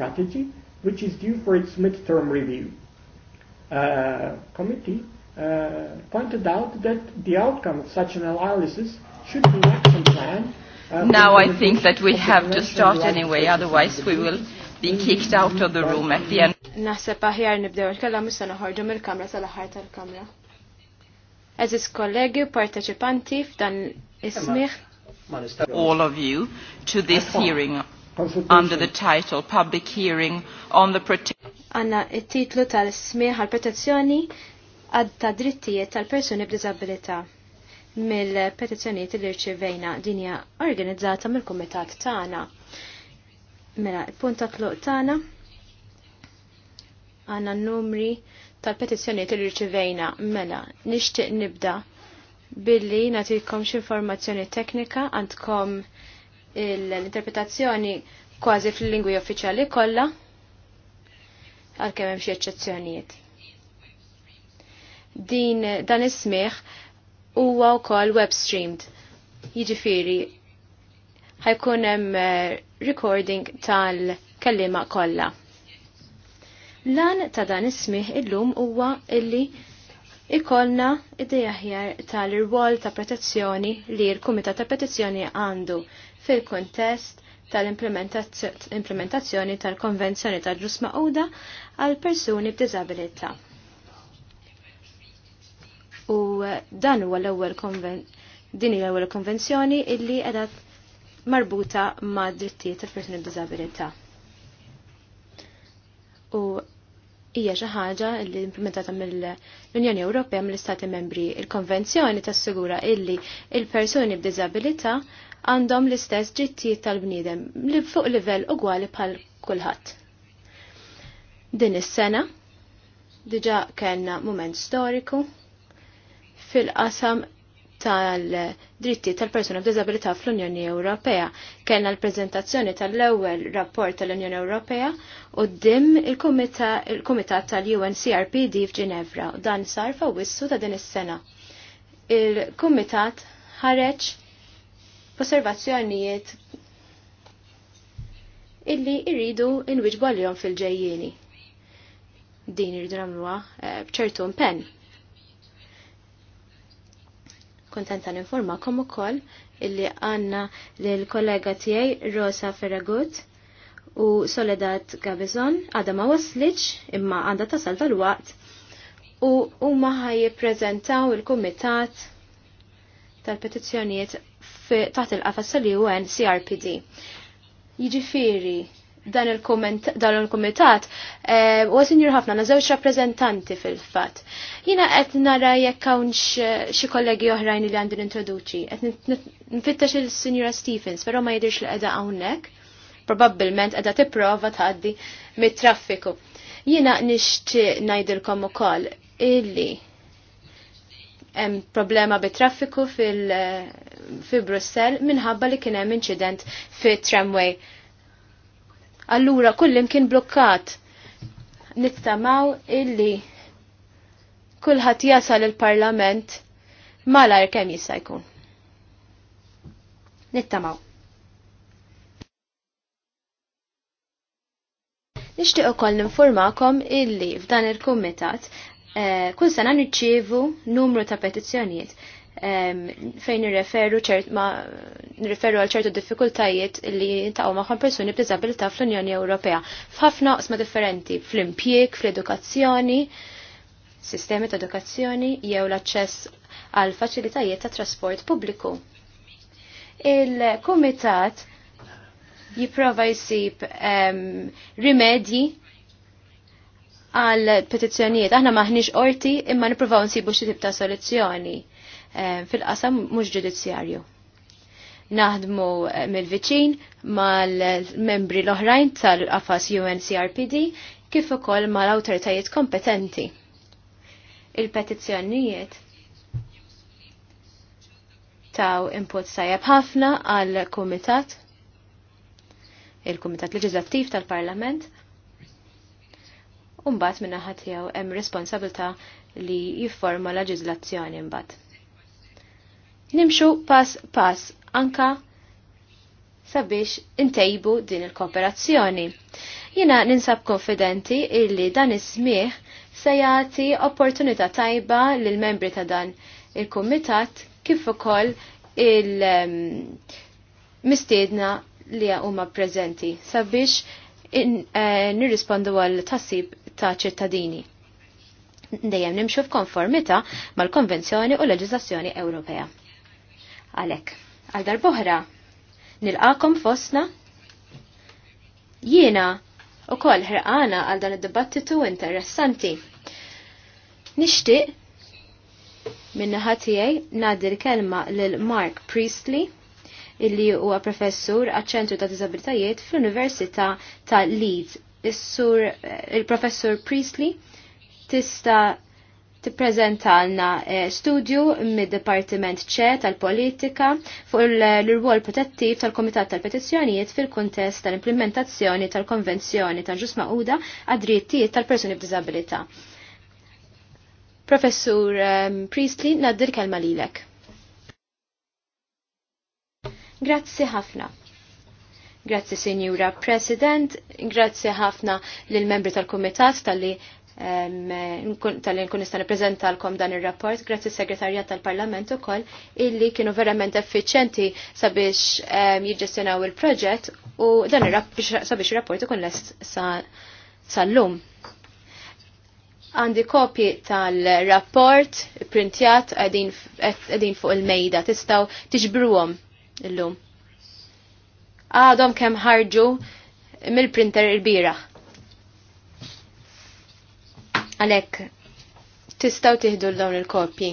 strategy, which is due for its midterm review. Uh, committee uh, pointed out that the outcome of such an analysis should be an action plan. Uh, now I think that we have to start anyway, otherwise we will be kicked out of the room at the end. Naħseb aħjar nibdew il-kellam issa noħorġu mill-kamra sal ħar tal-kamra. Eżis kollegi, parteċipanti f'dan ismiħ. All of you to this hearing under the title Public Hearing on the Protection. Għanna titlu tal-smieħ għal-protezzjoni għad ta' drittijiet tal-persuni b'disabilità mill-petizzjoniet li rċivejna dinja organizzata mill-Kumitat tagħna. Mela, il-punt tluq tagħna għanna n-numri tal-petizzjoniet li rċivejna. Mela, nixtieq nibda billi natikom informazzjoni teknika għandkom l-interpretazzjoni kważi fil-lingwi uffiċjali kollha għalkemm hemm xi eċċezzjonijiet. Din dan is smigħ huwa wkoll web streamed. Jiġifieri ħajkun hemm eh, recording tal-kellima kollha. Lan ta' dan is smigħ illum huwa illi ikollna id dejaħjar tal-irwol ta' protezzjoni li l-Kumitat ta' Protezzjoni għandu fil-kontest tal-implementazzjoni tal-Konvenzjoni tal-Ġus Mauda għal persuni b'diżabilità. U eh, dan huwa l-ewwel din hija l-ewwel konvenzjoni illi qiegħda marbuta ma' drittijiet tal-persuni b'diżabilità. U hija xi ħaġa li implementata mill-Unjoni Ewropea mill-Istati Membri il-Konvenzjoni tassigura illi il-persuni b'diżabilità il għandhom l-istess ġittijiet tal-bniedem li fuq livell ugwali bħal kulħadd. Din is-sena diġa kellna moment storiku fil-qasam tal-dritti tal-persuna b'disabilità fl-Unjoni Ewropea. Kellna l-prezentazzjoni tal-ewwel rapport tal-Unjoni Ewropea u dim il-Kumitat tal-UNCRPD f'Ġinevra u dan sar f'Awwissu ta' din is-sena. Il-Kumitat ħareġ osservazzjonijiet illi irridu inwiġbu għalihom fil-ġejjieni. Din irridu nagħmluha eh, bċertu impenn. Kontenta ninformakom ukoll illi għanna l-kollega tiegħi Rosa Ferragut u Soledad Gabizon għadha ma waslitx imma għandha tasal tal-waqt u huma ħaj jippreżentaw il-kumitat tal-petizzjonijiet taħt il-qafas li UN CRPD. Jiġifieri dan il-komitat eh, u għasinjur ħafna na żewġ rappreżentanti fil-fatt. Jina qed nara jekk hawnx xi kollegi oħrajn li għandi introduċi. Qed nfittex il-Sinjura Stephens, però ma jidhirx li qiegħda hawnhekk. Probabbilment qiegħda tipprova tgħaddi mit-traffiku. Jina nixtieq ngħidilkom ukoll illi hemm problema bit traffiku fil eh, fi Brussell minħabba li kien hemm inċident fi tramway. Allura kullim kien blokkat. Nittamaw illi kulħadd jasal il-Parlament malajr kemm jista' jkun. Nittamaw. Nixtieq ukoll ninformakom illi f'dan il-kumitat Eh, kull sena nirċievu numru ta' petizzjonijiet fejn nirreferu nirreferu għal ċertu diffikultajiet li jintaqgħu magħhom persuni b'diżabilità fl-Unjoni Ewropea. F'ħafna qisma differenti, fl-impjieg, fl-edukazzjoni, sistemi ta' edukazzjoni jew l-aċċess għal faċilitajiet ta' trasport pubbliku. Il-Kumitat jipprova jsib rimedji għal petizzjonijiet. Aħna maħniex orti imma nippruvaw nsibu xi tip ta' soluzzjoni eh, fil-qasam mhux ġudizzjarju. Naħdmu eh, mill-viċin mal-membri l-oħrajn tal-qafas UNCRPD kif ukoll mal-awtoritajiet kompetenti. Il-petizzjonijiet taw input sajab ħafna għal kumitat il-Kumitat Leġislattiv tal-Parlament Umbat minna ħatijaw hemm responsabilta li jifforma laġizlazzjoni imbat. Nimxu pass pass anka sabiex intejbu din il-kooperazzjoni. Jina ninsab konfidenti illi dan ismiħ se jagħti opportunità tajba lil membri ta' dan il-kumitat kif ukoll il-mistiedna li huma preżenti sabiex eh, nirrispondu għal tassib ta' ċittadini. Dejjem nimxu f'konformità mal-Konvenzjoni u l-Leġiżlazzjoni Ewropea. Għalhekk, għal darbohra nilqakom fosna jiena u kol ħrqana għal dan id-dibattitu interessanti. Nixtieq minnaħa tiegħi ngħaddi l-kelma lil Mark Priestley illi huwa professur għaċ-ċentru ta' Dizabilitajiet fl-Università ta' Leeds il-sur, il-professor Priestley tista tippreżentalna eh, studju mid-Dipartiment ċe tal-Politika fuq l-rwol protettiv tal-Komitat tal-Petizzjonijiet fil-kuntest tal-implementazzjoni tal-Konvenzjoni tal-Ġus Mauda għad-drittijiet tal-persuni b'disabilità. Professur ehm, Priestley, naddir kelma lilek. Grazzi ħafna. Grazzi Sinjura President, grazzi ħafna lil membri tal-Kumitat tal-li tal-li nkun nista' nippreżentalkom dan ir-rapport, grazzi segretarjat tal-Parlament ukoll illi kienu verament effiċenti sabiex jiġġestjonaw il-proġett u dan sabiex ir-rapport ikun lest sal-lum. Għandi kopji tal-rapport printjat qegħdin fuq il-mejda, tistgħu tiġbruhom il-lum għadhom kemm ħarġu mill-printer il-bira. Għalek, tistaw tiħdu l-dawn il-kopji.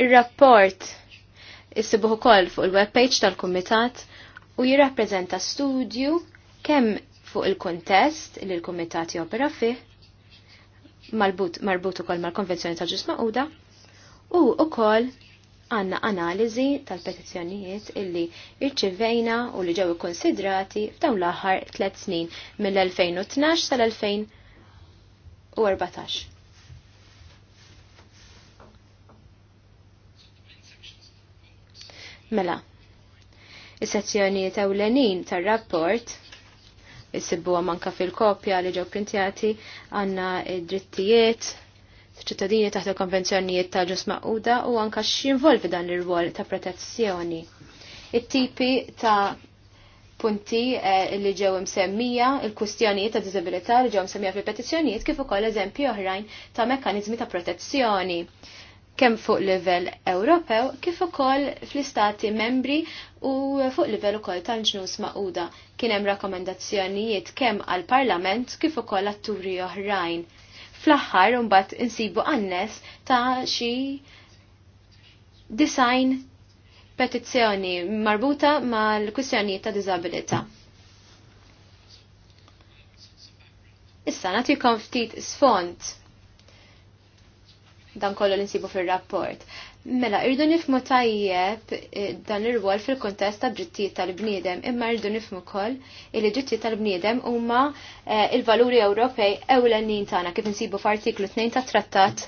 Il-rapport issibuħ ukoll fuq il-webpage tal-Kumitat u jirrappreżenta studju kemm fuq il-kontest li l-Kumitat jopera fih marbut ukoll mal-Konvenzjoni ta' Ġus da u ukoll għanna analiżi tal-petizzjonijiet illi irċivejna u li ġew konsidrati f'dawn l-aħħar tliet snin mill-2012 sal-2014. Mela, is-sezzjonijiet ewlenin tar-rapport issibuha manka fil-kopja li ġew printjati għandna id-drittijiet ċittadini taħt il-konvenzjonijiet ta' ġus maquda u anka x'involvi dan ir-rwol ta' protezzjoni. It-tipi ta' punti eh, li ġew msemmija, il-kustjonijiet ta' diżabilità li ġew msemmija fil-petizzjonijiet kif ukoll eżempji oħrajn ta' mekkaniżmi ta' protezzjoni kemm fuq livell Ewropew kif ukoll fl-istati membri u fuq livell ukoll tal-ġnus maquda kien hemm rakkomandazzjonijiet kemm għall-Parlament kif ukoll atturi oħrajn fl-aħħar mbagħad insibu għannes ta' xi design petizzjoni marbuta mal-kwistjonijiet ta' diżabilità. Issa nagħtikom ftit sfond dan kollu l-insibu fil-rapport. Mela, irdu nifmu tajjeb eh, dan ir-rwol fil-kontest ta' ġittijiet tal-bniedem, imma irdu nifmu koll il ġittijiet tal-bniedem huma eh, il-valuri Ewropej ewlenin tagħna kif insibu f'artiklu 2 ta' trattat.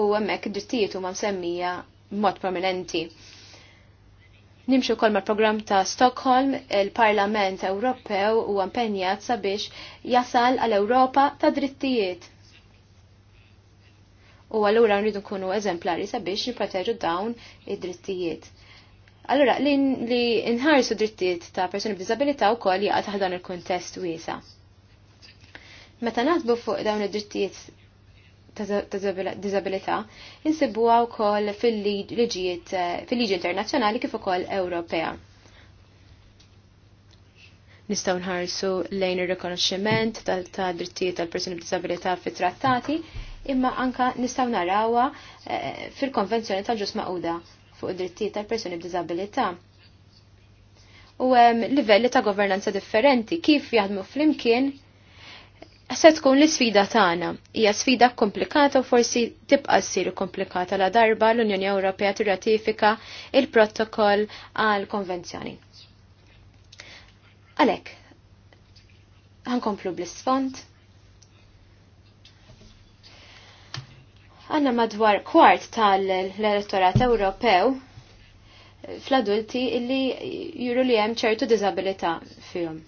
U hemmhekk id-ġittijiet huma msemmija mod prominenti. Nimxu kol ma' program ta' Stockholm, il-Parlament Ewropew u għampenjat sabiex jasal għal Ewropa ta' drittijiet U allura nridu kunu eżemplari sabiex nipproteġu dawn id-drittijiet. Allura, li, li nħarsu drittijiet ta' persuni b'dizabilita u koll jgħat ħadan dan il-kontest wiesa. Meta naħdbu fuq dawn id-drittijiet ta' dizabilita, insibuha wkoll fil eh, fil-liġi internazzjonali kif ukoll Ewropea. Nistgħu nħarsu lejn ir-rikonoxximent ta' drittijiet tal-persuni b'dizabilita fit-trattati imma anka nistaw narawa eh, fil-konvenzjoni tal-ġus maquda fuq id-drittijiet tal-persuni b'diżabilità. U livelli ta' governanza differenti kif jaħdmu flimkien se tkun l-sfida tagħna. Hija sfida komplikata u forsi tibqa' ssir komplikata la darba l-Unjoni Ewropea tirratifika il-protokoll għal konvenzjoni. Għalhekk, għankomplu bl-isfond Għanna madwar kwart tal-elettorat Ewropew fl-adulti illi juru li hemm ċertu disabilità fihom.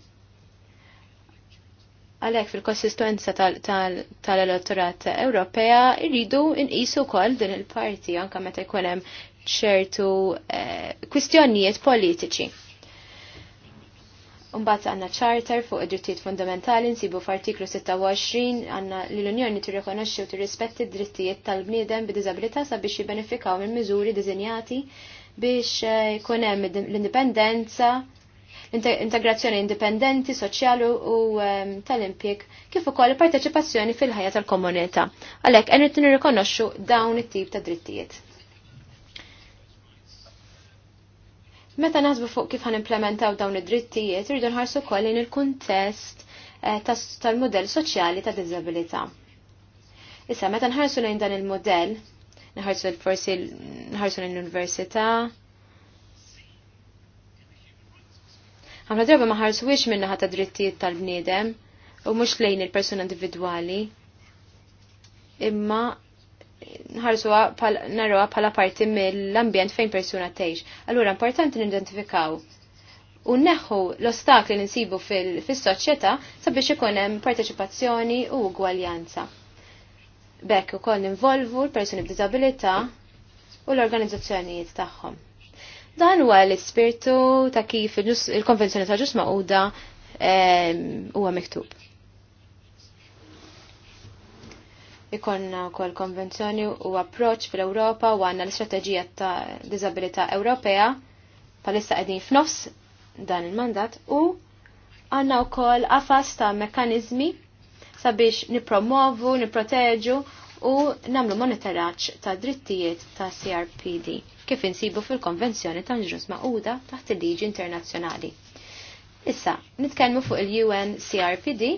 Għalhekk fil-konsistenza tal-elettorat Ewropea irridu nqisu wkoll din il-parti anke meta jkun hemm ċertu eh, kwistjonijiet politiċi. Umbat għanna ċarter fuq id-drittijiet fundamentali nsibu f'artiklu 26 għanna l-Unjoni tirrikonoxxi u tirrispetti d-drittijiet tal-bniedem bid-diżabilità sabiex jibbenefikaw minn miżuri dizinjati biex eh, jkun hemm l-indipendenza, integrazzjoni indipendenti, soċjali u ehm, tal-impjeg kif ukoll parteċipazzjoni fil-ħajja tal-komunità. Għalhekk qed nirrikonoxxu dawn it-tip ta' drittijiet. Meta nasbu fuq kif għan implementaw dawn id-drittijiet, rridu nħarsu koll in il-kuntest eh, tal-modell soċjali ta' dizabilita. Issa, meta nħarsu lejn dan il-modell, nħarsu forsi nħarsu lejn l-università, għamna drabi ma wix minna ħata drittijiet tal-bniedem u mhux lejn il-persuna individwali, imma nħarsuha narruha bħala parti mill-ambjent fejn persuna tgħix. Allura importanti nidentifikaw u neħu l-ostakli li nsibu fil-soċjetà sabiex ikun hemm parteċipazzjoni u ugwaljanza. Bekk ukoll ninvolvu l-persuni b'diżabilità u l-organizzazzjonijiet tagħhom. Dan huwa l-ispirtu ta' kif il-Konvenzjoni ta' Ġus Maquda huwa miktub. ikonna kol konvenzjoni u approċ fil-Europa u għanna l-istrateġija ta' disabilità Ewropea palissa għedin f'nofs dan il-mandat u għanna u kol għafas ta' mekanizmi sabiex nipromovu, niproteġu u namlu monitoraċ ta' drittijiet ta' CRPD kif insibu fil-konvenzjoni ta' nġruż ma'uda taħt il-liġi internazzjonali. Issa, nitkellmu fuq il-UN CRPD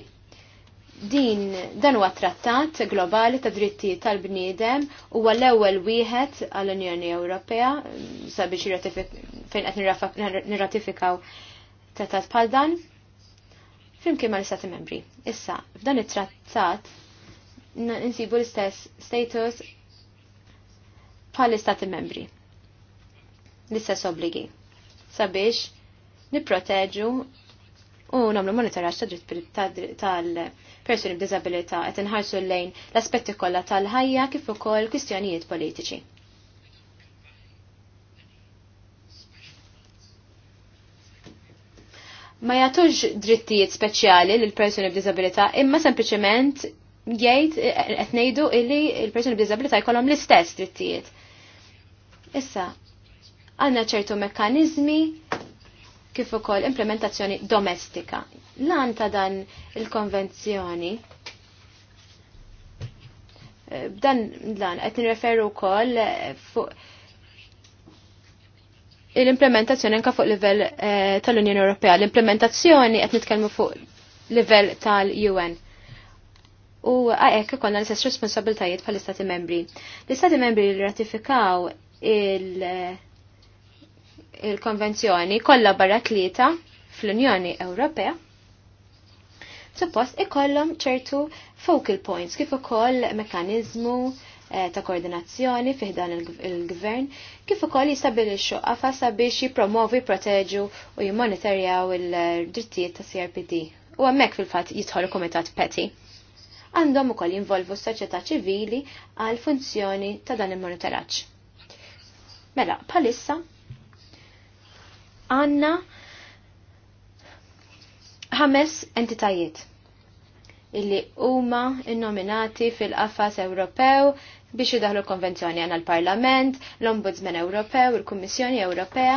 din dan huwa trattat globali ta' dritti tal-bniedem huwa l-ewwel wieħed għall-Unjoni Ewropea mm, sabiex fejn qed nirratifikaw trattat bħal dan flimkien ma' l-Istati Membri. Issa, f'dan it-trattat insibu l-istess status bħal istati Membri. L-istess obbligi sabiex nipproteġu u nagħmlu monitoraġġ ta' dritt tal-persuni b'diżabilità qed inħarsu lejn l-aspetti kollha tal-ħajja kif ukoll kwistjonijiet politiċi. ma jagħtux drittijiet speċjali lil persuni b'diżabilità, imma sempliċement jgħid qed ngħidu illi l-persuni b'diżabilità jkollhom l-istess drittijiet. Issa, għandna ċertu mekkaniżmi kif ukoll implementazzjoni domestika. Lan ta' dan il-konvenzjoni eh, b'dan dan qed nirreferu wkoll eh, fuq l-implementazzjoni anke fuq livell eh, tal-Unjoni Ewropea. L-implementazzjoni qed nitkellmu fuq livell tal-UN. U għajek konna l-istess responsabiltajiet pal istati membri. L-istati membri li ratifikaw il- il-konvenzjoni kollha barra tlieta fl-Unjoni Ewropea suppost ikollhom ċertu focal points kif ukoll mekkaniżmu eh, ta' koordinazzjoni fih dan il-gvern kif ukoll jistabilixxu qafas sabiex jippromovi, proteġu u jimmonitorjaw il-drittijiet ta' CRPD. U hemmhekk fil-fatt jidħol kumitat Peti. Għandhom ukoll jinvolvu s-soċjetà ċivili għal funzjoni ta' dan il-monitoraġġ. Mela, palissa għanna ħames entitajiet illi huma innominati fil-qafas Ewropew biex jidaħlu konvenzjoni għanna l-Parlament, l-Ombudsman Ewropew, il-Kummissjoni Ewropea,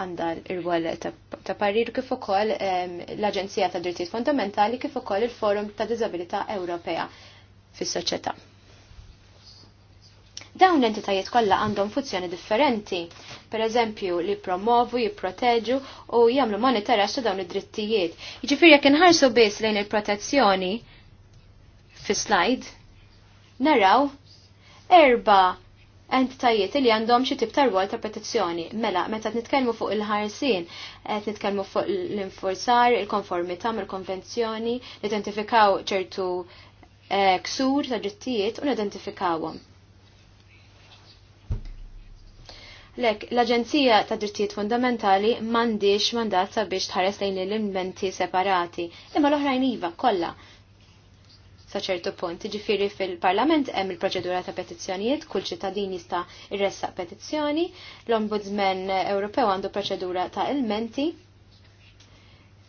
għanda il-rwol ta' parir kif ukoll l-Aġenzija ta' Drittijiet Fundamentali kif ukoll il-Forum ta' Disabilità Ewropea fis-soċjetà. Dawn l-entitajiet kollha għandhom funzjoni differenti, per eżempju li promovu, jipproteġu u jagħmlu monitoraġġ ta' dawn id-drittijiet. Jiġifieri jekk inħarsu biss lejn il-protezzjoni fi-slide naraw erba' entitajiet li għandhom xi tip ta' rwol ta' protezzjoni. Mela, meta nitkellmu fuq il-ħarsin, qed nitkellmu fuq l-infurzar, il-konformità mill-konvenzjoni, nidentifikaw ċertu eh, ksur ta' drittijiet u nidentifikawhom. Lek, l-Aġenzija ta' Drittijiet Fundamentali m'għandix mandat sabiex tħares lejn l-inventi separati, imma l-oħrajn iva, kollha. Sa ċertu punt, ġifiri fil-Parlament hemm il-proċedura ta' petizzjonijiet, kull ċittadin jista' irressaq petizzjoni, l-Ombudsman Ewropew għandu proċedura ta' ilmenti,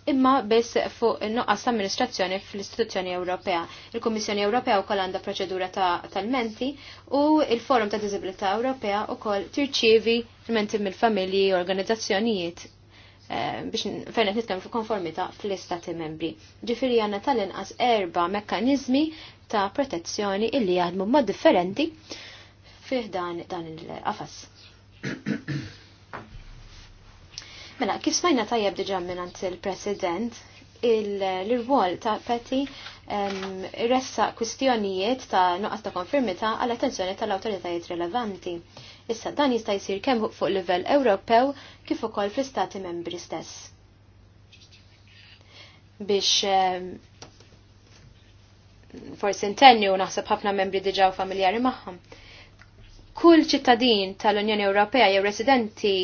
imma biss fuq in-nuqqas l amministrazzjoni fl-istituzzjoni Ewropea. Il-Kummissjoni Ewropea wkoll għandha proċedura tal-menti u il-Forum ta' Dizibilità Ewropea wkoll tirċievi menti mill-familji u organizzazzjonijiet biex fejna qed nitkellem fuq konformità fl-istati membri. Ġifieri għandna tal-inqas erba' mekkaniżmi ta' protezzjoni illi jaħdmu mod differenti fih dan dan il-qafas. Mela, kif smajna tajjeb diġa minnant il-President, l-rwol ta' Peti ressa kwistjonijiet ta' nuqqas ta' konfermita għall attenzjoni tal-autoritajiet rilevanti. Issa dan jista' jsir kemm fuq livell Ewropew kif ukoll fl-istati membri stess. Biex forsi ntenni u naħseb ħafna membri diġa u familjari magħhom. Kull ċittadin tal-Unjoni Ewropea jew residenti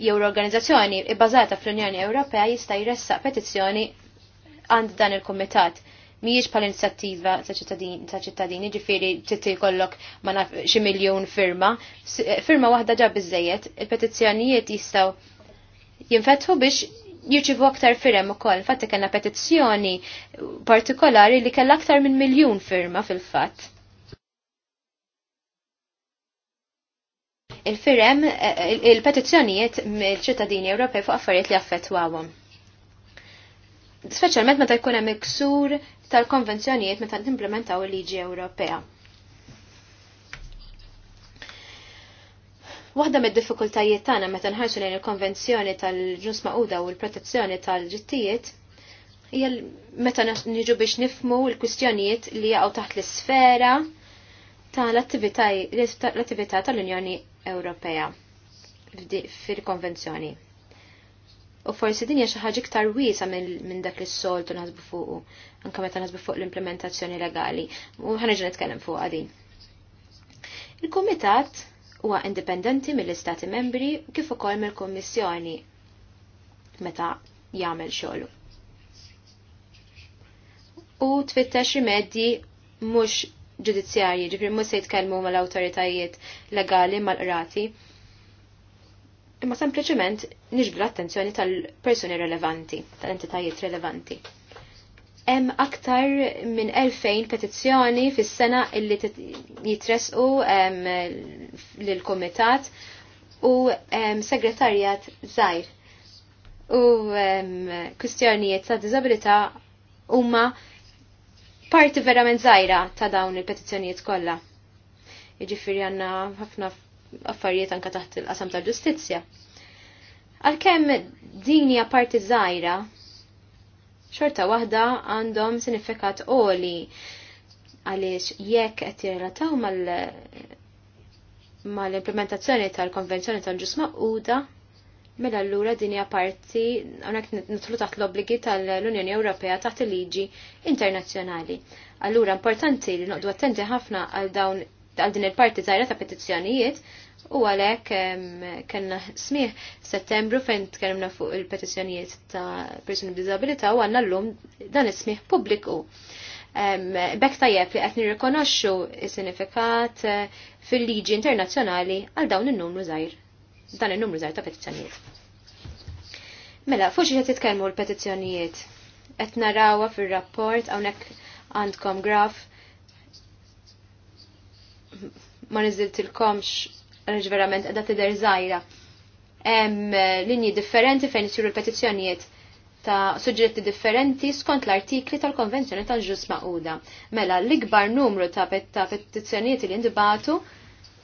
jew organizzazzjoni bbażata fl-Unjoni Ewropea jista' jressaq petizzjoni għand dan il-kumitat Mhijiex pal inizjattiva ta' ċittadini, ġifiri titti kollok ma' naf xi miljon firma. Firma waħda ġab bizzejiet, il-petizzjonijiet jistaw jinfetħu biex jirċivu aktar firem u koll. Fatti kena petizzjoni partikolari li kella aktar minn miljon firma fil-fat. il-firem eh, il-petizzjonijiet mill-ċittadini Ewropej fuq affarijiet li affettwawhom. Speċjalment meta jkun hemm iksur tal-konvenzjonijiet meta timplementaw il-liġi Ewropea. Waħda mid-diffikultajiet tagħna meta nħarsu lejn il-konvenzjoni tal-ġus maquda u l-protezzjoni tal-ġittijiet hija meta niġu biex nifmu l-kwistjonijiet li jaqgħu taħt l-isfera tal-attività tal-Unjoni Ewropea fil-konvenzjoni. U forsi din hija xi ħaġa iktar wiesa minn dak is soltu naħsbu fuqu, anke meta naħsbu fuq l-implementazzjoni legali. U ħanerġa' nitkellem fuq din. Il-Kumitat huwa indipendenti mill-Istati Membri kif ukoll mill-Kummissjoni meta jagħmel xogħlu. U twittex rimedji mhux ġudizzjarji, ġifri mhux se jitkellmu mal-awtoritajiet legali mal-qrati. Imma sempliċement niġbdu l-attenzjoni tal-persuni relevanti, tal-entitajiet relevanti. Hemm aktar minn 2000 petizzjoni fis-sena illi jitresqu lil kumitat u segretarjat zaħir. u kwistjonijiet ta' diżabilità huma parti verament zaħira ta' dawn il-petizzjonijiet kollha. Jiġifieri għandna ħafna affarijiet anka taħt il-qasam tal ġustizzja. Għalkemm din hija parti żgħira, xorta waħda għandhom sinifikat għoli għaliex jekk qed jirrataw mal mal-implementazzjoni tal-konvenzjoni tal-ġusma da' Mela allura din hija parti hawnhekk taħt l-obbligi tal-Unjoni Ewropea taħt il-liġi internazzjonali. Allura importanti li noqdu attenti ħafna għal dawn għal din il-parti żgħira ta' petizzjonijiet u għalhekk kena smih Settembru fejn tkellimna fuq il-petizzjonijiet ta' persuni b'diżabilità u għandna llum dan is-smih pubbliku bekk tajjeb li qed nirrikonoxxu s-sinifikat eh, fil-liġi internazzjonali għal dawn in-numru żgħir. Dan il numru żgħir ta' petizzjonijiet. Mela, fuċ qed titkellmu l-petizzjonijiet. Qed narawha fir-rapport hawnhekk għandkom graf ma niżiltilkomx għaliex verament qiegħda tidher żgħira. Hemm eh, linji differenti fejn isiru l-petizzjonijiet ta' suġġetti differenti skont l-artikli tal-Konvenzjoni tal-Ġus Maquda. Mela, l-ikbar numru ta' petizzjonijiet li ndibatu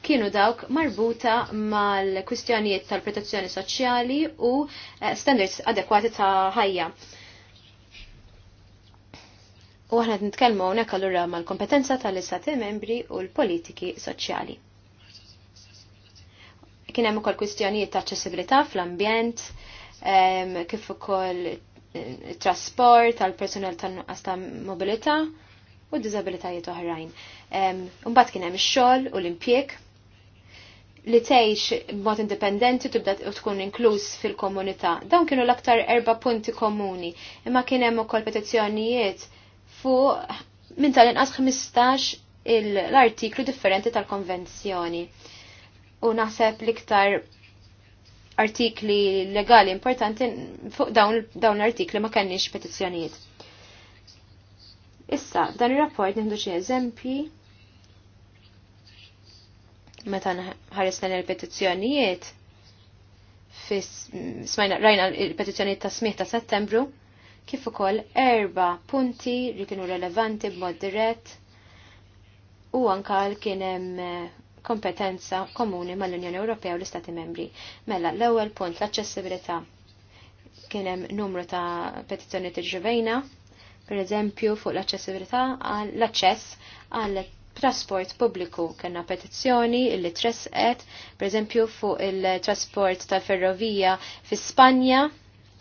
kienu dawk marbuta mal-kwistjonijiet tal-protezzjoni soċjali u eh, standards adekwati ta' ħajja. U għahna nitkellmu hawnhekk allura mal-kompetenza tal-istati membri u l-politiki soċjali. Kien hemm ukoll kwistjonijiet ta' aċċessibilità fl-ambjent, kif ukoll eh, trasport tal-personal tan-nuqqas ta' mobilità u d-diżabilitajiet oħrajn. Mbagħad kien hemm ix-xogħol u l-impjeg li tgħix b'mod indipendenti tibda tkun inkluż fil-komunità. Dawn kienu l-aktar erba punti komuni, imma kien hemm ukoll petizzjonijiet fuq minn tal-inqas 15 l-artiklu differenti tal-konvenzjoni. U naħseb l-iktar artikli legali importanti fuq dawn, dawn l-artikli ma kenniex petizzjonijiet. Issa, dan ir rapport nieħdu xi eżempji meta ħaresna l-petizzjonijiet smajna rajna l-petizzjonijiet ta' smih ta' settembru kif ukoll erba punti li kienu relevanti b'mod dirett u anka kien hemm eh, kompetenza komuni mal-Unjoni Ewropea u l-Istati Membri. Mela, l-ewwel punt l-aċċessibilità kien hemm numru ta' petizzjonijiet irġivejna, per eżempju fuq l-aċċessibilità l-aċċess għal trasport pubbliku. Kenna petizzjoni illi tresqet, per eżempju fuq il-trasport ta' ferrovija fi Spanja,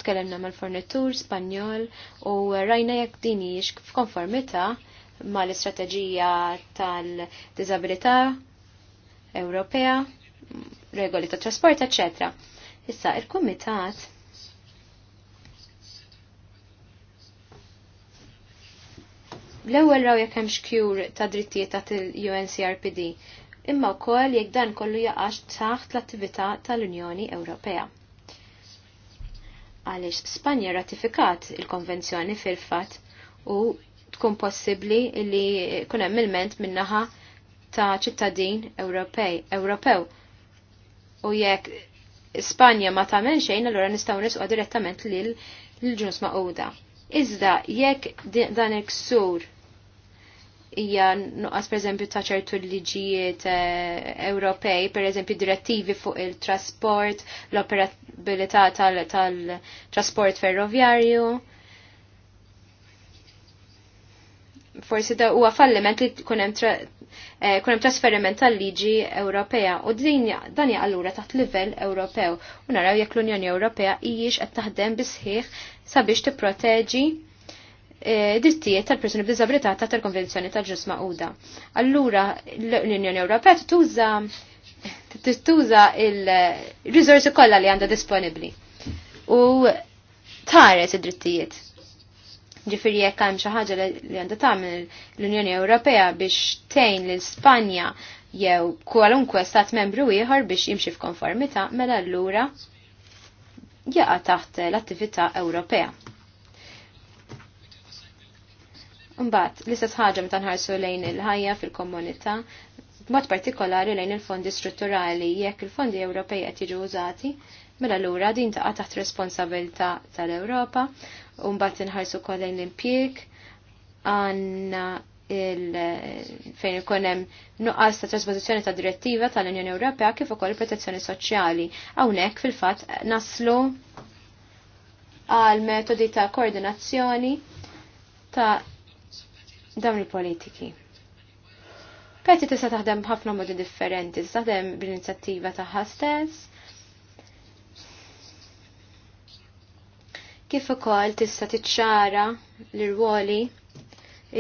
tkellemna mal-fornitur Spanjol u rajna jekk dinix f'konformità mal-istrateġija tal-disabilità Ewropea, regoli ta' trasport, eccetera. Issa, il-Kumitat L-ewwel raw jekk hemm xkjur ta' drittijiet ta' il-UNCRPD, imma wkoll jekk dan kollu jaqax taħt l-attività tal-Unjoni Ewropea. Għaliex Spanja ratifikat il-konvenzjoni fil-fatt u tkun possibbli li kun hemm ilment minnaħa ta' ċittadin Ewropej Ewropew. U jekk Spanja ma tagħmel xejn allura nistgħu nisqgħu direttament lil l-ġuns maquda. Iżda jekk dan il-ksur hija nuqqas pereżempju ta' ċertu liġijiet eh, Ewropej, pereżempju direttivi fuq il-trasport, l-operabilità tal-trasport ferroviarju. Forsi da huwa falliment li eh, kun hemm trasferiment tal-liġi Ewropea u din dan hija allura taħt livell Ewropew u naraw jekk l-Unjoni Ewropea hijiex qed taħdem bisħieħ sabiex tipproteġi E, drittijiet tal-persuni b'disabilità ta' tal-Konvenzjoni ta' Ġus Uda. Allura l-Unjoni Ewropea tuża tuża il rizorsi kollha li għandha disponibbli u taret id-drittijiet. Ġifiri jekk hemm xi ħaġa li għandha tagħmel l-Unjoni Ewropea biex tgħin l Spanja jew kwalunkwe stat membru ieħor biex jimxi f'konformità mela allura jaqa' taħt l-attività Ewropea. Mbagħad, l-istess ħaġa meta nħarsu lejn il-ħajja fil-komunità, b'mod partikolari lejn il-fondi strutturali jekk il-fondi Ewropej qed jiġu użati, mela lura din taqa' taħt responsabilità tal-Ewropa, u mbagħad inħarsu wkoll lejn l-impjieg għandna il fejn ikun hemm nuqqas ta' trasposizzjoni ta' direttiva tal-Unjoni Ewropea kif ukoll protezzjoni soċjali. Hawnhekk fil-fatt naslu għal metodi ta' koordinazzjoni ta' dawn il-politiki. Peti tista' taħdem b'ħafna modi differenti, tista' taħdem bl-inizjattiva tagħha stess. Kif ukoll tista' tiċċara l-irwoli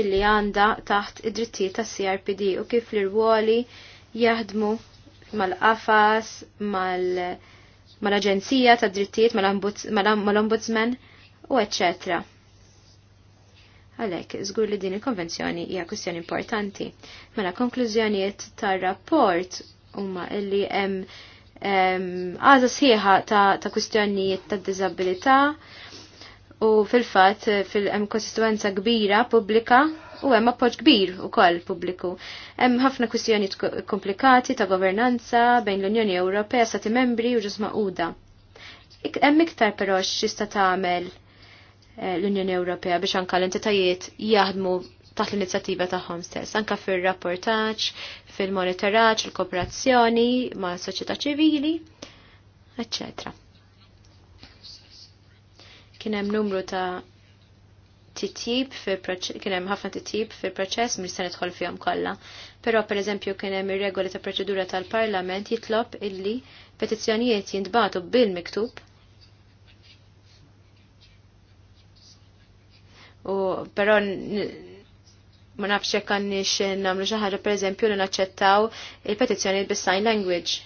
illi għandha taħt id-drittijiet tas-CRPD u kif l-irwoli jaħdmu mal-qafas, mal-Aġenzija tad drittijiet, mal-Ombudsman u eċċetera. Għalek, zgur li din il-konvenzjoni hija kwestjoni importanti. Mela konklużjonijiet tar-rapport huma illi hemm għaża sħiħa ta' kwistjonijiet ta' disabilità u fil-fatt fil-hemm konsistwenza kbira pubblika u hemm appoġġ kbir ukoll pubbliku. Hemm ħafna kwistjonijiet komplikati ta' governanza bejn l-Unjoni Ewropea, stati membri u ġisma' Hemm iktar però x'ista tagħmel Eh, l-Unjoni Ewropea biex anka l-entitajiet jaħdmu taħt l-inizjattiva tagħhom stess, anka fir-rapportaġġ, fil-monitoraġġ, il-kooperazzjoni ma' soċjetà ċivili, eċċetera. Kien hemm numru ta' titjib kien hemm ħafna titjib fil-proċess mill se nidħol fihom kollha. Però pereżempju kien hemm ir-regoli ta' proċedura tal-Parlament jitlob illi petizzjonijiet jintbagħtu bil-miktub U però ma nafx jekk għandniex nagħmlu xi ħaġa pereżempju li naċċettaw il-petizzjoni bis-sign language.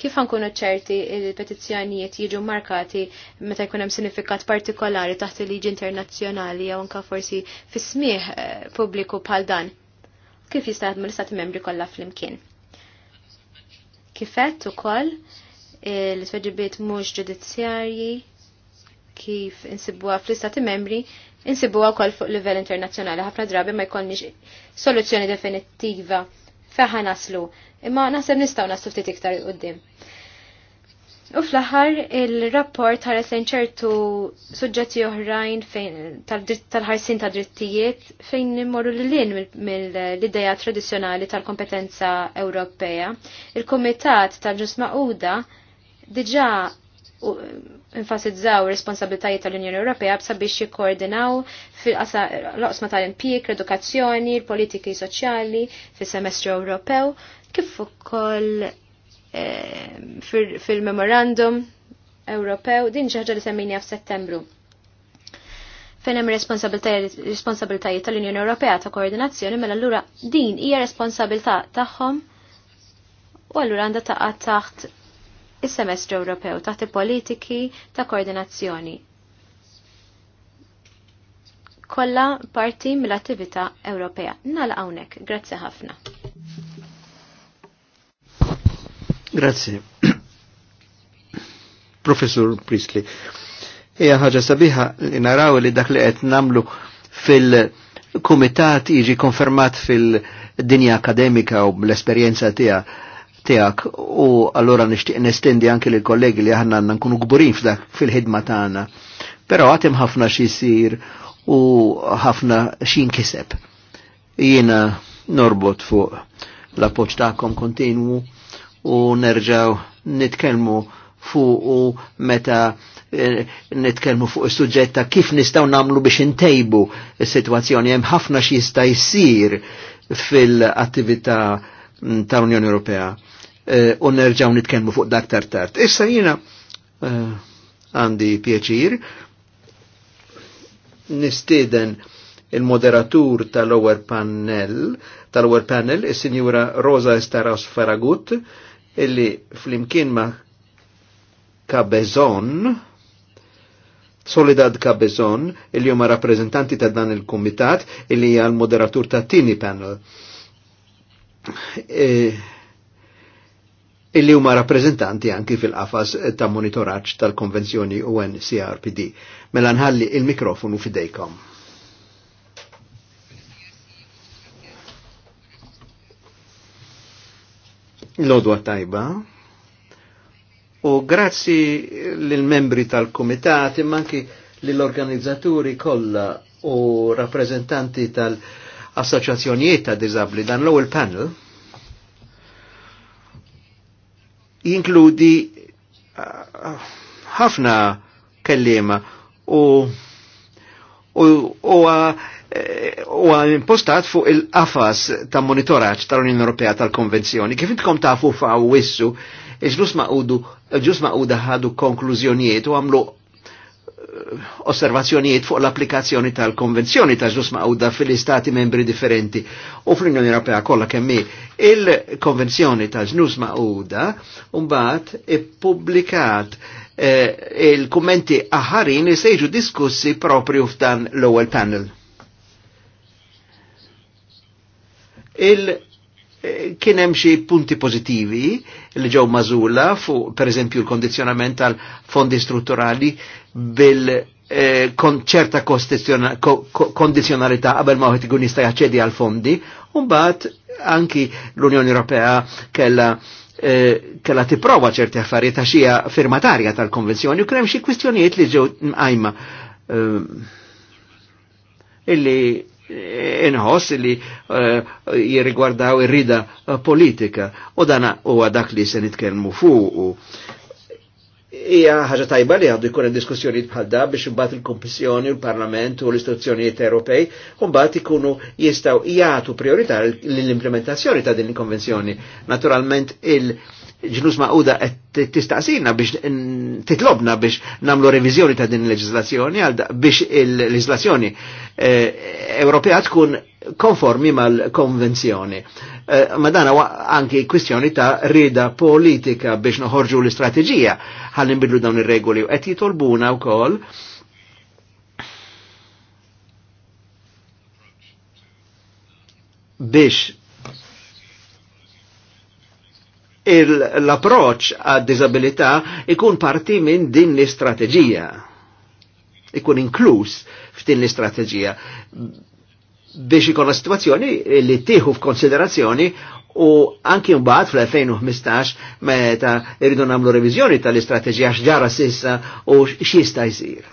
Kif nkunu ċerti il-petizzjonijiet jiġu markati meta jkun hemm sinifikat partikolari taħt il-liġi internazzjonali jew anke forsi fis-smieħ eh, pubbliku bħal dan? Kif jista' jaħdmu l-istati membri kollha flimkien? Kifett ukoll l-tweġibiet mhux ġudizzjarji kif insibuha fl-istati membri, insibuha wkoll fuq livell internazzjonali. Ħafna drabi ma jkollniex soluzzjoni definittiva feħa naslu, imma naħseb nistaw naslu ftit iktar qoddim. U fl-aħħar il-rapport ħares ċertu suġġetti oħrajn tal-ħarsin ta' drittijiet fejn immorru lin mill-ideja tradizzjonali tal-kompetenza Ewropea. Il-Kumitat tal-Ġus Maquda diġa' infasizzaw responsabilitajiet tal-Unjoni Ewropea sabiex jikkoordinaw fil-qasma tal-impjik, l-edukazzjoni, l-politiki soċjali, fil-semestru Ewropew, kif ukoll eh, fil-memorandum Ewropew, din ġaħġa li semmini f settembru fejn hemm responsabiltajiet tal-Unjoni Ewropea ta' koordinazzjoni mela allura din hija responsabilità tagħhom u allura għandha taqgħod taħt is-semestru Ewropew taħt politiki ta' koordinazzjoni. Kolla parti mill-attività Ewropea. Nala hawnhekk, grazzi ħafna. Grazzi. Professor Priestley. Hija ħaġa sabiħa li naraw li dak li qed namlu fil-kumitat jiġi konfermat fil-dinja akademika u l-esperjenza tiegħek tijak u allura nixtieq nestendi anke li kollegi li aħna għandna nkunu gburin f'dak fil-ħidma tagħna. Però għad hemm ħafna xi jsir u ħafna xi nkiseb. Jiena norbot fuq l-appoġġ tagħkom kontinwu u nerġaw nitkellmu fuq u meta eh, nitkellmu fuq is-suġġett kif nistgħu nagħmlu biex intejbu is-sitwazzjoni hemm ħafna xi jista' jsir fil-attività mm, tal-Unjoni Ewropea. Eh, u nerġaw nitkellmu fuq dak tard. Issa jiena eh, għandi pjaċir nistieden il-moderatur tal-lower panel, tal-lower panel, il-sinjura Rosa Estaras Faragut, illi fl-imkien ma Cabezon, Solidad Cabezon, illi huma rappresentanti ta' dan il-komitat, illi hija l-moderatur ta' tini panel. E, illi huma rappreżentanti anki fil-qafas ta' monitoraġġ tal-Konvenzjoni UNCRPD. Mela nħalli il-mikrofonu fidejkom. Lodwa tajba. U grazzi lill-membri tal-Kumitat imma anki lill-organizzaturi kollha u rappreżentanti tal-assoċjazzjonijiet ta' Disabli dan l-ewwel panel jinkludi uh, ħafna kellima u u uh, u impostat fuq il-qafas ta' monitoraċ tal-Unjoni Ewropea tal-Konvenzjoni. Kif intkom tafu fa' wissu, ġlus maqudu, ġlus maquda ħadu konklużjonijiet u għamlu osservazzjonijiet fuq l-applikazzjoni tal-konvenzjoni ta' ġus maqawda fil-istati membri differenti u fl-Unjoni Ewropea kollha kemm il-konvenzjoni ta' ġnus maqawda mbagħad ippubblikat eh, il-kummenti aħarin li sejġu diskussi propju f'dan l-ewwel panel kien hemm xi punti pożittivi li ġew mażula fuq pereżempju l-kondizzjonament tal-fondi strutturali bil eh, kon ċerta kondizjonalità qabel ma wieħed ikun jista' jaċċedi għal fondi, u mbagħad anki l-Unjoni Ewropea kellha eh, kella tipprova ċerti affarijiet ta' xija firmatarja tal-konvenzjoni u krem xi kwistjonijiet li ġew qajma eh, illi inħoss li eh, jirrigwardaw ir-rida eh, politika u dana huwa dak li se nitkellmu fuq. Ija ħaġa tajba li għaddu jkun diskussjoni bħal da biex imbagħad il-Kummissjoni, l parlament u l-istituzzjonijiet Ewropej u mbagħad ikunu jistgħu jagħtu priorità l-implementazzjoni ta' din il-konvenzjoni. Naturalment il- ġnus maquda tistaqsina biex titlobna biex namlu revizjoni ta' din il-leġislazzjoni biex il-leġislazzjoni eh, Ewropea tkun konformi mal-konvenzjoni. Eh, ma dana anki kwistjoni ta' rida politika biex noħorġu l-istrateġija ħalli nbidlu dawn ir-regoli u qed jitolbuna wkoll biex l-approċ għad disabilità ikun parti minn din l-istrateġija. Ikun inkluż f'din l-istrateġija biex ikon la situazzjoni li tieħu f'konsiderazzjoni u anki mbagħad fl-2015 meta irridu nagħmlu reviżjoni tal-istrateġija x'ġara sissa u x'jista' jsir.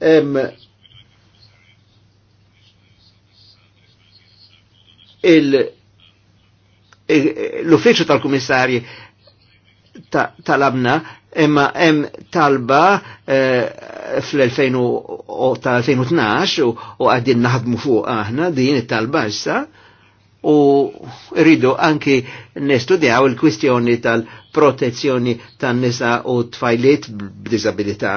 Um, l uffiċu tal-Kummissarji tal-abna imma em talba eh, fl-2012 u għaddin naħdmu fuq aħna din it-talba issa u rridu anki nestudjaw il-kwistjoni tal-protezzjoni tan-nisa u tfajliet b'disabilità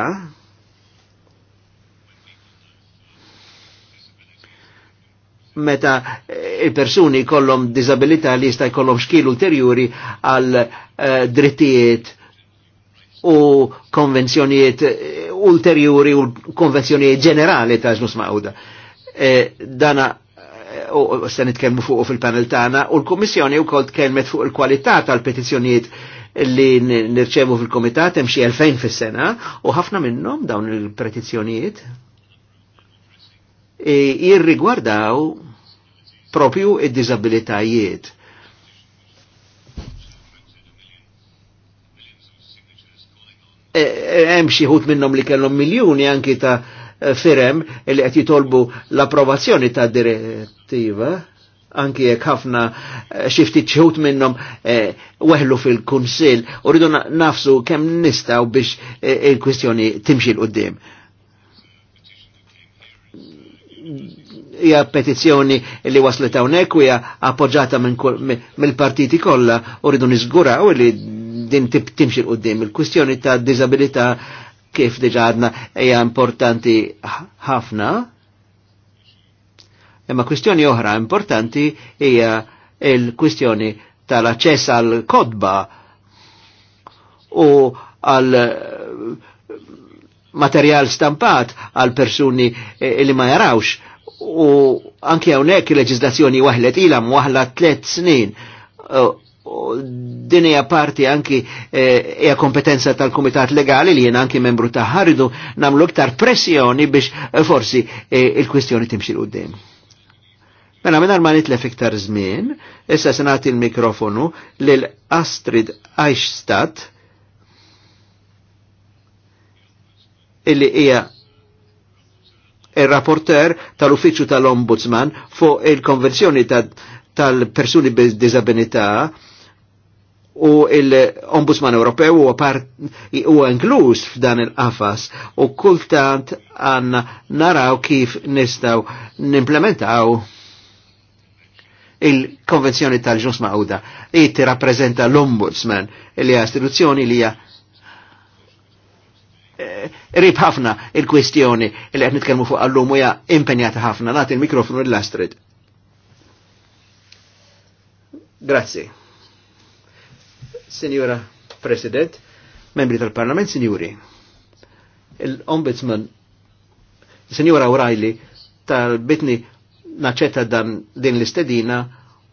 meta il-persuni kollom disabilità li jista' jkollhom xkil ulterjuri għal eh, drittijiet u konvenzjonijiet eh, ulterjuri u konvenzjonijiet ġenerali ta' ġnus mawda. E, eh, dana u se nitkellmu fuq fil-panel tagħna u l-Kummissjoni wkoll tkellmet fuq il-kwalità tal-petizzjonijiet li nirċevu fil-Komitat hemm xi elfejn fis-sena u ħafna minnhom dawn il-petizzjonijiet E jirrigwardaw propju id-dizabilitajiet. E, e, hemm xi ħut minnhom li kellhom miljuni anki ta' firem li qed jitolbu l-approvazzjoni ta' direttiva anki jekk ħafna xifti xi ħut minnhom weħlu fil kunsill u rridu nafsu kemm nistgħu biex il-kwistjoni timxi l qudiem hija petizzjoni li waslet hawnhekk u hija appoġġata mill-partiti kollha u rridu niżguraw li din timxi l quddiem. Il-kwistjoni ta' diżabilità kif diġa għadna hija importanti ħafna. Imma kwistjoni oħra importanti hija il-kwistjoni tal-aċċess għal kodba u għal eh, materjal stampat għal persuni eh, li ma jarawx u anke hawnhekk il-leġiżlazzjoni waħlet ilam waħla tliet snin din hija parti anki eh, hija kompetenza tal-Kumitat Legali li jien anki membru ta' ħaridu nagħmlu iktar pressjoni biex eh, forsi eh, il-kwistjoni timxi l Mela minn ma nitlef iktar żmien, issa se nagħti l-mikrofonu lil Astrid Eichstadt illi hija il-rapporter tal-Uffiċċju tal-Ombudsman fuq il-Konvenzjoni tal-Persuni bil b'Disabilità u l-Ombudsman Ewropew u u inkluż f'dan il-qafas u kultant għanna naraw kif nistaw nimplementaw il-konvenzjoni tal ġusma għuda. Iti rappresenta l-ombudsman li hija li hija Eh, rib ħafna il-kwestjoni li qed nitkellmu fuq għallum u hija impenjata ħafna. Nagħti il-mikrofonu l-Astrid. Grazzi. Signora President, membri tal-Parlament, Signori, l-Ombudsman, Signora O'Reilly, tal-bitni naċetta dan din l-istedina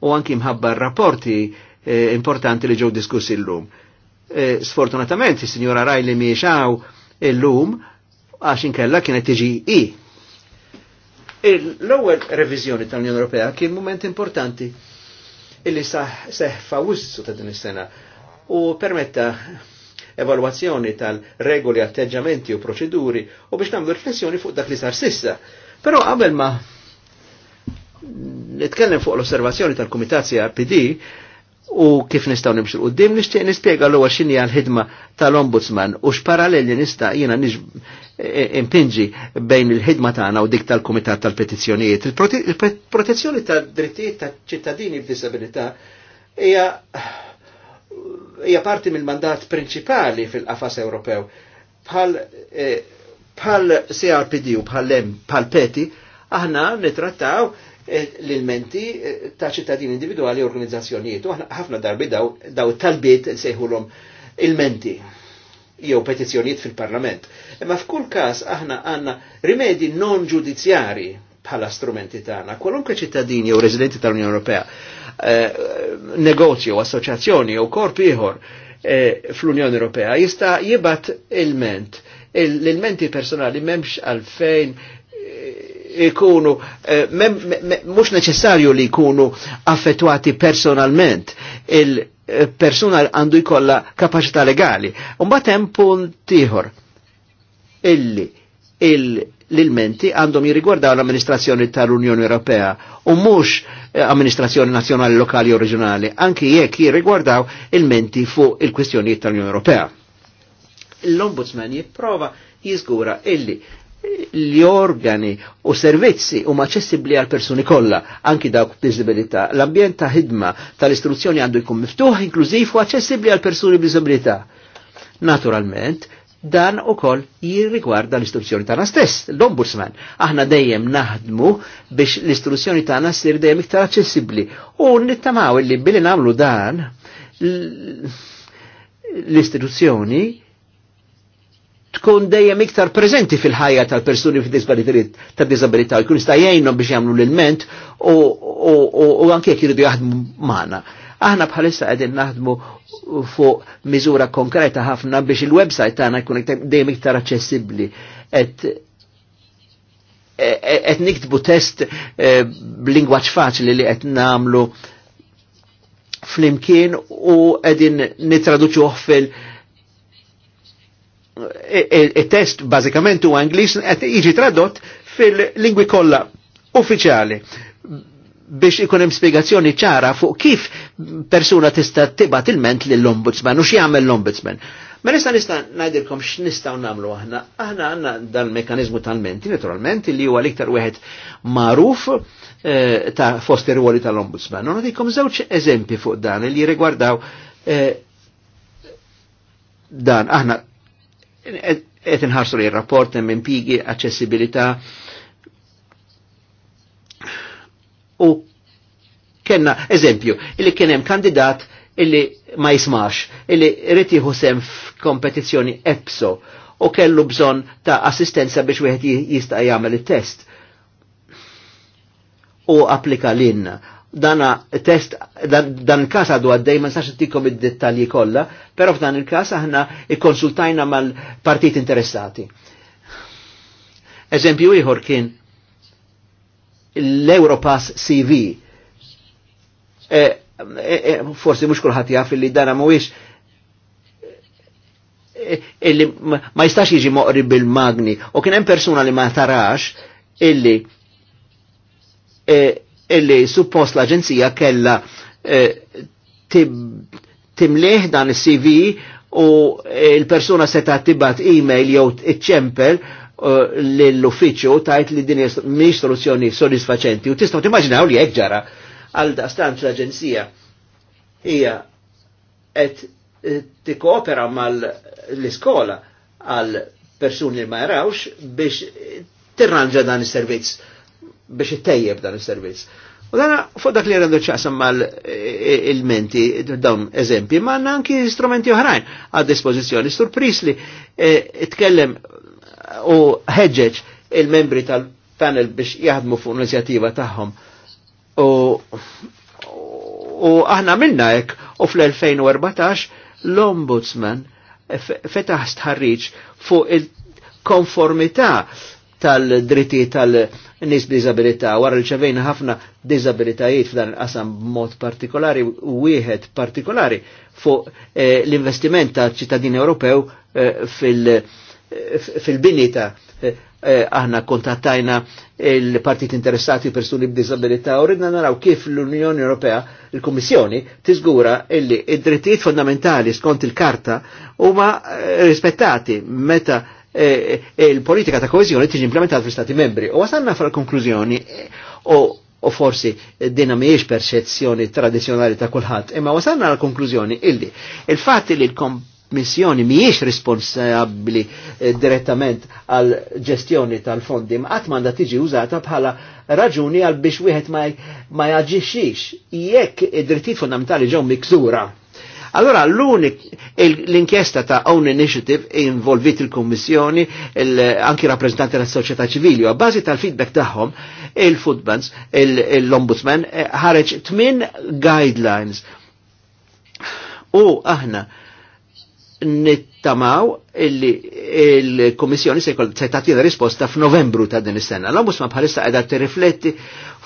u anki mħabba rapporti eh, importanti li ġew diskussi l-lum. Eh, Sfortunatamente, signora Signora O'Reilly miex illum għax inkella kienet tiġi i. L-ewwel reviżjoni tal-Unjoni Ewropea kien moment importanti illi seħ fawissu ta' din is-sena u permetta evalwazzjoni tal-regoli, atteġġamenti u proċeduri u biex nagħmlu riflessjoni fuq dak li sar sissa. Però qabel ma nitkellem fuq l-osservazzjoni tal-Kumitat CRPD, u kif nistaw nimxu qoddim nixtieq nispjega l x'inhi l-ħidma tal-Ombudsman u x'paralleli nista' jiena e- e- impinġi bejn il-ħidma tagħna u dik tal-Kumitat tal-Petizzjonijiet. Il-protezzjoni tad-drittijiet tal-ċittadini b'disabilità hija hija parti mill-mandat prinċipali fil-qafas Ewropew. Bħal e- bħal CRPD u bħal peti aħna nitrattaw l-ilmenti ta' ċittadini individuali u organizzazzjonijiet. U ħafna darbi daw, daw talbiet sejħulhom ilmenti jew petizzjonijiet fil-Parlament. Imma f'kull każ aħna għandna rimedi non ġudizzjari bħala strumenti tagħna. Kwalunkwe ċittadini jew residenti tal-Unjoni Ewropea, eh, negozju, assoċjazzjoni jew korp ieħor eh, fl-Unjoni Ewropea jista' jibat il-ment l-elementi personali memx għalfejn ikunu, eh, mux neċessarju li ikunu affettuati personalment il-persuna eh, għandu jkolla kapacita legali. Un hemm punt ieħor illi l-ilmenti għandhom jirrigwardaw l-amministrazzjoni tal-Unjoni Ewropea u mhux eh, amministrazzjoni nazzjonali, lokali u reġjonali, anki jekk jirrigwardaw il-menti fuq il-kwistjonijiet tal-Unjoni Ewropea. L-Ombudsman jipprova jiżgura illi li organi u servizzi huma aċċessibbli għal persuni kollha, anki dawk b'diżabilità. L-ambjent ta' ħidma tal-istruzzjoni għandu jkun miftuħ, inklużiv u aċċessibbli għal persuni b'diżabilità. Naturalment, dan u koll jirrigwarda l-istruzzjoni tana stess, l-ombudsman. Aħna dejjem naħdmu biex l-istruzzjoni tana sir dejjem iktar accessibli. U nittamaw li billi namlu dan l-istruzzjoni tkun dejjem iktar preżenti fil-ħajja tal-persuni tad-disabilità jkun jista' jgħinhom biex jagħmlu l-ilment u anke jekk jridu jaħdmu magħna. Aħna bħalissa qegħdin naħdmu fuq miżura konkreta ħafna biex il-website tagħna jkun dejjem iktar aċċessibbli. Qed e, e, niktbu test e, b'lingwaġġ faċli li qed nagħmlu flimkien u qegħdin nitraduċuh fil- il-test bażikament u Anglis qed jiġi tradott fil-lingwi kollha uffiċjali biex ikun hemm spjegazzjoni ċara fuq kif persuna tista' tibat il-ment lill-ombudsman u x'jagħmel l-ombudsman. Ma nista' nista' ngħidilkom x'nistgħu nagħmlu aħna. Aħna għandna dal-mekkaniżmu tal-menti naturalment li huwa l-iktar wieħed magħruf eh, ta' fost ir-ruoli tal-ombudsman. U nagħtikom żewġ eżempji fuq dan li jirigwardaw eh, dan aħna qed inħarsu li rapport hemm impigi aċċessibilità u kellna eżempju illi kien hemm kandidat illi ma jismax illi rrid jieħu sem f'kompetizzjoni EPSO u kellu bżonn ta' assistenza biex wieħed jista' jagħmel it-test u applika l-inna dana test, dan, dan kas għadu għaddej, ma nistax tikom id-dettalji kollha, però f'dan il-kas aħna ikkonsultajna mal-partit interessati. Eżempju ieħor kien l-Europass CV. E, e, e, forsi mhux kulħadd jaf li dana mhuwiex e, illi ma jistax jiġi moqri bil-magni. U kien hemm persuna li ma tarax illi e, illi suppost l-Aġenzija kella eh, timleħ dan is-CV u eh, il-persuna seta tibat e-mail jew iċ-ċempel eh, l-uffiċċju tajt li din miex soluzzjoni sodisfaċenti u tistgħu timmaġinaw li hekk ġara għal daqstant l-Aġenzija hija qed tikkoopera mal-iskola għal persuni li ma jarawx biex tirranġa dan is-servizz biex ittejjeb dan is-servizz. U dana fuq dak li rendu ċaqsam mal e, e, il-menti, dawn eżempji, ma għanna anki strumenti oħrajn għad dispozizjoni. Sur Prisli e, itkellem u ħeġġeġ il-membri tal-panel biex jaħdmu fuq l-inizjativa tagħhom. U aħna minna hekk u fl-2014 l-Ombudsman fetaħ stħarriġ fuq il-konformità tal-dritti tal-, -dritti, tal nis b'dizabilità. Wara li ċevejna ħafna dizabilitajiet f'dan il-qasam b'mod partikolari u wieħed partikolari fuq eh, l-investiment ta' ċittadin Ewropew eh, eh, fil-bini ta' aħna kontattajna il-partit interessati persuni b'disabilità u ridna naraw kif l-Unjoni Ewropea, il-Kommissjoni, tiżgura illi id-drittijiet fondamentali skont il-karta huma rispettati meta E, e, il-politika ta' koezjoni tiġi implementata fl-Stati membri. U għasanna fra konklużjoni u e, forsi dina miex perċezzjoni tradizjonali ta' kulħadd, imma wasanna għal konklużjoni illi il-fatt li l-Kommissjoni miex responsabbli direttament għal ġestjoni tal-fondi ma qatt m'għandha tiġi użata bħala raġuni għal biex wieħed ma jaġixxix jekk id-drittijiet fundamentali ġew miksura Allora l-unik l-inkjesta ta' Own Initiative involvit il-Kommissjoni, anki rappresentanti tas soċjetà ċivili, a bażi tal-feedback tagħhom il-Foodbanks, l-Ombudsman eh, ħareġ tmin guidelines. U aħna nittamaw il-Komissjoni se tagħti risposta f'Novembru ta' din is-sena. L-Ombudsman bħalissa qiegħda tirrifletti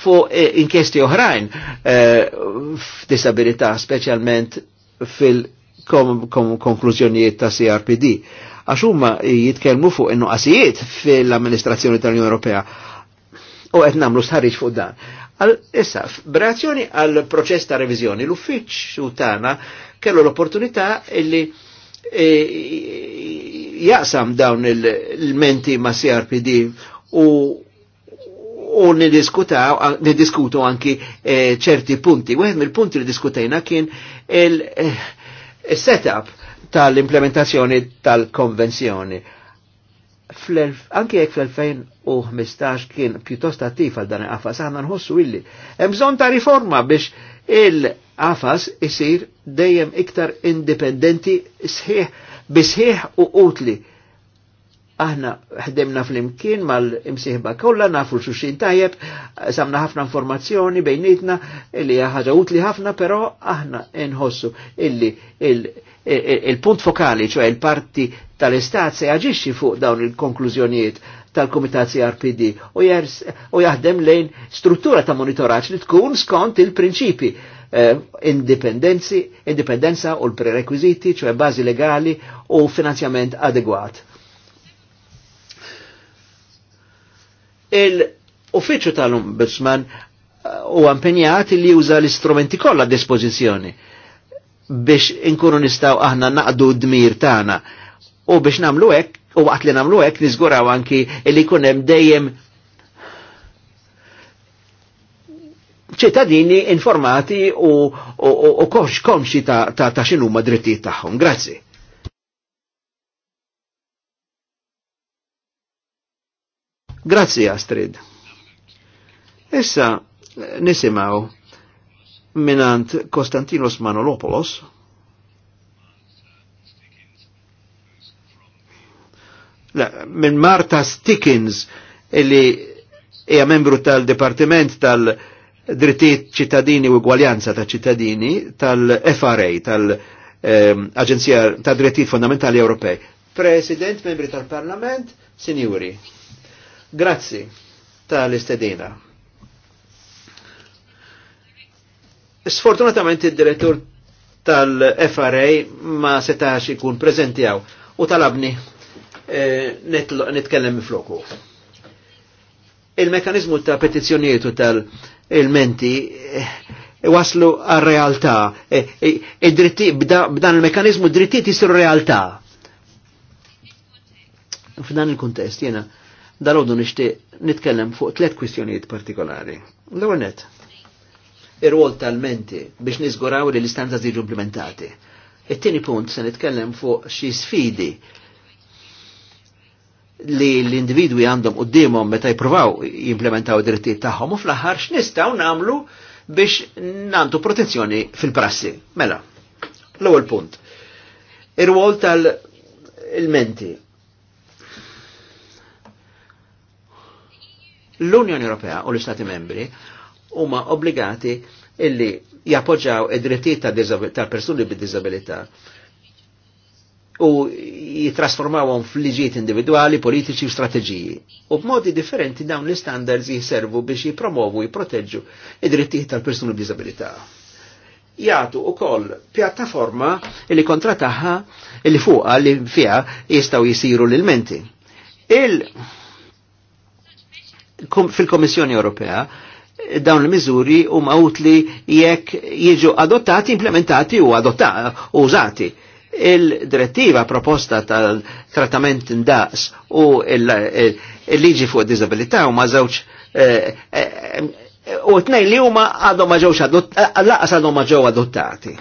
fuq eh, inkjesti oħrajn eh, f'disabilità speċjalment fil-konklużjonijiet ta' CRPD. Għax huma jitkellmu fuq in qasijiet fil-amministrazzjoni tal-Unjoni Ewropea u qed nagħmlu sħarriġ fuq dan. Issa, b'reazzjoni għal proċess ta' reviżjoni, l-uffiċċju tagħna kellu l-opportunità li e, jaqsam dawn il-menti ma' CRPD u u nidiskutu anki eh, ċerti punti. Wieħed mill-punti li diskutajna kien il-setup eh, tal-implementazzjoni tal-konvenzjoni. Anki jekk fl-2015 kien pjuttost attiv għal dan il afas, għanna nħossu illi. Hemm bżonn ta' riforma biex il afas isir dejjem iktar indipendenti sħiħ bisħiħ u utli aħna ħdemna fl-imkien mal-imsiħba kollha nafu l-xuxin tajjeb, samna ħafna informazzjoni bejnietna illi ħaġa utli ħafna, però aħna nħossu illi il-punt fokali, ċoħe il-parti tal-istat se jaġixxi fuq dawn il-konklużjonijiet tal-Kumitat CRPD u, jaħdem lejn struttura ta' monitoraġġ li tkun skont il-prinċipi eh, indipendenza u l-prerekwiziti, ċoħe bażi legali u finanzjament adegwat Il-uffiċċju tal-Ombudsman u uh, għampenjat li juża l-istrumenti kollha a dispożizzjoni biex inkunu nistaw aħna naqdu d-dmir tagħna u biex namlu hekk u għat li namlu hekk niżguraw anki li jkun hemm dejjem ċittadini informati u, u, u, u komxi ta', ta, ta xinuma drittijiet tagħhom. Grazzi. Grazzi Astrid. Issa nisimaw minant Konstantinos Manolopoulos La, min Marta Stickins illi hija membru tal-Dipartiment tal-Drittijiet ċittadini u Gwaljanza ta' ċittadini tal-FRA, tal-Aġenzija ehm, tad drittijiet Fondamentali Ewropej. President, membri tal-Parlament, signori. Grazzi tal-istedina. Sfortunatament id-direttur tal-FRA ma setax ikun prezentijaw u talabni e, nitkellem floku. Il-mekanizmu ta' petizjonietu tal-elmenti e waslu għal-realtà. E eh, B'dan il-mekanizmu dritti tisru realtà. F'dan il-kontest jena Dal-għodu nishtiq nitkellem fuq tlet kwistjonijiet partikolari. L-ewwel ir għol tal-menti biex niżguraw li l-istanza ziġu implementati. It-tieni punt se nitkellem fuq xi sfidi li l-individwi għandhom qudiemhom meta jippruvaw jimplementaw id-drittijiet tagħhom u fl-aħħar x'nistgħu nagħmlu biex nantu protezzjoni fil-prassi. Mela, l-ewwel punt. ir wol tal-menti l-Unjoni Ewropea u l-Istati membri huma obbligati illi jappoġġjaw id-drittijiet tal-persuni bid-disabilità u jitrasformawhom f'liġijiet individwali, politiċi u strateġiji. U b'modi differenti dawn l istandards jiservu biex jipromovu jipproteġġu id-drittijiet tal-persuni b'diżabilità. u ukoll pjattaforma li kontra tagħha li fuqha li fiha jistgħu jisiru l-menti. Il- fil-Komissjoni Ewropea dawn il-miżuri huma utli jekk jiġu adottati, implementati u adottati użati. Il-direttiva proposta tal-trattament ndaqs u il-liġi fuq disabilità huma żewġ eh, eh, u t-nej li huma għadhom ma ġewx laqas għadhom ma ġew adottati.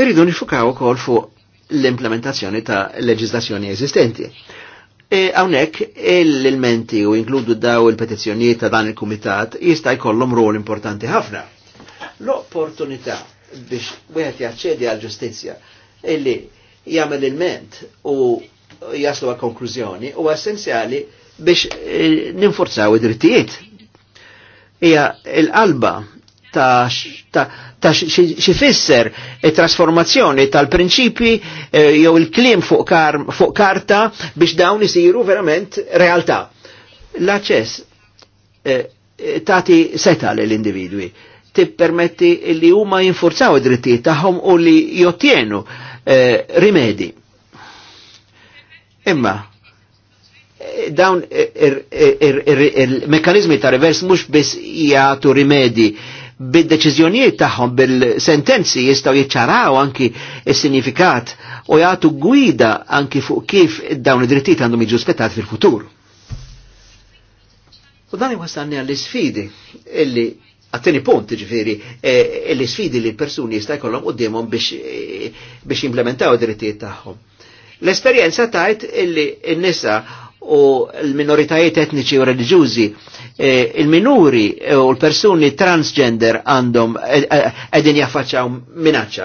Irridu nifukaw ukoll fuq l-implementazzjoni ta' leġislazzjoni eżistenti. Hawnhekk e, l-elementi u inkludu daw il-petizzjonijiet ta' dan il-kumitat jista' jkollhom rol importanti ħafna. L-opportunità biex wieħed jaċċedi għal ġustizzja illi jagħmel il-ment u jaslu għal konklużjoni u essenzjali biex e, ninforzaw id-drittijiet. Hija l-qalba ta', ta ta' xifisser e trasformazzjoni tal-prinċipi e, jew il-klim fuq karta biex dawn isiru verament realtà. L-aċċess e, tati seta l-individwi tippermetti li huma jinfurzaw id-drittijiet tagħhom u li jottienu rimedi. Imma dawn il-mekkanizmi ta' revers mhux biss jagħtu rimedi bid-deċiżjonijiet tagħhom bil-sentenzi jistgħu jiċċaraw anki s-sinifikat u jagħtu gwida anki fuq kif dawn id-drittijiet għandhom jiġu spettat fil-futur. U dan iwasalni għall-isfidi illi għattini punt ġifiri eh, l-sfidi li l-persuni jista' jkollhom qudiemhom biex, e, biex implementaw id-drittijiet tagħhom. L-esperjenza tajt illi n-nisa u l-minoritajiet etniċi u reliġjużi. E, il-minuri e, u l-persuni transgender għandhom e, edin jaffaċċaw minaccia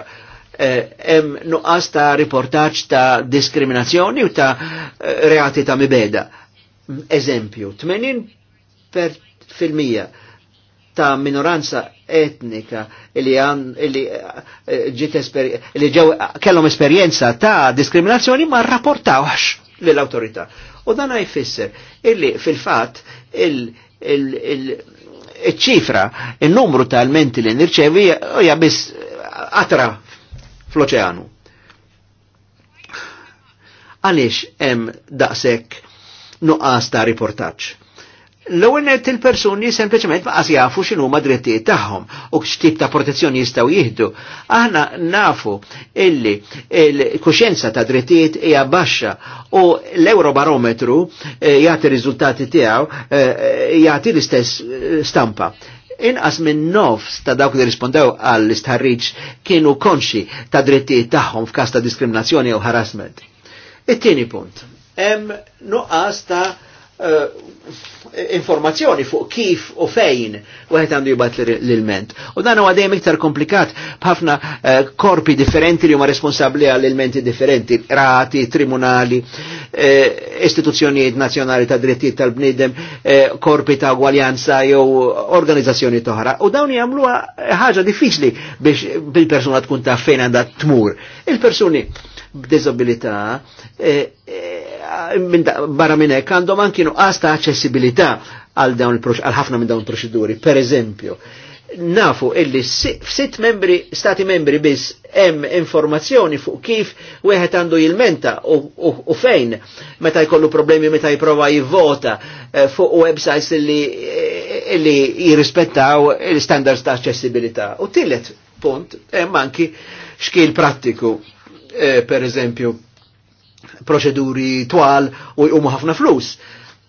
hemm nuqqas ta' riportaġġ ta' diskriminazzjoni u ta' reati ta' mibeda. Eżempju, 80 ta' minoranza etnika li għan li ġiet li ġew kellhom esperjenza ta' diskriminazzjoni ma rrapportawx lill-awtorità. U dan jfisser illi fil-fat il-ċifra, il-numru tal-menti li nirċevi u biss atra fl-oċeanu. Għaliex hemm daqshekk nuqqas ta' riportaġġ. L-ewwel il-persuni sempliċement ma' jafu xinu ma' drittijiet tagħhom u x'tip ta' protezzjoni jistgħu jieħdu. Aħna nafu illi il-kuxjenza ta' drittijiet hija baxxa u l-Eurobarometru eh, jagħti riżultati tiegħu eh, jagħti l-istess eh, stampa. Inqas minn nofs ta' dawk li rispondew għall-istħarriġ kienu konxi ta' drittijiet tagħhom f'każ ta' diskriminazzjoni u harassment. It-tieni punt. Hemm nuqqas ta' informazzjoni fuq kif u fejn wieħed għandu jibat l-ilment. U dan huwa dejjem iktar komplikat b'ħafna eh, korpi differenti li huma responsabbli għall ilmenti differenti, rati, tribunali, eh, istituzzjonijiet nazzjonali ta' drittijiet tal-bniedem, eh, korpi ta' gwaljanza jew organizzazzjoni toħra. U dawn jagħmluha ħaġa diffiċli biex bil-persuna tkun ta' fejn għandha tmur. Il-persuni b'diżabilità barra minnek, għandhom anki nuqqas ta' aċċessibilità għal dawn għal ħafna minn dawn il-proċeduri. Per eżempju, nafu illi f'sitt membri, stati membri biss hemm informazzjoni fuq kif wieħed għandu jilmenta u, u, u fejn meta jkollu problemi meta jiprova jivvota eh, fuq websites illi, eh, illi jirrispettaw il-standards ta' accessibilità. U tillet punt hemm anki xkil prattiku eh, per eżempju proċeduri twal u jqumu ħafna flus.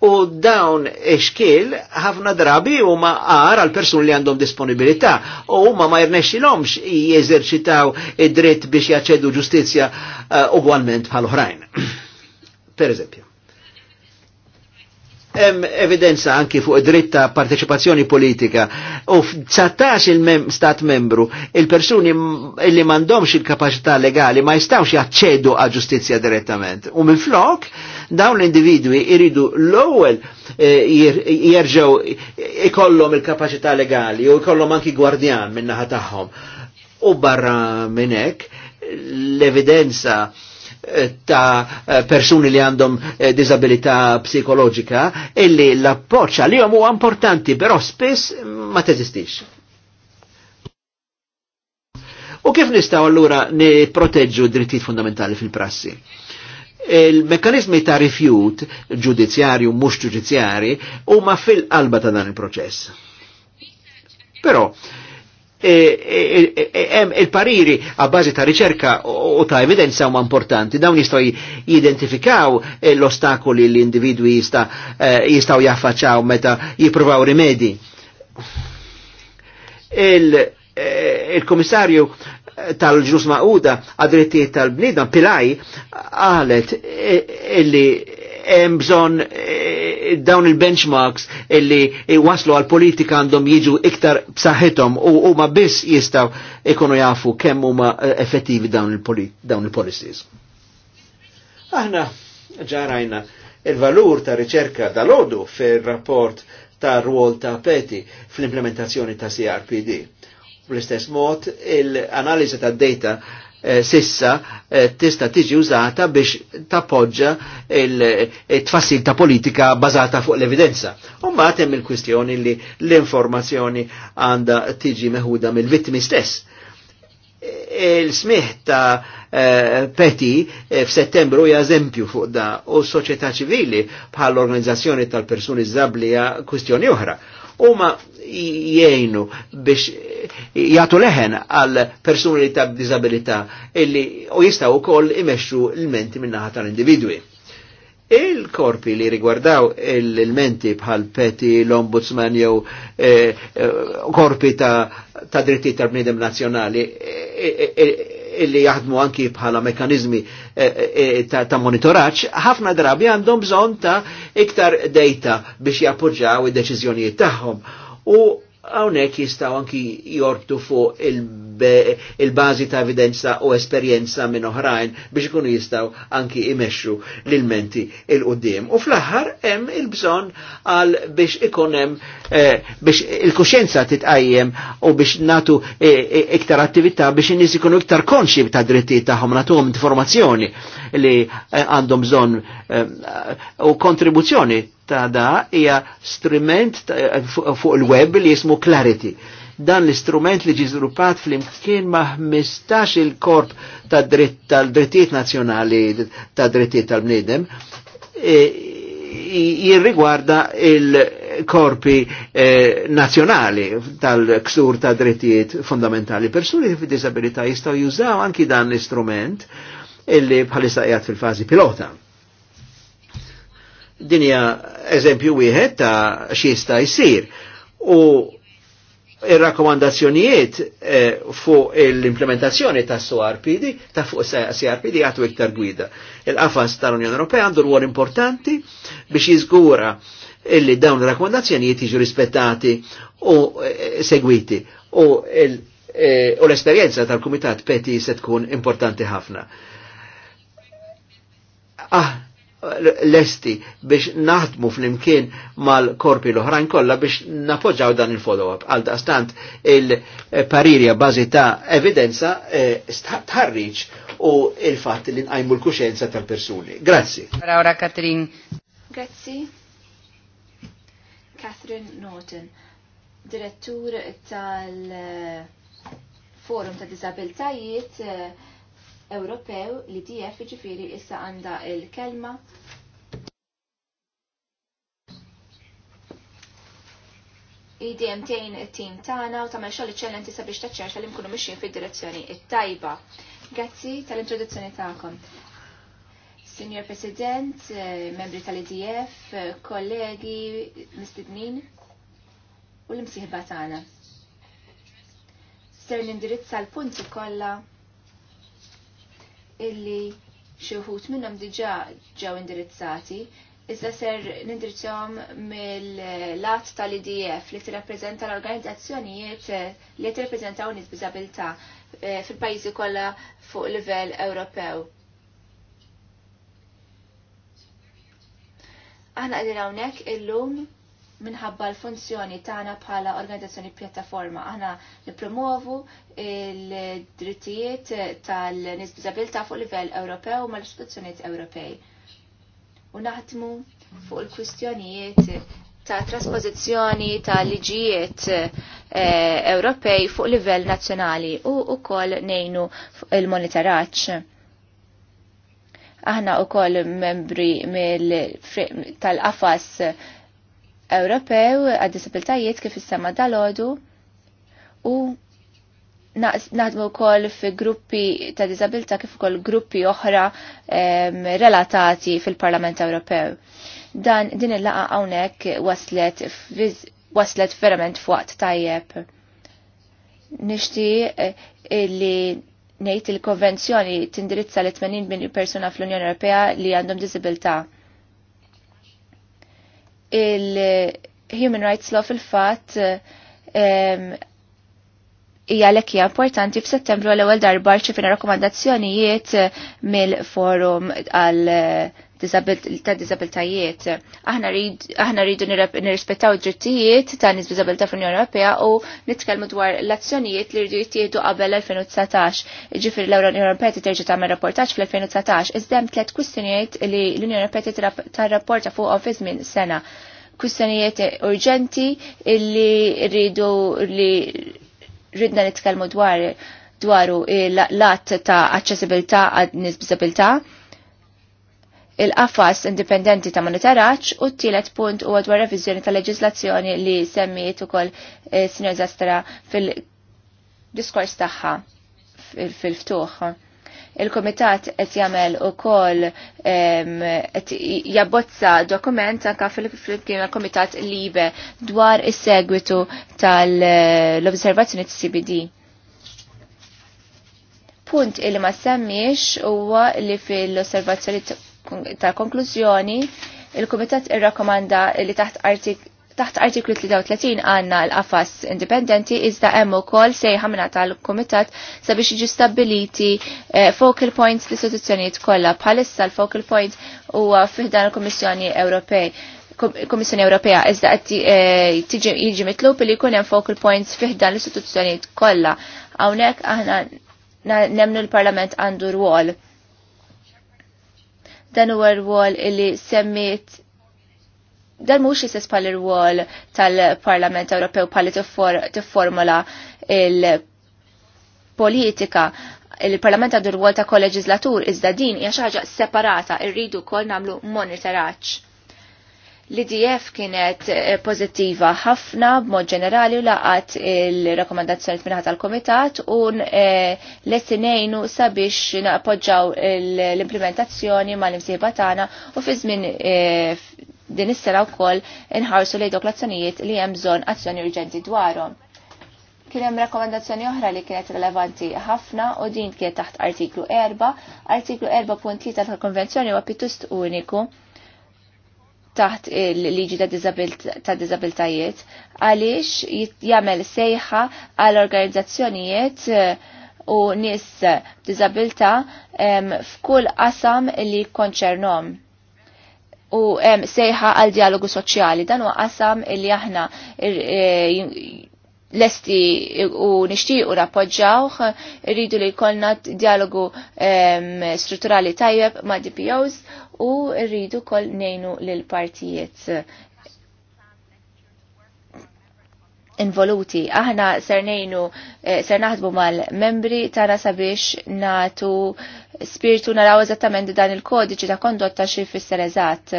U dawn iċkil ħafna drabi u ma għar għal persun li għandhom disponibilità u huma ma jirnexxilhomx jeżerċitaw id-dritt biex jaċedu ġustizzja eh, ugwalment bħal oħrajn. per eżempju. Hemm evidenza anki fuq dritt ta' partecipazzjoni politika u f'19 il-mem stat membru il-persuni li m'għandhomx il-kapaċità legali ma jistgħux jaċċedu għal ġustizzja direttament. U minflok dawn l-individwi iridu l-ewwel eh, jerġgħu ikollhom il-kapaċità legali u jkollhom anki gwardjan min-naħa tagħhom. U barra minn hekk l-evidenza ta' persuni li għandhom eh, disabilità psikoloġika illi l-appoċ għalihom huwa importanti, però spiss ma teżistix. U kif nistaw allura niproteġġu drittijiet fundamentali fil-prassi? Il-mekkanizmi ta' rifjut ġudizzjarju mhux ġudizzjari huma fil-qalba ta' dan il-proċess. Però, E, e, e, il-pariri għabbażi ta' riċerka u ta' evidenza huma importanti, dawn jistgħu jidentifikaw l-ostakoli li individwi jistgħu jaffaċċaw meta jippruvaw rimedi. Il-Komissarju tal-ġus ma'uda għadrittijiet tal-bnidna, Pilaj, għalet illi hemm bżonn eh, dawn il-benchmarks illi waslu għal politika għandhom jiġu iktar b'saħħithom u huma biss jistgħu ikunu jafu kemm huma eh, effettivi dawn il-policies. Aħna ġarajna il-valur ta' riċerka dal-ħodu fir rapport ta' ruol ta' peti fl-implementazzjoni ta' CRPD. Bl-istess mod, l-analiza ta' data Eh, sissa eh, tista' tiġi użata biex tappoġġa il-tfassil eh, ta' politika bażata fuq l-evidenza. U mbagħad hemm il-kwistjoni li l-informazzjoni għandha tiġi meħuda mill-vittmi stess. Il-smih ta' Peti f'Settembru hija eżempju fuq da u s-soċjetà ċivili bħal organizzazzjoni tal-persuni żabbli hija kwistjoni oħra. Huma jgħinu biex jgħatu leħen għal persuni ta' disabilità illi u jistaw u koll imexxu l-menti minnaħat tal-individwi. Il-korpi li rigwardaw l-menti bħal peti, l-ombudsman jew eh, eh, korpi ta', ta dritti tal-bnidem nazjonali eh, illi jaħdmu anki bħala mekanizmi ta' monitoraċ, ħafna drabi għandhom bżon ta' iktar data biex jappoġġaw id-deċizjonijiet tagħhom u għawnek jistaw anki jortu fuq il-bazi il ta' evidenza u esperienza minn oħrajn biex ikunu jistaw anki imexxu l-menti il-qoddim. U fl-aħħar hemm il-bżonn għal biex ikun hemm eh, biex il-kuxjenza titqajjem u biex natu eh, eh, iktar eh, attività biex in-nies ikunu iktar konxi ta' drittijiet tagħhom nagħtuhom informazzjoni li eh, għandhom eh, bżonn u kontribuzzjoni ta' da hija strument fuq il-web li jismu Clarity. Dan l-istrument li ġi żviluppat fl-imkien ma' 15 il-korp ta' dritt tal-drittijiet nazzjonali ta' drittijiet tal-bniedem e, jirrigwarda il-korpi e, nazzjonali tal-ksur ta' drittijiet fundamentali. Persuni fi disabilità jistgħu jużaw anki dan l-istrument illi bħalissa qiegħed fil-fażi pilota Dinja eżempju wieħed ta' xista jsir. U il-rakkomandazzjonijiet eh, fuq l-implementazzjoni ta' CRPD, ta' fuq CRPD e għatu iktar gwida. Il-qafas tal-Unjoni Ewropea għandu rwol importanti biex jizgura illi dawn il-rakkomandazzjonijiet jiġu rispettati u eh, segwiti. U eh, l-esperienza tal-Kumitat Peti se tkun importanti ħafna. Ah, lesti biex naħdmu fl-imkien mal-korpi l-oħrajn kollha biex napoġġaw dan il-follow-up. Għal stant il-pariri bażi ta' evidenza eh, tħarriġ u il-fatt li nqajmu l-kuxenza tal-persuni. Grazzi. Ora Katrin. Grazzi. Catherine Norton, direttur tal-Forum eh, ta' Disabiltajiet eh, Ewropew li tijef iġifiri issa għanda il-kelma. Idiem tejn it-tim tagħna u tagħmel xogħol iċċellenti sabiex taċċer li imkunu mixjin fid-direzzjoni it-tajba. Grazzi tal-introduzzjoni tagħkom. Signor President, eh, membri tal-IDF, eh, kollegi, mistednin u l-imsieħba tagħna. Ser indirizza l-punti kollha illi xi wħud minnhom diġà ġew indirizzati, iżda ser nindirizzhom mill-lat tal-IDF li t-reprezenta l-organizzazzjonijiet li t-reprezenta nies b'diżabilità eh, fil-pajjiżi kollha fuq livell Ewropew. Aħna qegħdin hawnhekk illum minħabba l-funzjoni tagħna bħala organizzazzjoni pjattaforma aħna nippromovu il-drittijiet tal-nies b'diżabilità fuq livell Ewropew mal-istituzzjonijiet Ewropej. U naħdmu fuq il-kwistjonijiet ta' traspożizzjoni ta' liġijiet eh, Ewropej fuq livell nazzjonali u wkoll nejnu il-monitoraġġ aħna u koll membri tal-qafas Ewropew għad-disabilitajiet kif is-sema dal-ħodu u naħdmu wkoll fi gruppi ta' diżabilità kif ukoll gruppi oħra relatati fil-Parlament Ewropew. Dan din il-laqa hawnhekk waslet waslet verament fuqt tajjeb. Nixti eh, li ngħid il-konvenzjoni tindirizza l-80 persuna fl-Unjoni Ewropea li għandhom disabilità il-Human Rights Law fil-fat hija l hija importanti f'Settembru l-ewwel darba ċifina rakkomandazzjonijiet mill-forum għal ta' disabiltajiet. Aħna rridu nirrispettaw id ta' nis disabilta fl-Unjoni Ewropea u nitkellmu dwar l-azzjonijiet li rridu jittieħdu qabel 2019. Ġifieri l-Unjoni Ewropea terġa' tagħmel rapportaġġ fl-2019. Iżda hemm tliet kwistjonijiet li l-Unjoni Ewropea tar-rapporta fuqhom fi żmien sena. Kwistjonijiet urġenti li rridu li rridna nitkellmu dwar dwaru l-att ta' accessibilta' għad nis disabilta' il-qafas indipendenti ta' monitoraċ u t-tielet punt u għadwar revizjoni ta' leġislazzjoni li semmiet ukoll e, Sinjor Zastra fil-diskors tagħha fil-ftuħ. Il-komitat qed jagħmel ukoll qed jabbozza dokument anke fil-kien komitat libe dwar is-segwitu tal-observazzjoni cbd punt il ma semmiex huwa li fil-osservazzjoni tal-konklużjoni, il-Kumitat irrakomanda li taħt artik taħt artiklu 33 għanna l-qafas indipendenti iżda hemm ukoll minna tal-Kumitat sabiex jiġu stabiliti eh, focal points l-istituzzjonijiet kollha bħalissa l-focal point huwa fiħdan il-Kummissjoni Ewropej. Kommissjoni Ewropea iżda qed eh, jiġi mitlub li jkun hemm focal points fiħdan l-istituzzjonijiet kollha. Hawnhekk aħna nemnu l-Parlament għandu rwol dan huwa rwol illi semmiet dan mhux jistess pal rwol tal-Parlament Ewropew pali tifformula il-politika il-Parlament għadu rwol ta' kol-leġislatur iżda din hija xi ħaġa separata rridu wkoll nagħmlu monitoraġġ L-IDF kienet eh, pozittiva ħafna b'mod ġenerali u laqat il-rakomandazzjoni minħa tal-Komitat u eh, l-essinejnu sabiex naqpoġġaw l-implementazzjoni ma' l-imsieba tagħna u fi żmien eh, din is-sena wkoll inħarsu lejn dawk l-azzjonijiet li hemm bżonn azzjoni urġenti dwarhom. Kien hemm rakkomandazzjoni oħra li kienet rilevanti ħafna u din kienet taħt artiklu 4, artiklu 4.3 tal-Konvenzjoni huwa pjuttost uniku taħt il-liġi ta' dizabiltajiet għaliex jagħmel sejħa għal organizzazzjonijiet eh, u nis dizabilta f'kull qasam li konċernom u sejħa għal dialogu soċjali dan huwa qasam li aħna eh, lesti u nixtiequ rappoġġawh rridu li jkollna dialogu strutturali tajjeb ma' DPOs u rridu kol nejnu l partijiet involuti. Aħna ser nejnu, eh, ser naħdbu mal-membri tana sabiex natu spiritu naraw eżattament dan il-kodiċi ta' kondotta xi fisser eżatt.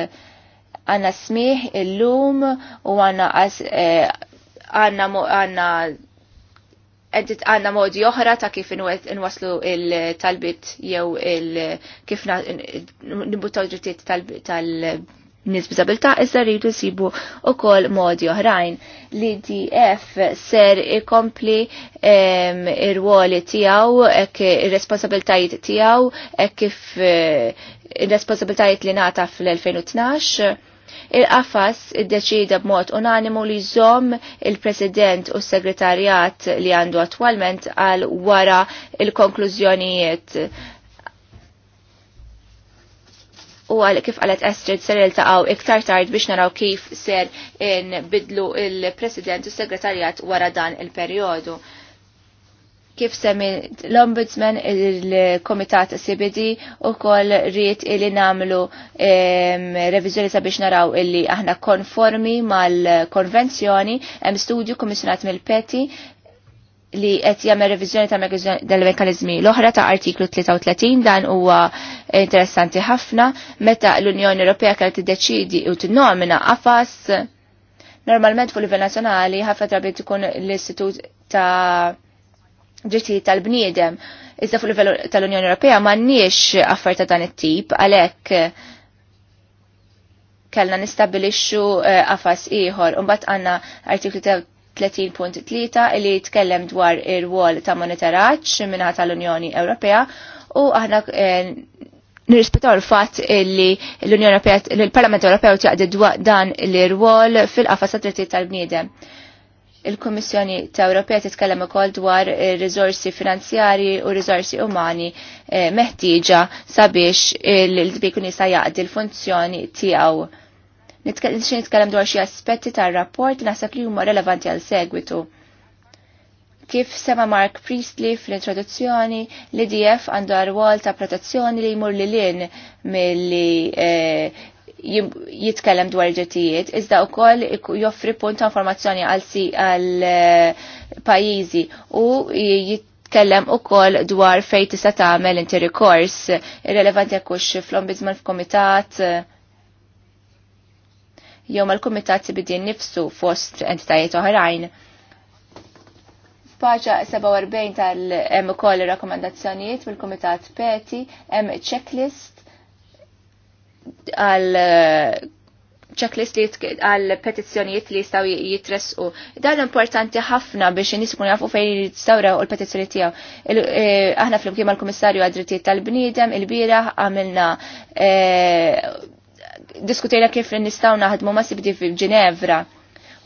Għanna smiħ il-lum u għanna eh, għanna edit għanna modi oħra ta' kif nwaslu il-talbit jew il-kif nibutaw drittiet tal nisbizabilta, bizabilta, issa rridu sibu u kol modi oħrajn. L-IDF ser ikompli ir-ruoli tijaw, ek ir-responsabiltajiet tijaw, ek kif eh, ir-responsabiltajiet li nata fl-2012 Il-qafas iddeċida b'mod unanimu li jżomm il-President u s-Segretarjat li għandu attualment għal wara il-konklużjonijiet u għal kif għalet Astrid ser il-taqaw iktar tard biex naraw kif ser in bidlu il-President u s-Segretarjat wara dan il-periodu kif semmi l-Ombudsman, il-Komitat CBD u kol rrit illi namlu revizjoni sabiex naraw illi aħna konformi mal-konvenzjoni, hemm studju komissjonat mill-Peti li qed jagħmel revizjoni ta' tal-mekkaniżmi l-oħra ta' artiklu 33 dan huwa interessanti ħafna meta l-Unjoni Ewropea kellha tiddeċidi u tinnomina afas normalment fuq livell nazzjonali ħafna drabi tkun l-istitut ta' ġiti tal-bniedem. Iżda fuq livell tal-Unjoni Ewropea m'għandniex affar ta' dan it-tip għalhekk eh, kellna nistabilixxu eh, qafas ieħor. Imbagħad għandna Artiklu ta' 30.3 li jitkellem dwar ir wol ta' monitoraġġ minħata tal-Unjoni Ewropea u aħna eh, nirrispettaw il-fatt li l-Unjoni Ewropea, l-Parlament Ewropew dwar dan l irwol fil-qafas ta' drittijiet tal-bniedem. Il-Kummissjoni ta' Ewropea titkellem ukoll dwar riżorsi finanzjari u riżorsi umani eh, meħtieġa sabiex l-dbikun jista' jaqdi l-funzjoni tiegħu. Nitkellem dwar xi aspetti tar-rapport naħseb li huma relevanti għal segwitu. Kif sema Mark Priestley fl-introduzzjoni, l-IDF għandu għarwol ta' protezzjoni li jmur li lin mill-li eh, jitkellem dwar ġetijiet, iżda u koll joffri punt ta' informazzjoni għal eh, pajizi u jitkellem u koll dwar fej tista' tagħmel inti rikors irrelevanti jekkux fl-ombudsman f'komitat eh, jew mal si bidin nifsu fost entitajiet oħrajn. Paċa 47 tal-hemm ukoll rakkomandazzjonijiet mill-Kumitat Peti, hemm checklist għal eh, checklist li għal petizzjonijiet li jistaw jitresqu. Dan importanti ħafna biex nis kun jafu fejn u l petizzjoni tiegħu. Eh, aħna fl-imkien mal-Kummissarju għad-drittijiet tal-bniedem il bira għamilna eh, diskutejna kif nistaw naħdmu ma' sibdi f'Ġinevra.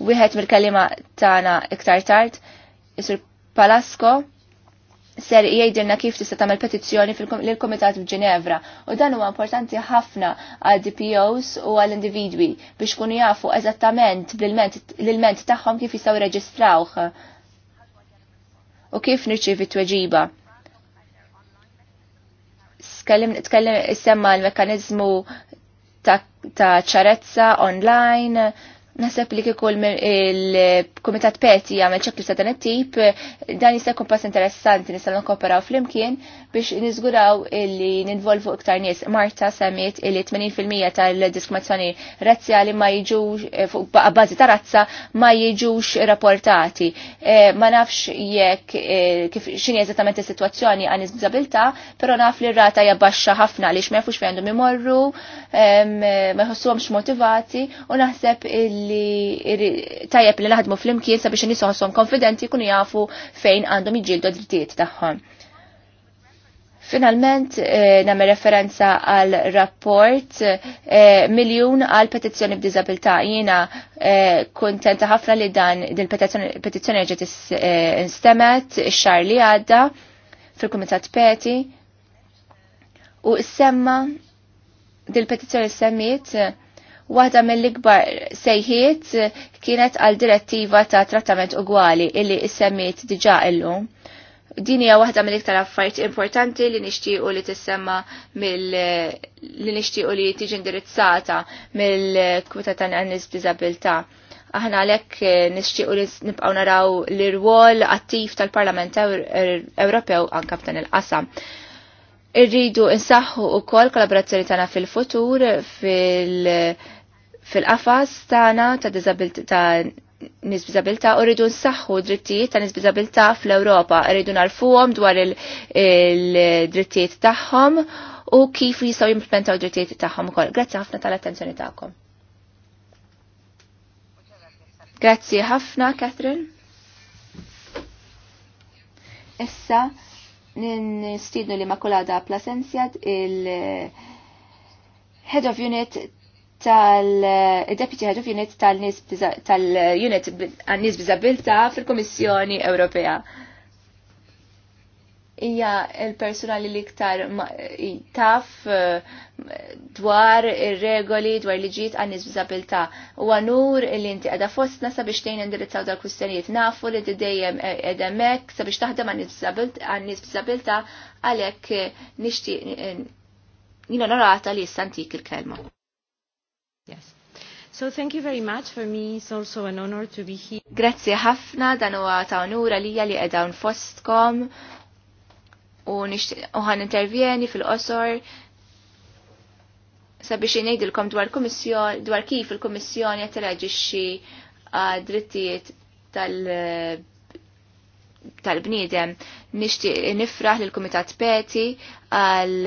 Wieħed mill kalima tagħna iktar tard, Isur Palasko, ser jgħidilna kif tista' tagħmel petizzjoni lill-Kumitat f'Ġinevra u dan huwa importanti ħafna għal DPOs u għal individwi biex kunu jafu eżattament l-ilment tagħhom kif jistgħu jirreġistrawh u kif nirċievi tweġiba. Tkellem semma l-mekkaniżmu ta' ċarezza online Nasab li kikol il-Komitat Peti għamel ċeklu ta' dan it-tip, dan jista' jkun pass interessanti nistgħu nkopperaw flimkien biex niżguraw illi ninvolvu iktar nies. Marta semmit illi 80% tal-diskriminazzjoni razzjali ma jiġux eh, fuq bażi ta' razza ma jiġux rapportati. Eh, ma nafx jekk eh, kif x'inhi eżattament is-sitwazzjoni għan iżabilità, però naf li r-rata hija baxxa ħafna għaliex ma jafux fejn għandhom imorru, ma jħossuhomx motivati u naħseb il li tajjeb li naħdmu fl-imkien sabiex nisoħsom konfidenti kun jafu fejn għandhom iġildu drittijiet tagħhom. Finalment, eh, namme referenza għal rapport eh, miljon għal petizzjoni b'dizabilta. Jina eh, kontenta ħafna li dan din petizzjoni ġet eh, instemet xar li għadda fil-Kumitat Peti u semma dil petizzjoni semmit eh, Waħda mill-ikbar sejħiet kienet għal direttiva ta' trattament ugwali illi issemmiet diġa illum. Din hija waħda mill-iktar affarijiet importanti li nixtiequ li tissemma mill li nixtiequ li tiġi indirizzata mill kwita ta' Nies Diżabilità. Aħna għalhekk nixtiequ li nibqgħu naraw l-irwol attiv tal-Parlament Ewropew anke f'dan il-qasam. Irridu nsaħħu wkoll kollaborazzjoni tagħna fil-futur fil-, -futur, fil fil-qafas tagħna ta' ta' nisbizabilta u rridu nsaħħu drittijiet ta' nisbizabilta fl-Ewropa, rridu narfuhom dwar il-drittijiet il tagħhom u kif jistgħu jimplementaw drittijiet tagħhom ukoll. Grazzi ħafna tal-attenzjoni tagħkom. Grazzi ħafna, Catherine. Issa nistiednu li makulada Plasenzjad il- Head of Unit tal-Deputy Head of Unit tal-Unit għan-nies Bizabilta fil-Komissjoni Ewropea. Ija il-personali li iktar taf eh, dwar ir-regoli, dwar liġijiet għan-nies Bizabilta. U għanur li inti għada fostna sabiex tejn indirizzaw dal kustenijiet nafu li d-dejjem edemek eh, sabiex taħdem għan-nies Bizabilta għalek eh, nishti Nina narata li jistantik il-kelma. Yes. So thank you very much. For me it's also an honor to be here. Grazzi ħafna dan huwa ta' onura lija li qiegħda fostkom u ħan intervjeni fil-qosor sabiex ngħidilkom dwar kummissjon dwar kif il-Kummissjoni qed tiraġixxi drittijiet tal- tal-bniedem nixtieq nifraħ lill-Kumitat Peti għal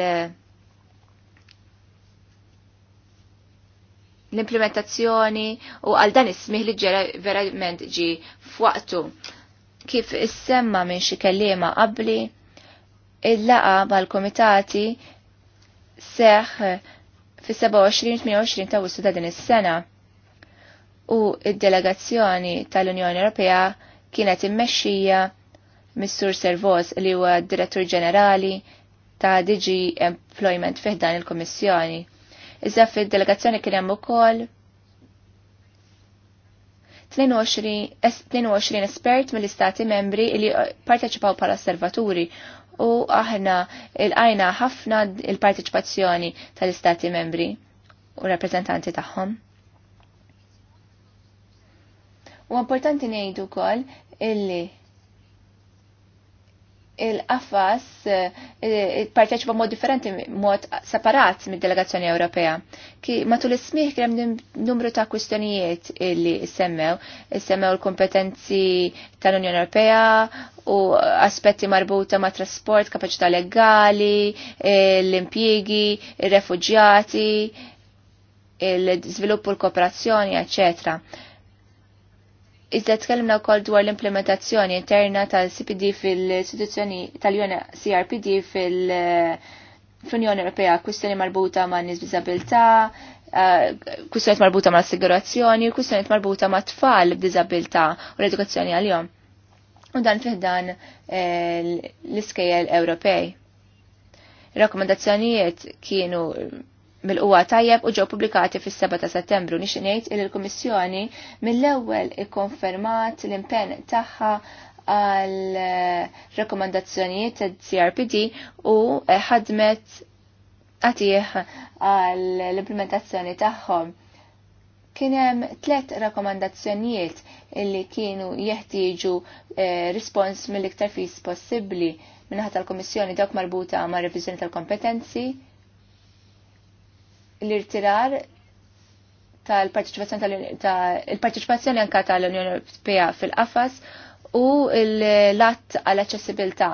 l-implementazzjoni u għal dan ismih li ġera verament ġi f'waqtu. Kif issemma minn xi kellima qabli, il-laqa mal-komitati seħ fis-27-28 ta' wissu ta' din is-sena u id-delegazzjoni tal-Unjoni Ewropea kienet immexxija mis-Sur Servoz li huwa d-Direttur Ġenerali ta' DG Employment fiħdan il kummissjoni Iżda fil-delegazzjoni kien hemm ukoll 22 espert mill-istati membri li parteċipaw bħala osservaturi u aħna il-għajna ħafna il-parteċipazzjoni tal-istati membri u rappresentanti tagħhom. U importanti ngħidu wkoll illi il-qafas eh, eh, parteċipa mod differenti, mod separat mid-delegazzjoni Ewropea. Ki matul is-smieħ numru ta' kwistjonijiet li semmew, semmew l-kompetenzi tal-Unjoni Ewropea u aspetti marbuta ma' trasport, kapaċità legali, eh, l-impjiegi, il-refugjati, il zviluppu l-kooperazzjoni, eccetera Iżda tkellimna wkoll dwar l-implementazzjoni interna tal-CPD fil-istituzzjoni tal-UNCRPD fil- istituzzjoni eh, tal CRPD fil unjoni Ewropea kwistjoni marbuta ma' nies b'diżabilità, eh, kwistjoniet marbuta ma' assigurazzjoni, kwistjoni marbuta ma' tfal b'diżabilità u l-edukazzjoni għal-jom. U dan fiħdan eh, l-iskejjel Ewropej. Rakkomandazzjonijiet kienu bil qwa tajjeb u ġew pubblikati fis-7 ta' Settembru nixi ngħid il kummissjoni mill-ewwel ikkonfermat l-impenn tagħha għal eh, rekomandazzjonijiet tad CRPD u eh, ħadmet għatih għal l-implementazzjoni tagħhom. Kien hemm tliet rakkomandazzjonijiet illi kienu jeħtieġu eh, rispons mill-iktar fis possibbli minħata tal kummissjoni dawk marbuta ma' revizjoni tal-kompetenzi, l-irtirar tal-parteċipazzjoni anka tal-Unjoni Ewropea fil-qafas u l-att għall-aċċessibilità.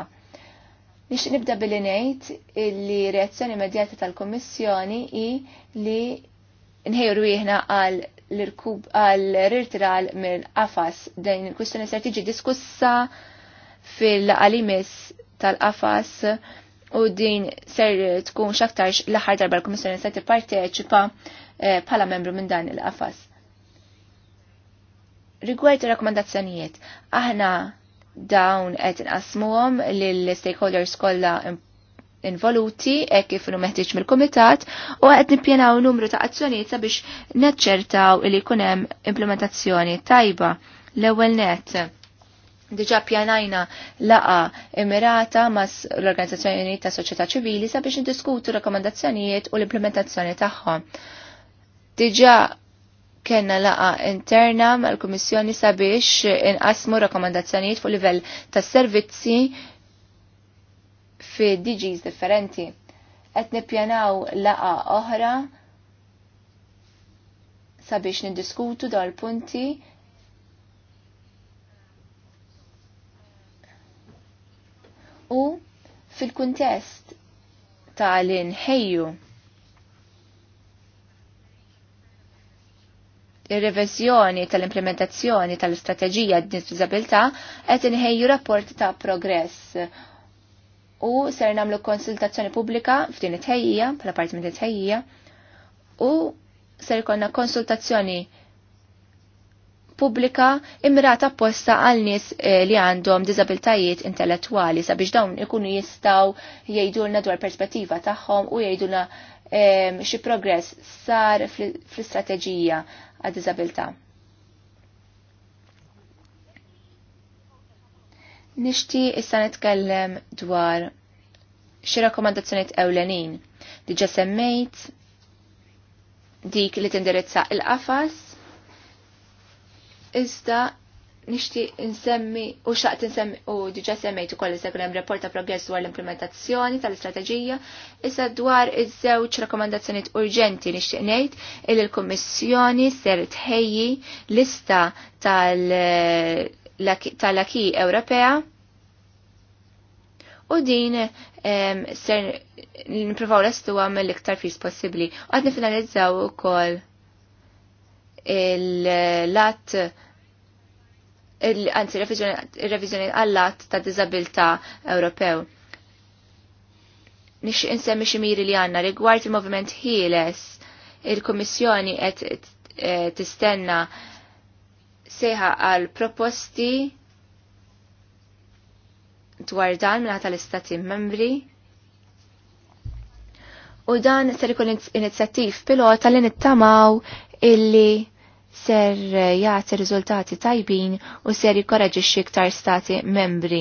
Nix nibda billi ngħid li reazzjoni immedjata tal-Kummissjoni hi li nħejru rwieħna għal l-irkub għal rirtiral mill qafas Dejn il-kwistjoni ser tiġi diskussa fil-qalimis tal-qafas u din ser tkun xaktarx l-aħħar darba l-Kummissjoni se tipparteċipa eh, bħala membru minn dan il-qafas. Rigward ir-rakkomandazzjonijiet, aħna dawn qed inqasmuhom lill-stakeholders kollha involuti hekk kif inhu meħtieġ mill-kumitat u qed nippjanaw numru ta' azzjonijiet sabiex naċċertaw li jkun hemm implementazzjoni tajba l-ewwel net Diġa pjanajna laqa emirata mas l-Organizzazzjoni ta' Soċjetà Ċivili sabiex indiskutu rakkomandazzjonijiet u l-implementazzjoni tagħhom. Diġa kena laqa interna mal-Kummissjoni sabiex inqasmu rakkomandazzjonijiet fuq livell ta' servizzi fi DGs differenti. Qed nippjanaw laqa oħra sabiex niddiskutu dawn punti u fil-kuntest tal-inħejju ir-reviżjoni tal-implementazzjoni tal-istrateġija d disabilta qed inħejju rapporti ta' progress u ser nagħmlu konsultazzjoni pubblika f'din it ħejja pal parti it ħejja u ser konna konsultazzjoni pubblika imrata apposta għal nies eh, li għandhom diżabiltajiet intellettwali sabiex dawn ikunu jistgħu jgħidulna dwar perspettiva tagħhom u jgħidulna ehm, xi progress sar fl-istrateġija għad diżabilità. Nixti issa nitkellem dwar xi rakkomandazzjonijiet ewlenin. Diġa semmejt dik li tindirizza il-qafas Iżda nixtieq insemmi u xaqt insemmi u diġa semmejtu kolli jkun hemm report ta' progress dwar l-implementazzjoni tal-istrateġija, issa dwar iż-żewġ rakkomandazzjonijiet urġenti nixtieq ngħid il l-Kummissjoni ser tħejji lista tal-Aki Ewropea u din ser nippruvaw restuha mill-iktar fis possibbli. Għad nifinalizzaw ukoll il-lat anzi il-revizjoni għall-lat ta' dizabilta Ewropew. Nix insemmi ximiri li għanna rigward il-movement ħieles il-Komissjoni qed eh, tistenna seħa għal proposti dwar dan minna tal-istati membri u dan ser ikun inizjattiv pilota li nittamaw illi ser eh, jagħti riżultati tajbin u ser jikoraġixxi iktar stati membri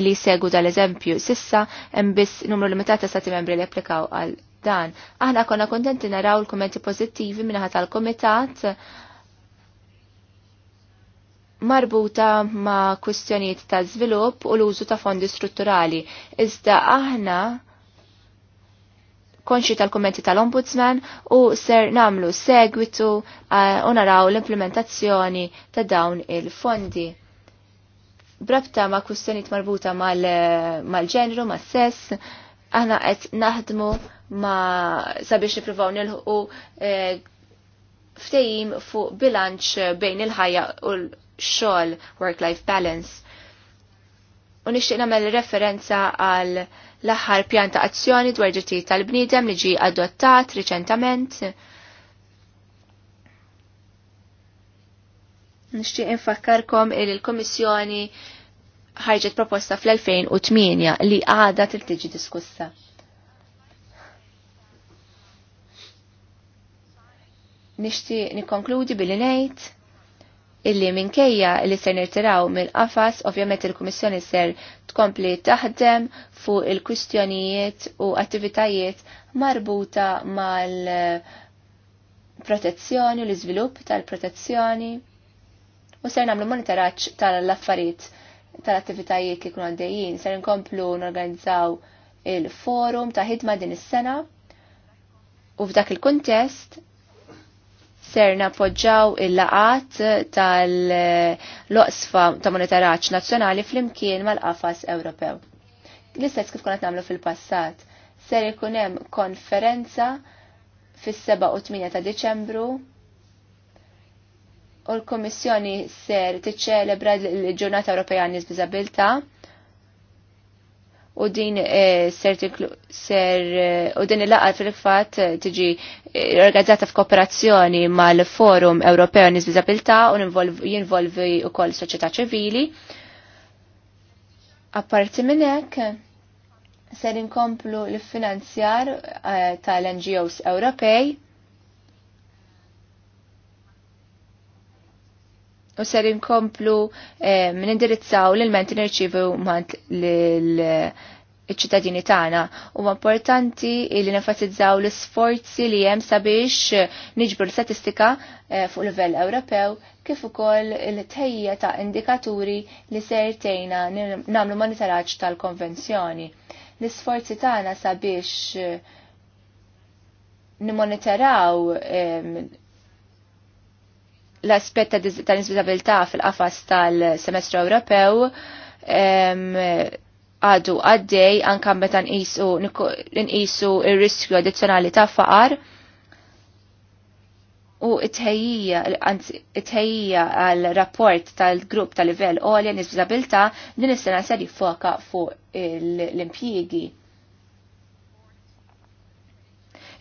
illi segu dal-eżempju. Sissa hemm biss numru limitata ta' stati membri li applikaw għal dan. Aħna konna kontenti naraw l-kommenti pożittivi minnaħa tal-komitat marbuta ma' kwistjonijiet ta' żvilupp u l-użu ta' fondi strutturali. Iżda aħna konxi tal-kommenti tal-Ombudsman u ser namlu segwitu eh, u naraw l-implementazzjoni ta' dawn il-fondi. Brabta ma' kustenit marbuta eh, mal-ġenru, mal mal-sess, aħna qed naħdmu ma' sabiex nipruvaw nilħu eh, ftejim fuq bilanċ bejn il-ħajja u l-xogħol work-life balance u nixtieq nagħmel referenza għal l-aħħar pjan ta' azzjoni dwar ġittijiet tal-bniedem li ġie adottat riċentament. Nixtieq infakkarkom il l-Kummissjoni ħarġet proposta fl-2008 li għada tiġi diskussa. Nixtieq nikkonkludi billi ngħid illi minkejja li ser nirtiraw mill-qafas, ovvjament il-Kummissjoni ser tkompli taħdem fuq il-kwistjonijiet u attivitajiet marbuta mal-protezzjoni u l-iżvilupp tal-protezzjoni u ser nagħmlu monitoraġġ tal-affarijiet tal-attivitajiet li kunu għaddejjin. Ser nkomplu norganizzaw il-forum ta' ħidma din is-sena u f'dak il-kuntest ser napoġġaw il-laqat tal-loqsfa ta' monitoraġġ nazzjonali fl-imkien mal-qafas Ewropew. L-istess kif konet nagħmlu fil-passat, ser ikun hemm konferenza fis-7 u 8 ta' Diċembru u l komissjoni ser tiċċelebra l-Ġurnata Ewropea għan Disabilità u din eh, ser ser eh, u din il-laqat fil-fatt tiġi eh, organizzata f'kooperazzjoni mal-Forum Ewropew nies Disabilità u jinvolvi wkoll soċjetà ċivili. Apparti minn hekk ser inkomplu l-finanzjar tal-NGOs Ewropej u ser inkomplu eh, nindirizzaw l-ilment nirċivu mant l-ċittadini eh, tagħna. U importanti li nenfasizzaw l-sforzi li hemm sabiex eh, niġbru l-statistika fuq livell Ewropew kif ukoll il-tejja ta' indikaturi li ser tejna nagħmlu monitoraġġ tal-konvenzjoni. L-isforzi tagħna sabiex nimoniteraw l-aspet tal-disabilità fil-qafas tal-semestru Ewropew għadu għaddej anka meta nqisu ir-riskju addizzjonali ta' faqar u it-ħejja għal rapport tal-grupp tal-livell għolja nis-disabilità din is-sena se jiffoka fuq l-impjiegi.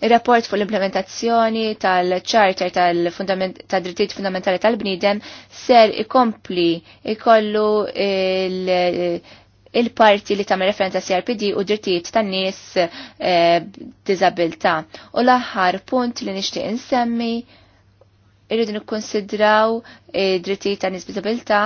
Il-rapport fuq l-implementazzjoni tal-Charter tal-Drittijiet Fundamentali tal-Bniedem ser ikompli ikollu il-parti li tam referenza CRPD u drittijiet tan-nies b'diżabilità. Eh, u l-aħħar punt li nixtieq insemmi irridu nikkonsidraw eh, drittijiet tan-nies b'diżabilità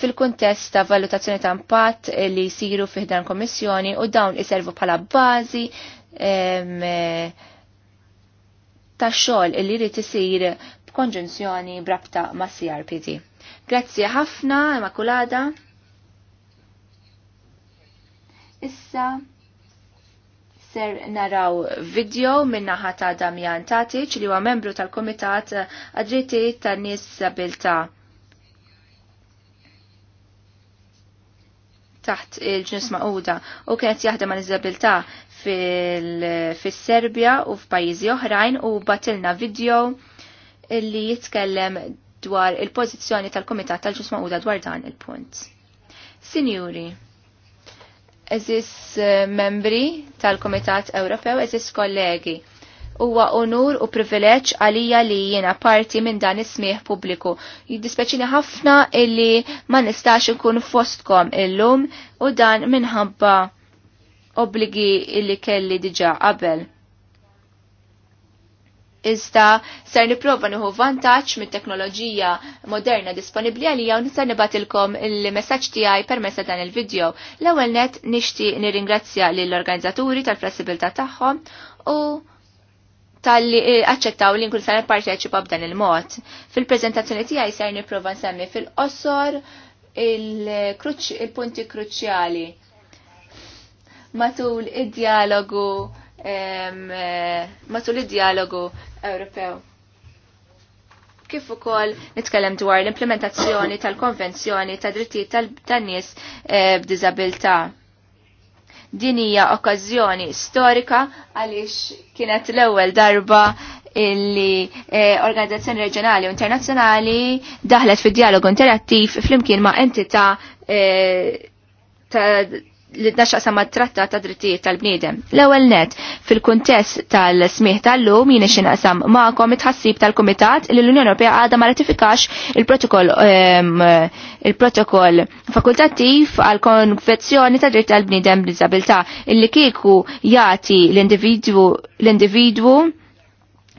fil-kuntest ta' valutazzjoni ta' impatt li jisiru fiħdan komissjoni u dawn iservu bħala bażi ta' xogħol li jrid isir b'konġunzjoni brabta ma' CRPD. Grazzi ħafna, Immakulada. Issa ser naraw video minna ta' Damjan Tatiċ li huwa membru tal-Komitat għadriti tan-nies sabilta' taħt il-ġnus maquda u kienet jaħdem għal iżabilta fil-Serbja u f'pajjiżi oħrajn u batilna video li jitkellem dwar il-pożizzjoni tal-Komitat tal-Ġusma u dwar dan il-punt. Sinjuri, eżis eh, membri tal-Komitat Ewropew, eżis kollegi, huwa onur u privileġġ għalija li jiena parti minn dan is-smieħ pubbliku. Jiddispeċini ħafna illi ma nistax nkun fostkom illum u dan minħabba obbligi li kelli diġa qabel. Iżda ser niprofa nieħu vantaġġ mit-teknoloġija moderna disponibbli għalija u nista' nibatilkom il-messaġġ tiegħi permezz dan il-video. L-ewwel net nixtieq nirringrazzja lill-organizzaturi tal-flessibilità tagħhom u tal-li eh, accettaw li nkun sanet parteċipa b'dan il-mod. Fil-prezentazzjoni tiegħi ser nipprova nsemmi fil-qosor il-punti kruċjali matul id-dialogu eh, matul id-dialogu Ewropew. Kif ukoll nitkellem dwar l-implementazzjoni tal-Konvenzjoni ta' drittijiet tan-nies eh, b'diżabilità. Din hija okkażjoni storika għaliex kienet l-ewwel darba illi eh, organizzazzjoni reġjonali u internazzjonali daħlet fid-dialogu interattiv flimkien ma' entità ta' li naxaqsa ma tratta ta' drittijiet tal-bniedem. L-ewel net, fil-kuntest tal smih tal-lum jina xinaqsam ma' komit ħassib tal-Komitat li l-Unjoni Ewropea għadha ma ratifikax il-protokoll ehm, il-protokoll fakultattiv għal konvenzjoni ta' drittijiet tal-bniedem b'diżabilità illi kieku jagħti l-individwu l-individwu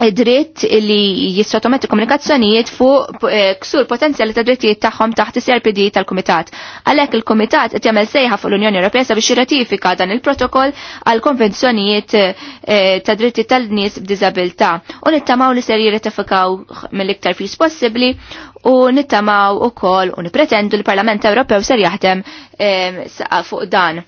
dritt li jissottomet komunikazzjonijiet fuq eh, ksur potenzjali ta' drittijiet tagħhom taħt is-CRPD tal-Kumitat. Għalhekk il-Kumitat qed jagħmel sejħa fuq l-Unjoni Ewropea sabiex jirratifika dan il-protokoll għal konvenzjonijiet eh, ta' drittijiet tal-nies b'diżabilità. U nittamaw li ser jirratifikaw mill-iktar fis possibbli u nittamaw ukoll u nipretendu l-Parlament Ewropew ser jaħdem eh, fuq dan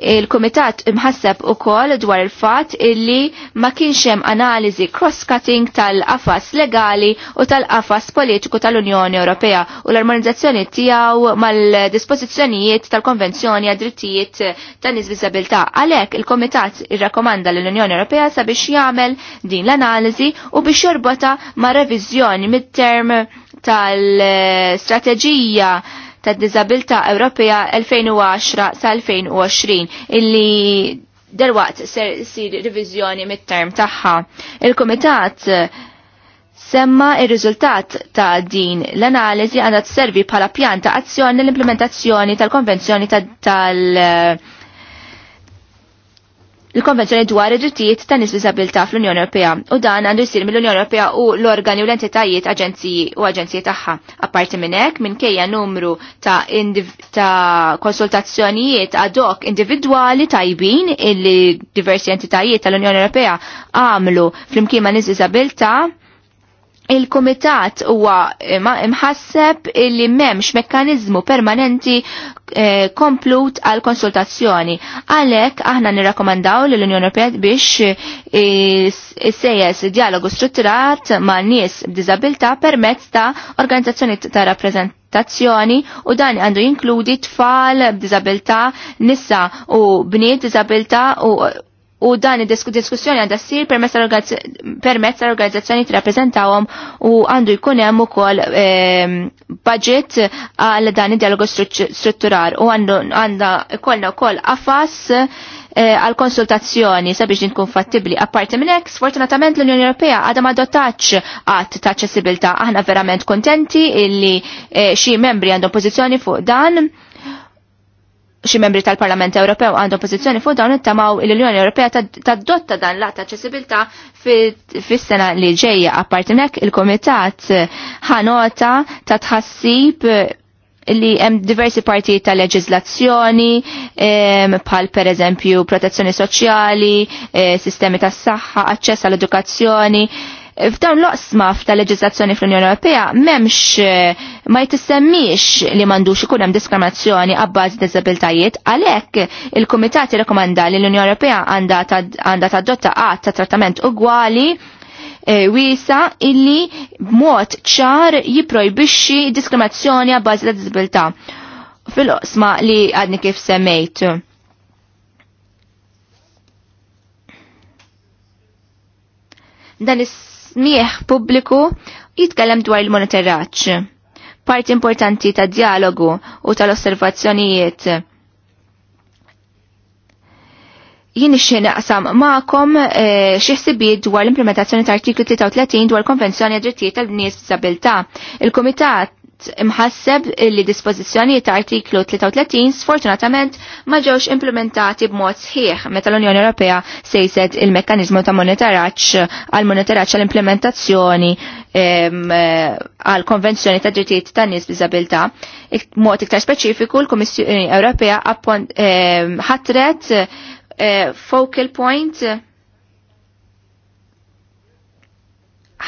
il-Kumitat imħasseb ukoll dwar il-fatt illi ma kienx hemm analiżi cross-cutting tal-qafas legali u tal-qafas politiku tal-Unjoni Ewropea u l-armonizzazzjoni tiegħu mal dispozizjonijiet tal-Konvenzjoni għad drittijiet ta' Għalek Għalhekk il-Kumitat irrakkomanda lill unjoni Ewropea sabiex jagħmel din l-analiżi u biex jorbota ma' reviżjoni mid-term tal-strateġija tad Dizabilta Ewropea 2010 sa 2020 illi derwaqt ser sir revizjoni mit-term tagħha. Il-Kumitat eh, semma ir-riżultat ta' din l-analiżi għandha tservi bħala pjan ta' azzjoni l-implementazzjoni tal-Konvenzjoni tal-, -tal, eh, -tal il-Konvenzjoni dwar id-drittijiet ta' nies b'Diżabilità fl-Unjoni Ewropea u dan għandu jsir mill-Unjoni Ewropea u l-organi u l-entitajiet aġenziji u aġenziji tagħha. Apparti minn hekk minkejja numru ta', ta konsultazzjonijiet ad hoc individwali tajbin illi diversi entitajiet tal-Unjoni Ewropea għamlu fl-imkien ma' nies il-komitat huwa imħasseb li memx mekkanizmu permanenti eh, komplut għal konsultazzjoni. Għalek aħna nirrakomandaw l-Unjoni Europea biex eh, sejjes dialogu strutturat ma' nies b'diżabilità permezz ta' organizzazzjoni ta' rappreżentazzjoni u dan għandu jinkludi tfal b'diżabilità, nisa u bniet b'dizabilta u u dan id-diskussjoni għandha ssir permezz l organizzazzjoni tirrappreżentawhom u għandu jkun hemm ukoll ehm, budget għal dan id-dialogu strutturar u għandha ikollna wkoll qafas eh, għal konsultazzjoni sabiex nitkun fattibli. Apparti minn hekk, sfortunatament l-Unjoni Ewropea għadha ma dotax għatt ta' ċessibilta. Aħna verament kontenti illi eh, xi membri għandhom pożizzjoni fuq dan xi membri tal-Parlament Ewropew għandhom pożizzjoni fuq dawn ittamaw l-Unjoni Ewropea tad-dotta dan l-att aċċessibilità fis-sena li ġejja. Apparti hekk il-Kumitat ħanota ta' tħassib li hemm diversi partijiet ta' leġiżlazzjoni bħal pereżempju protezzjoni soċjali, eh, sistemi tas-saħħa, aċċess għall-edukazzjoni, f'dawn l-oqsma f'ta' leġislazzjoni fl-Unjoni Ewropea m'hemmx eh, ma jtissemmix li m'għandux ikun hemm diskriminazzjoni għabbażi diżabiltajiet għalhekk il-Kumitat jirrekomanda li l-Unjoni Ewropea għandha tadotta qatt ta' trattament ugwali eh, wisa illi b'mod ċar jipprojbixxi diskriminazzjoni għabbażi ta' diżabilità fil-oqsma li għadni kif semmejt. Dan is smieħ pubbliku jitkellem dwar il-monitoraġġ. Parti importanti ta' dialogu u tal-osservazzjonijiet. Jien xin naqsam ma'kom e, dwar l-implementazzjoni ta' artiklu 33 dwar konvenzjoni għad drittijiet tal-nies disabilta. Il-Kumitat imħasseb li dispozizjoni ta' artiklu 33 sfortunatament ma ġewx implementati b'mod sħiħ meta l-Unjoni Ewropea sejset il-mekkaniżmu ta' monitoraġġ għal monitoraġġ għal implementazzjoni eh, għal konvenzjoni ta' drittijiet ta' nies b'diżabilità. Mod iktar speċifiku l-Kummissjoni Ewropea ħatret eh, focal point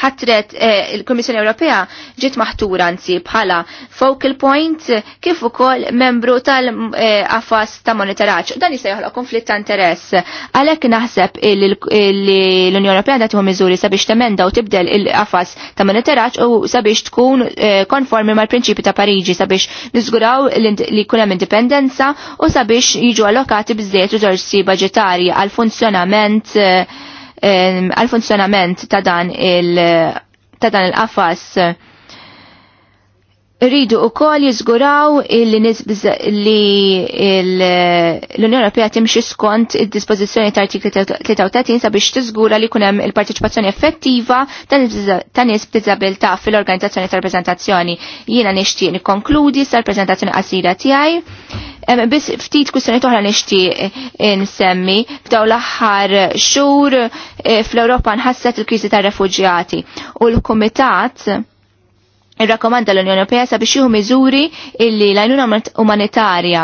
ħatret eh, il-Komissjoni Ewropea ġiet maħtura anzi bħala focal point kif ukoll membru tal-qafas eh, ta' monitoraġġ. Dan jista' joħloq konflitt ta' interess. Għalhekk naħseb l-Unjoni Ewropea datiħu miżuri sabiex temenda u tibdel il afas ta' monitoraġġ u sabiex tkun eh, konformi mal-prinċipi ta' Pariġi sabiex niżguraw li jkun hemm indipendenza u sabiex jiġu allokati bżejjed riżorsi budġetarji għal funzjonament għal-funzjonament ta' dan il-qafas il qafas il rridu u kol jizguraw li l-Unjoni Ewropea timxi skont id-dispożizzjoni ta' artikli 33 sabiex tiżgura li kunem il-parteċipazzjoni effettiva ta' nies b'diżabilità fil-organizzazzjoni ta' rappreżentazzjoni. Jiena nixtieq nikkonkludi sa' rappreżentazzjoni qasira tiegħi. Biss ftit kwistjoni toħra nixtieq eh, nsemmi b'daw l-aħħar xhur eh, fl-Ewropa nħasset il-kriżi tar-refuġjati u l-Kumitat irrakkomanda l-Unjoni Ewropea sabiex jieħu miżuri illi l-għajnuna umanitarja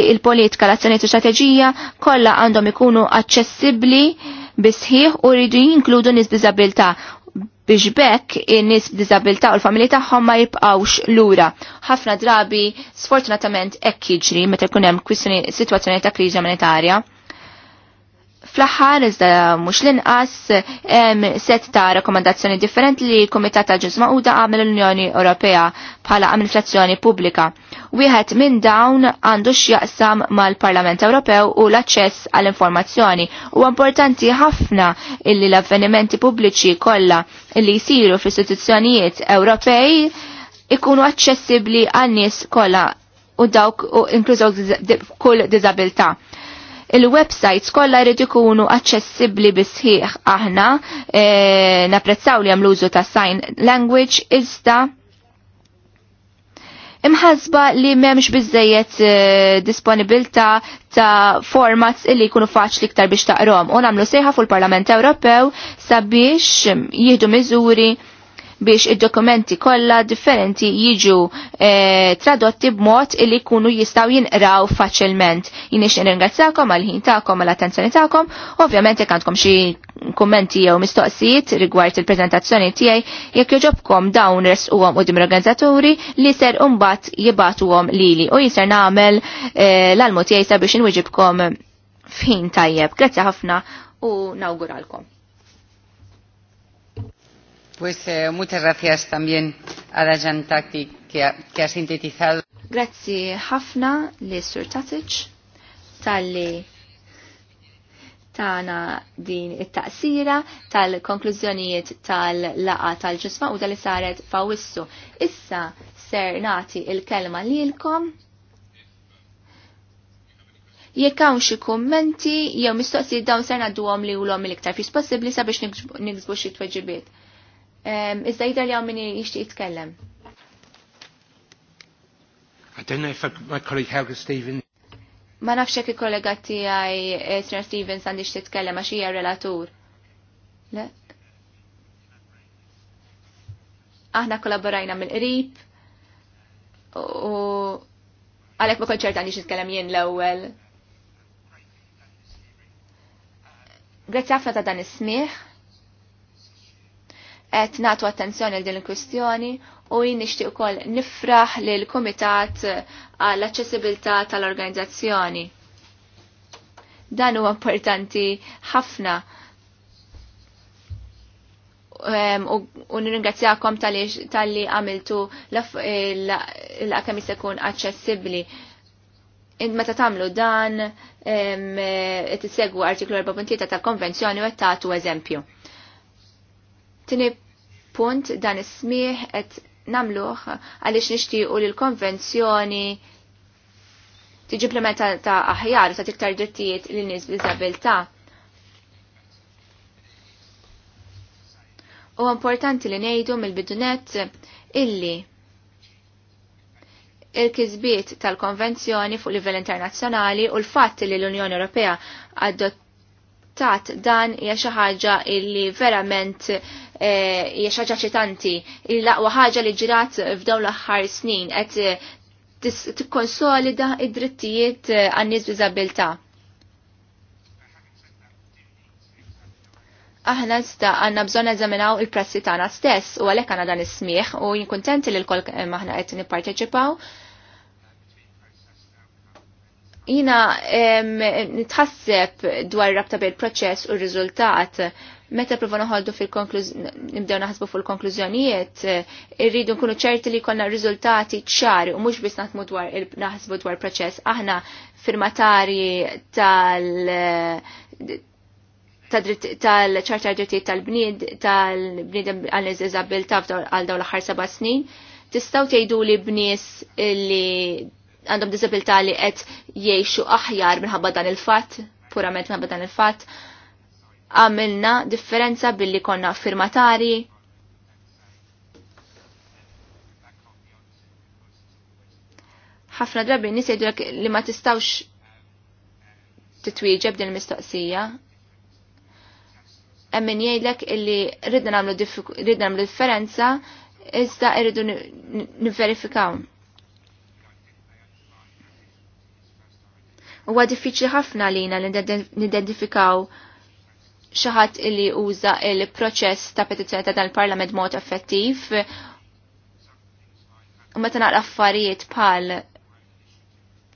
il-politika l azzjonijiet u strateġija kollha għandhom ikunu aċċessibbli sħiħ u rridu jinkludu nies diżabilità biex bekk in-nies b'diżabilità u l-familji tagħhom ma jibqgħux lura. Ħafna drabi sfortunatament hekk jiġri meta jkun hemm kwistjoni sitwazzjoni ta' kriżi umanitarja. Fl-aħħar iżda mhux l-inqas hemm set ta' rakkomandazzjoni differenti li l-Kumitat ġizma u da' għamil l-Unjoni Ewropea bħala amministrazzjoni pubblika. Wieħed minn dawn għandu x'jaqsam mal-Parlament Ewropew u l-aċċess għall-informazzjoni. Huwa importanti ħafna illi l-avvenimenti pubbliċi kollha li jsiru fl-istituzzjonijiet Ewropej ikunu aċċessibbli għan-nies kollha u dawk u inklużok kull diżabilità il-websites kollha jrid ikunu aċċessibbli bisħieħ aħna e, napprezzaw li hemm l-użu ta' sign language iżda imħasba li m'hemmx biżejjed eh, disponibilità ta' formats illi jkunu faċli iktar biex taqrom u nagħmlu sejħa fuq il-Parlament Ewropew sabiex jieħdu miżuri biex id-dokumenti kollha differenti jiġu eh, tradotti b'mod li jkunu jistgħu jinqraw faċilment. Jien nixtieq nirringrazzakom għal ħin tagħkom għal attenzjoni tagħkom. Ovvjament jekk għandkom xi kummenti jew mistoqsijiet rigward il-prezentazzjoni tiegħi jekk joġobkom dawn resquhom u organizzaturi li ser umbat jibatuhom lili u jiser nagħmel eh, l-almu tiegħi sabiex inwiġibkom fħin tajjeb. Grazzi ħafna u nawguralkom. Pues eh, muchas gracias también a la Takti que que ha sintetizado. Grazzi ħafna li Sur Tatic tal-li tana din it-taqsira tal-konklużjonijiet tal-laqa tal-ġisma u tal-li saret fawissu. Issa ser nati il-kelma lilkom. Jekk hawn xi kummenti jew mistoqsijiet dawn ser ngħadduhom li ulhom l-iktar fis possibbli sabiex niksbu xi tweġibiet. Iżda jidher li għamini min jitkellem. I don't know if my colleague Helga Stevens ma nafx jekk il-kollega tiegħi eh, Sir Stevens għandix titkellem għax hija relatur. Le? Aħna kollaborajna mill-qrib u għalhekk ma konċert għandix titkellem jien l-ewwel. Grazzi ħafna ta' dan is-smieħ qed nagħtu attenzjoni għal din il-kwistjoni u jien nixtieq ukoll nifraħ l kumitat għall aċċessibilità tal-organizzazzjoni. Dan huwa importanti ħafna. U nirringrazzjakom tal-li għamiltu l-kemm ikun aċċessibbli int meta tagħmlu dan qed e, segwu artiklu 4.3 tal-konvenzjoni u qed tagħtu eżempju. Tini punt dan is et qed namluħ għaliex nixtiequ li l-konvenzjoni tiġi implementata aħjar ta' tiktar drittijiet li nies b'diżabilità. U importanti li ngħidu mill-bidunet illi il-kizbiet tal-konvenzjoni fuq livell internazzjonali u l-fatt li l-Unjoni Ewropea adottat dan hija xi ħaġa illi verament Eh, hija ċitanti il-laqwa ħaġa li ġirat f'dawn l-aħħar snin qed eh, tikkonsolida id-drittijiet eh, għan-nies b'diżabilità. aħna sta għanna bżon eżaminaw il-prassi tagħna stess u għalhekk għandna dan is-smieħ u jien kuntenti li l-kol aħna qed nipparteċipaw. Jina nitħasseb dwar rabta bil proċess u r-riżultat meta pruva noħoldu fil-konklużjoni, nibdew naħsbu fil-konklużjonijiet, eh, irridu nkunu ċerti li konna riżultati ċari u mhux biss naħsbu dwar naħsbu dwar proċess. Aħna firmatari tal eh, tal-ċarta drittijiet tal-bnied tal-bniedem għal-nizizabilta għal dawn l-aħħar seba' snin, tistgħu tgħidu li bnies li għandhom disabilità li qed jgħixu aħjar minħabba dan il-fatt, purament minħabba dan il-fatt, għamilna differenza billi konna firmatari ħafna drabi nis jgħidulek li ma tistawx titwieġeb din il-mistoqsija. Emmin jgħidlek illi ridna namlu differenza iżda irridu niverifikaw. Huwa diffiċli ħafna lina li nidentifikaw xaħat illi uża il-proċess ta' petizzjoni ta' dal-parlament mod effettiv. U meta naqra affarijiet bħal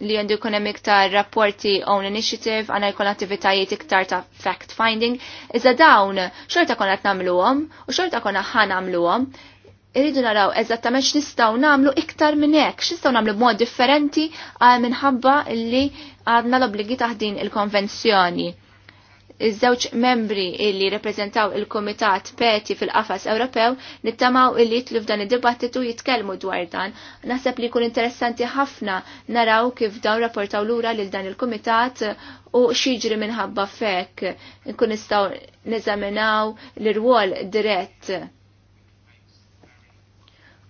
li għandu jkun hemm iktar rapporti own initiative, għandna jkun attivitajiet iktar ta' fact finding, iżda dawn xorta konna qed nagħmluhom u xorta konna ħa nagħmluhom, irridu naraw eżattament x'nistgħu nagħmlu iktar minn hekk, x'nistgħu nagħmlu b'mod differenti għal minħabba li għadna l-obbligi taħdin il-konvenzjoni iż-żewġ membri illi reprezentaw il-Komitat Peti fil-Qafas Ewropew nittamaw illi jitlu f'dan id-dibattitu jitkellmu dwar dan. Naħseb li jkun interessanti ħafna naraw kif dawn rapportaw lura lil dan il-Komitat u xiġri minħabba fek. Nkun nistgħu neżaminaw l-irwol dirett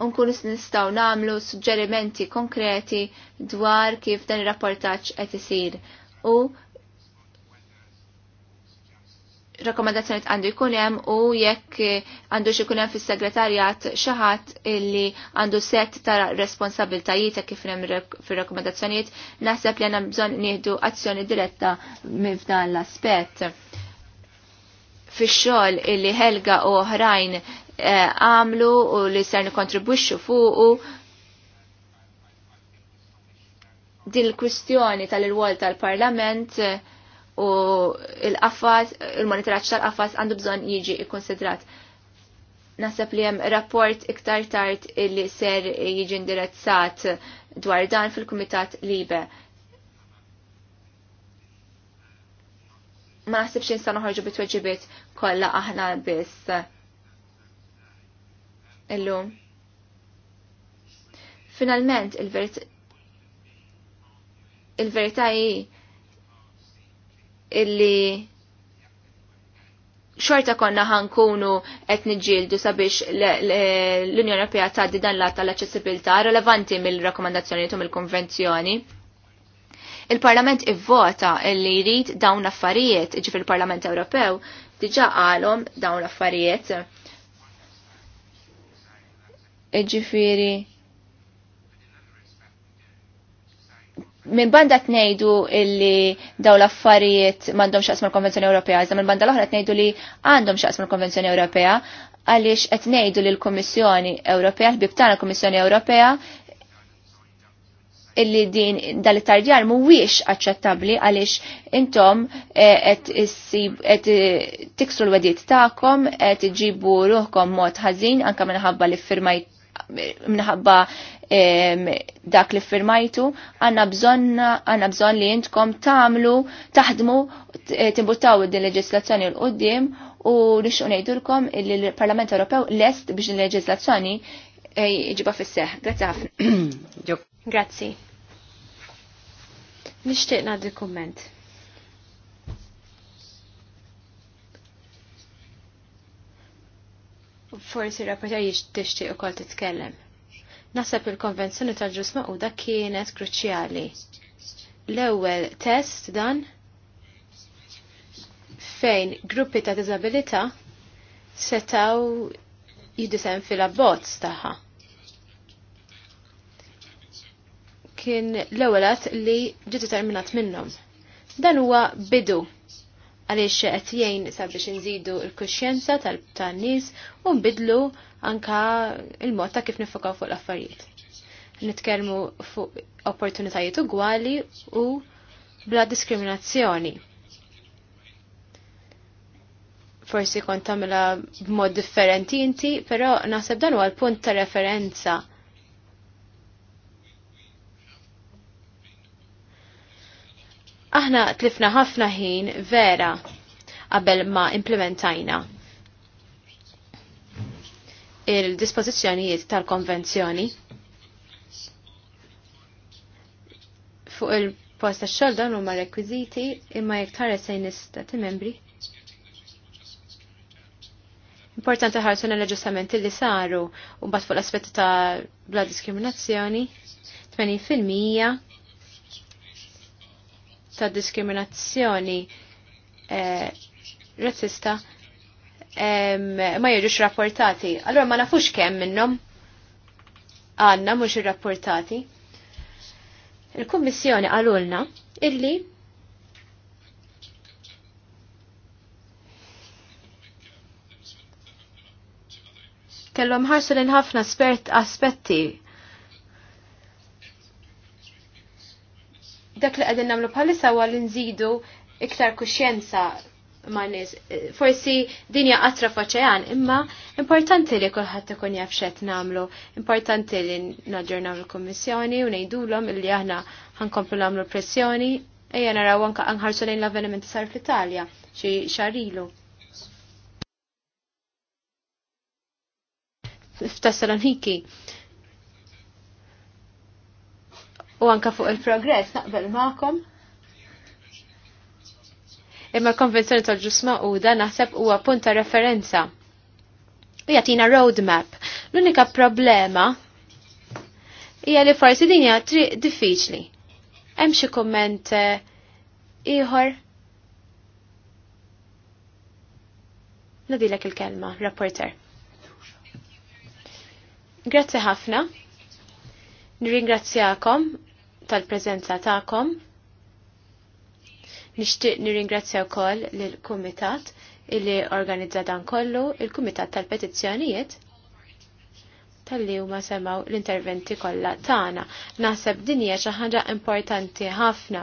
unkun nistaw namlu suġġerimenti konkreti dwar kif dan ir-rapportaġġ qed isir u rakomandazzjoni għandu jkun hemm u jekk għandu xi jkun hemm fis-segretarjat xi ħadd illi għandu set ta' responsabiltajiet kif hemm fir-rakkomandazzjonijiet, naħseb li għandna bżonn nieħdu azzjoni diretta f'dan l-aspett. Fix-xogħol illi Helga u oħrajn eh, għamlu u li ser nikontribwixxu fuqu din l-kwistjoni tal-irwol tal-Parlament eh, u il-qafas, il-monitoraċ tal-qafas għandu bżon jiġi ikkonsidrat. Nasab li hemm rapport iktar tard li ser jiġi indirezzat dwar dan fil-Kumitat Libe. Ma naħsibx nista' noħorġu bit-tweġibiet kollha aħna biss. Illum. Finalment il-verità il-verità hi illi xorta konna ħankunu qed niġġieldu sabiex l-Unjoni Ewropea tgħaddi dan l-att tal-aċċessibilità relevanti mill-rakkomandazzjoni u mill-konvenzjoni. Il-Parlament ivvota li jrid dawn l-affarijiet, ġifir il-Parlament Ewropew, diġà qalhom dawn l-affarijiet. Ġifiri, minn banda tnejdu illi daw l-affarijiet mandom xaqsma l-Konvenzjoni Ewropea, iżda minn banda l-oħra tnejdu li għandhom x'aqs l-Konvenzjoni Ewropea, għaliex qed ngħidu li l-Kummissjoni Ewropea, l bib l-Kummissjoni Ewropea, illi din dal-tardjar mhuwiex aċċettabbli għaliex intom eh, qed eh, tiksru l-wedijiet tagħkom, qed iġibu ruħkom mod ħażin anke minħabba li firmajt minħabba dak li firmajtu, għanna bżon li jintkom tamlu, taħdmu, timbuttaw din leġislazzjoni l-qoddim u nixqu ngħidulkom li l-Parlament Ewropew lest biex din leġislazzjoni eh, jġibha fis Grazie Grazzi ħafna. Grazzi. Nixtieq nagħdi kumment. Forsi rapporter jiex tixtieq ukoll titkellem. Nasab il-konvenzjoni tal-ġus maquda kienet kruċjali. L-ewwel test dan fejn gruppi ta' disabilità setaw jidisem fil-abbozz tagħha. Kien l ewwel li ġiet determinat minnhom. Dan huwa bidu għaliex qed jgħin sabiex inżidu l-kuxjenza tal-nies u nbidlu anka il-mod ta' kif nifokaw fuq l-affarijiet. Nitkellmu fuq opportunitajiet ugwali u bla diskriminazzjoni. Forsi kont tagħmilha b'mod differenti inti, però naħseb dan huwa l-punt ta' referenza Aħna tlifna ħafna ħin vera qabel ma implementajna il-dispożizzjonijiet tal-konvenzjoni fuq il-post ta' xogħol dawn huma rekwiżiti imma jekk tħares sejn istati membri. Importanti ħarsu l-aġġustamenti li saru u mbagħad fuq l-aspetti ta' bla diskriminazzjoni 80% ta' diskriminazzjoni eh, razzista ma jiġux rapportati. Allora ma nafux kemm minnhom għandna mhux irrapportati. Il-Kummissjoni għalulna illi kellhom ħarsu lin ħafna aspetti dak li qegħdin nagħmlu bħalissa għal li nżidu iktar kuxjenza ma' nies. Forsi dinja qatra faċejan, imma importanti li kulħadd ikun jaf xed nagħmlu, importanti li naġġornaw il-Kummissjoni u ngħidulhom illi aħna ħankomplu nagħmlu pressjoni ejja naraw anka anħarsu lejn l-avvenimenti sar fl-Italja xi xarilu. F'Tessaloniki u anka fuq il-progress naqbel ma'kom. Imma l-konvenzjoni tal u ma'uda naħseb huwa punta referenza. U jatina roadmap. L-unika problema hija li forsi din hija triq diffiċli. Hemm xi kumment eh, ieħor. Nadilek il-kelma, rapporter. Grazzi ħafna. Nirringrazzjakom tal-prezenza ta'kom. Nixtieq nirringrazzja wkoll lill-Kumitat illi organizza dan kollu, il-Kumitat tal-Petizzjonijiet tal-li huma semaw l-interventi kollha tagħna. Naħseb din hija xi ħaġa importanti ħafna.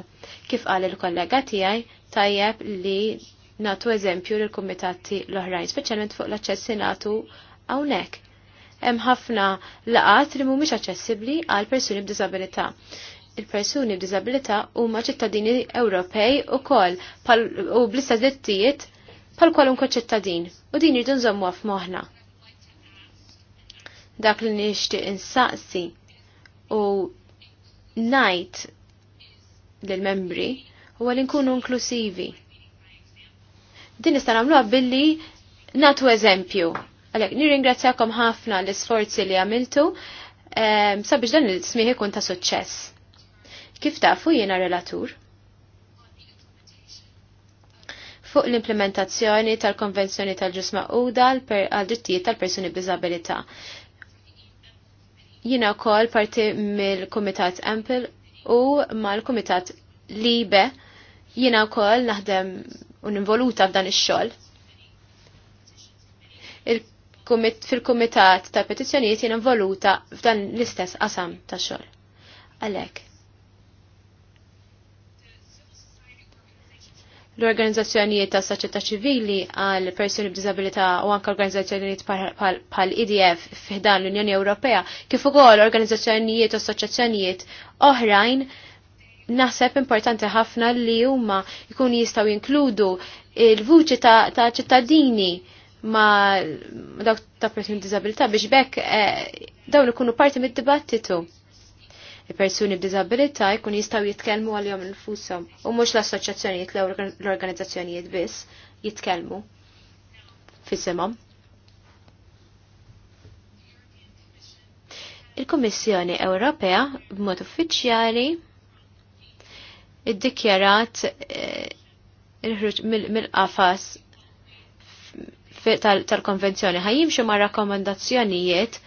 Kif qal il-kollega tiegħi tajjeb li natu eżempju lil kumitati l-oħrajn, speċjalment fuq l-aċċessi natu hawnhekk. Hemm ħafna laqat li mhumiex aċċessibbli għal persuni b'diżabilità il-persuni b'dizabilità huma ċittadini Ewropej ukoll u bl-istess drittijiet bħal kwalunkwe ċittadin u din irdu għaf f'moħħna. Dak li nixtieq insaqsi u najt lill-membri huwa li nkunu inklusivi. Din nista' nagħmluha billi natu eżempju. Għalek, nir-ingrazzjakom ħafna l-isforzi li għamiltu, ehm, sabiex dan il-smiħi kun ta' suċċess. Kif tafu jiena relatur? fuq l-implementazzjoni tal-Konvenzjoni tal dal per għal drittijiet tal-persuni b'izabilità. Jina kol parti mill-Kumitat Ample u mal-Kumitat Libe jina kol naħdem un-involuta f'dan ix-xogħol. Fil-Kumitat tal Petizzjonijiet jina involuta f'dan l-istess qasam ta' xogħol. Għalhekk l-organizzazzjonijiet ta' soċjetà ċivili għal persuni b'Dizabilità u anke organizzazzjonijiet bħal IDF e fiħdan l-Unjoni Ewropea, kif ukoll organizzazzjonijiet u assoċjazzjonijiet oħrajn naħseb importanti ħafna li huma jkun jistgħu jinkludu il-vuċi ta' ċittadini ma dawk ta' persuni disabilità biex bekk eh, dawn ikunu parti mid-dibattitu il persuni b'dizabilità jkun jistgħu jitkellmu għalihom infushom u mhux l-assoċjazzjonijiet l-organizzazzjonijiet biss jitkellmu Fissimam. Il-Kummissjoni Ewropea b'mod uffiċjali iddikjarat eh, il-ħruġ mill-qafas tal-konvenzjoni ħajjimxu ma' rakkomandazzjonijiet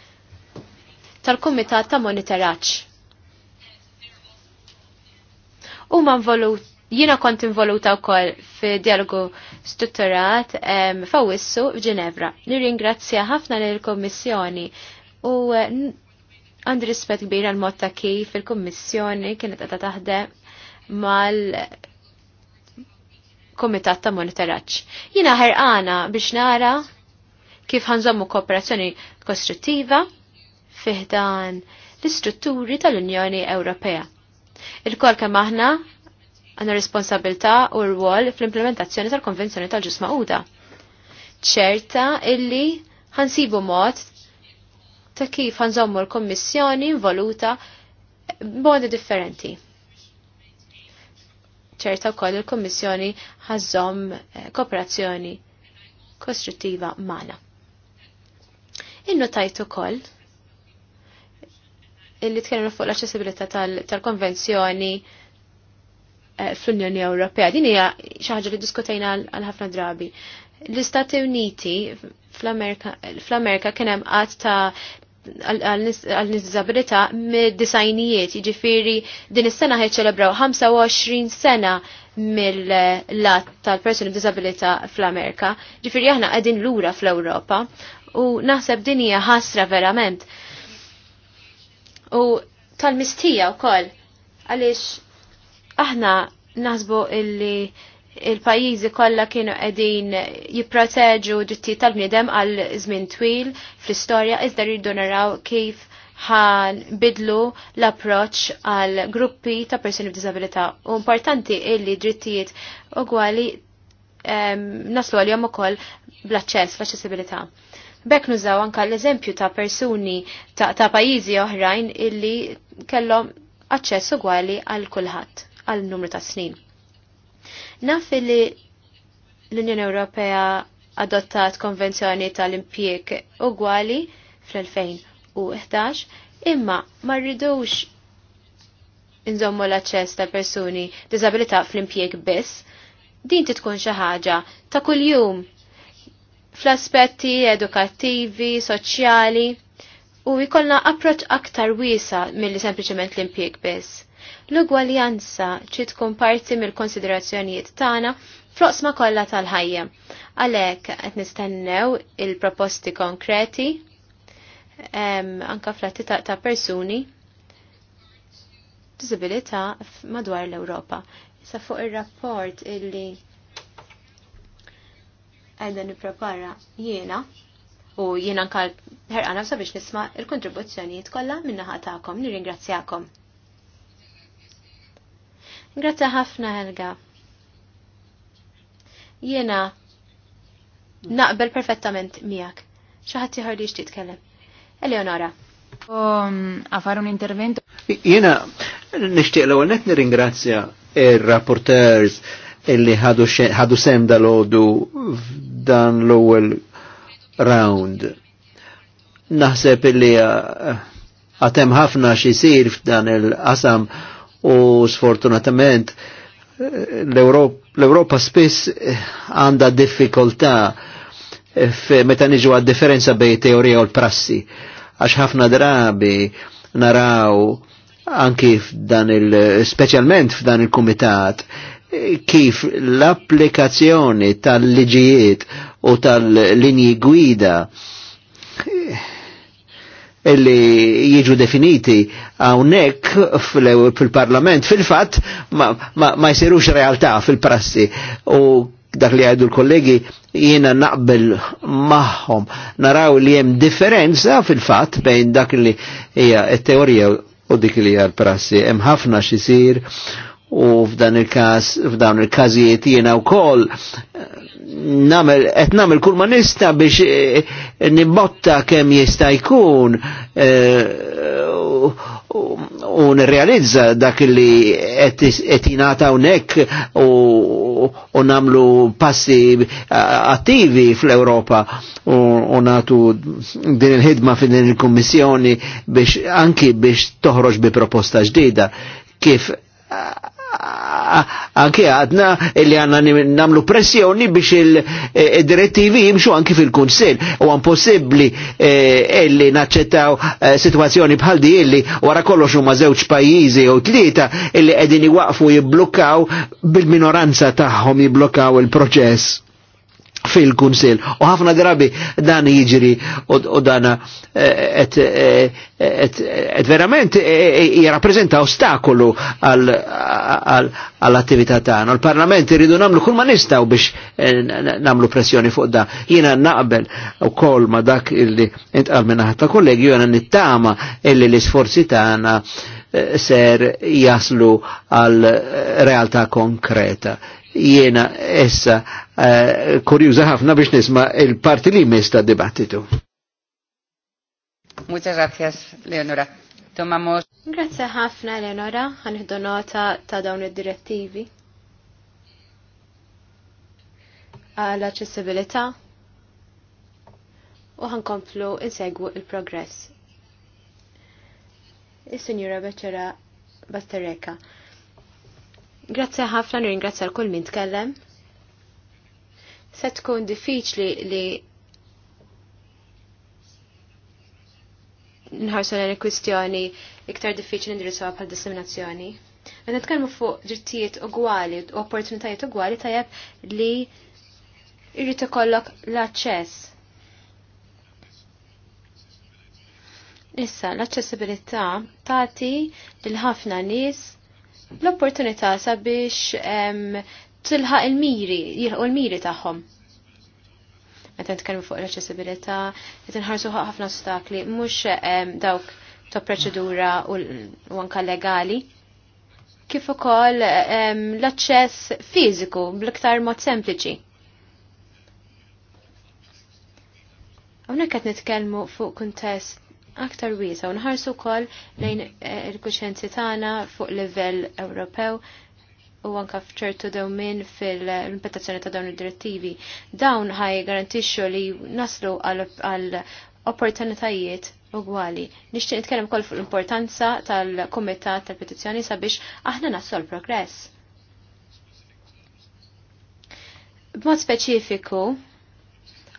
tal-Kumitat ta' Monitoraġġ u man volut, jina kont involuta u koll fi dialogu strutturat um, fawissu f'Ġinevra. Nirringrazzja ħafna l-Kommissjoni u għandi rispet kbir għal motta kif il-Kommissjoni kienet għata taħdem mal Komitat ta' Monitoraċ. Jina ħerqana biex nara kif ħanżommu kooperazzjoni kostruttiva fiħdan l-istrutturi tal-Unjoni Ewropea Il-kol kemm aħna għandna responsabilità u rwol fl-implementazzjoni tal-Konvenzjoni tal ġusma Mauda. ċerta illi ħansibu mod ta' kif ħanżommu l-Kommissjoni involuta b'modi differenti. ċerta wkoll il-Kommissjoni ħażomm eh, kooperazzjoni kostruttiva magħna. Innu tajtu ukoll illi tkellmu fuq l-aċċessibilità tal-konvenzjoni eh, fl-Unjoni Ewropea. Din hija xi ħaġa li diskutejna għal ħafna drabi. L-Istati Uniti fl-Amerika kien hemm qatt ta' għal-nizzabilità mid-disajnijiet, jiġifieri din is-sena ħeċċelebraw 25 sena mill-lat tal-persuni b'disabilità fl-Amerika. Ġifieri aħna qegħdin lura fl-Ewropa u naħseb din hija ħasra verament u tal-mistija u koll għalix aħna nasbu illi il-pajizi kollha kienu qegħdin jipproteġu dritti tal-bniedem għal żmien twil fl-istorja iżda rridu naraw kif ħan bidlu l-approċ għal gruppi ta' persuni b'disabilità. U importanti illi drittijiet u għali naslu għal-jom ukoll bl-aċċess, l-aċċessibilità. Bekk nużaw anka l-eżempju ta' persuni ta', ta pajjiżi oħrajn illi kellhom aċċess ugwali għal kulħadd għal numru ta' snin. Naf li l-Unjoni Ewropea adottat konvenzjoni tal-impjieg ugwali fl-2011 imma ma rridux inżommu l-aċċess ta' persuni disabilità fl-impjieg biss, din titkun xi ħaġa ta' kuljum fl-aspetti edukattivi, soċjali u jkollna approċ aktar wiesa milli sempliċement l-impjeg biss. L-ugwaljanza ċit tkun parti mill-konsiderazzjonijiet tagħna fl ma' kollha tal-ħajja. Għalhekk qed nistennew il-proposti konkreti um, anka fl ta', ta persuni disabilita madwar l-Ewropa. Sa fuq ir-rapport illi għedha nipprepara jiena u jiena nkal ħerqana biex nisma il-kontribuzzjonijiet kollha minna naħa tagħkom nirringrazzjakom. Grazzi ħafna Helga. Jiena naqbel perfettament miegħek. Xi ħadd ieħor li jitkellem. Eleonora. Għafar um, un intervento. Jena, nishtiq l-għonet nir-ingrazzja il-rapporters, illi ħadu sem dal-ħodu dan l-ewwel round. Naħseb illi eh, għatem ħafna xisir f'dan il-qasam u sfortunatament eh, l-Europa spiss eh, għanda diffikultà meta niġu għad differenza bej teorija u l-prassi. Għax ħafna drabi naraw anki f'dan il-specialment f'dan il-komitat il specialment fdan il komitat E kif l-applikazzjoni tal-liġijiet u tal-linji gwida illi e jiġu definiti għawnek fil-parlament fil-fat ma, ma, ma jsirux realtà fil-prassi u dak li għajdu l-kollegi jiena naqbel maħħom naraw li jem differenza fil-fat bejn dak li hija teorija u dik li hija l-prassi hemm ħafna xisir u f'dan il-kas, f'dan il-kazijiet jiena wkoll kol, eh, qed namel kull ma nista biex eh, nibotta kemm jista' jkun eh, u nirrealizza dak li qed jinata hawnhekk u namlu passi attivi fl-Ewropa u natu din il-ħidma fin din il-Kummissjoni biex anki biex toħroġ bi proposta ġdida kif anke għadna illi għanna namlu pressjoni biex il-direttivi eh, jimxu anki fil-Kunsil. U għan possibli eh, illi naċċettaw eh, situazzjoni bħal di illi wara kollox huma żewġ pajjiżi u tlieta illi qegħdin iwaqfu jibblukkaw bil-minoranza tagħhom jibblukkaw il-proċess fil-kunsil. U ħafna drabi dan jiġri u dan eh, eh, et verament eh, jirrapprezenta ostakolu għall-attività tagħna. Il-Parlament iridu namlu kull ma nistgħu biex namlu pressjoni fuq da. Jiena naqbel ukoll ma dak illi intqal minn ta' kollegi jiena nittama illi l-isforzi tagħna ser jaslu għal realtà konkreta jiena essa uh, kurjuża ħafna biex nisma il-parti li mista dibattitu. Muchas gracias, Leonora. Tomamos. Grazie ħafna, Leonora, għan nota ta' dawn id-direttivi. l aċċessibilità u ħankomplu insegwu il-progress. is signora Becera Bastereka. Grazzi ħafna nirringrazzja l-kull min tkellem. Se tkun diffiċli li nħarsu l kwistjoni iktar diffiċli indirizzaw bħal disseminazzjoni. Għan nitkellmu fuq drittijiet ugwali u opportunitajiet ugwali tajab li irrid ikollok l-aċċess. Issa, l accessibilità tagħti lil ħafna nies l-opportunità sabiex tilħaq il-miri, jilħaq il-miri tagħhom. Meta nitkellmu fuq l-aċċessibilità, qed inħarsu ħafna ostakli mhux dawk ta' proċedura u anka legali. Kif ukoll l-aċċess fiżiku bl-iktar mod sempliċi. Hawnhekk qed nitkellmu fuq kuntest aktar wiesa u nħarsu wkoll lejn eh, il-kuxenzi tagħna fuq livell Ewropew u anka fċertu dewmin fil-impetazzjoni ta' dawn id-direttivi. Dawn ħaj garantixxu li naslu għal opportunitajiet ugwali. Nixtieq nitkellem ukoll fuq l-importanza tal-Kumitat tal-Petizzjoni sabiex aħna naslu l-progress. B'mod speċifiku,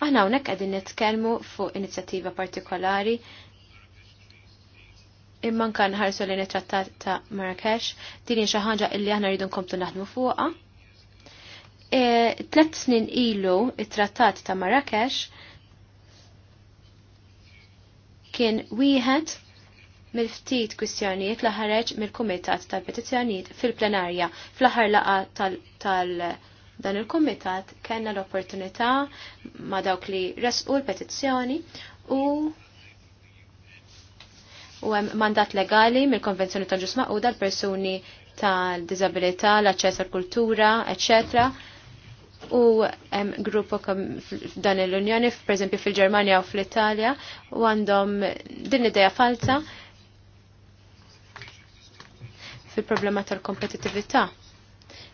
aħna hawnhekk qegħdin nitkellmu fuq inizjattiva partikolari imman kan ħarsu lejn it-trattat ta' Marrakesh, din xi ħaġa illi aħna rridu nkomplu naħdmu fuqha. E, tlet snin ilu it-trattat ta' Marrakesh kien wieħed mill-ftit kwistjonijiet li ħareġ mill-Kumitat tal-Petizzjonijiet fil-plenarja fl-aħħar laqa tal-, tal dan il-Kumitat kellna l-opportunità ma' dawk li resqu l-petizzjoni u u hemm mandat legali mill-Konvenzjoni tal ġusma u dal-persuni tal-disabilità, l-aċċess għall kultura eccetera u hemm grupp dan l-Unjoni, pereżempju fil ġermanja u fl-Italja, u għandhom din l-idea falsa fil-problema tal kompetittività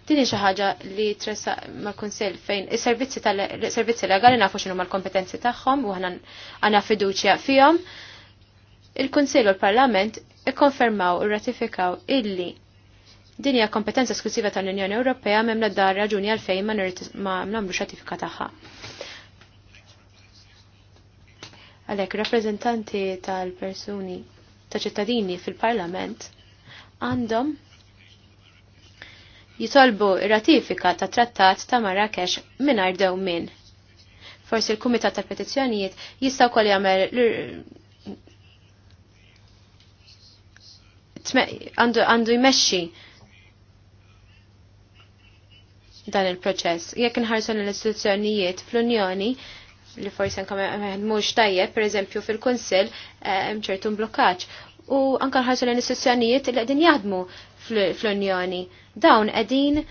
Din hi xi ħaġa li tressa mal-Kunsell fejn is-servizzi tal-servizzi legali nafu x'inhu mal-kompetenzi tagħhom u aħna għandna fiduċja fihom il-Kunsill u l-Parlament ikkonfermaw u ratifikaw illi din hija kompetenza esklusiva tal-Unjoni Ewropea m'hemm dar raġuni għalfejn ma nagħmlux ratifika tagħha. Għalhekk rappreżentanti tal-persuni ta' ċittadini fil-Parlament għandhom jitolbu ratifika ta' trattat ta' Marrakesh mingħajr minn. Forsi l-Kumitat tal-Petizzjonijiet jistgħu kol jagħmel għandu jmexxi dan il-proċess. Jekk nħarsu l-istituzzjonijiet fl-Unjoni, li forsi anka mhux tajjeb, pereżempju fil-Kunsill, eh, hemm ċertu mblukkaġġ. U anka nħarsu l-istituzzjonijiet li qegħdin jaħdmu fl-Unjoni. Dawn qegħdin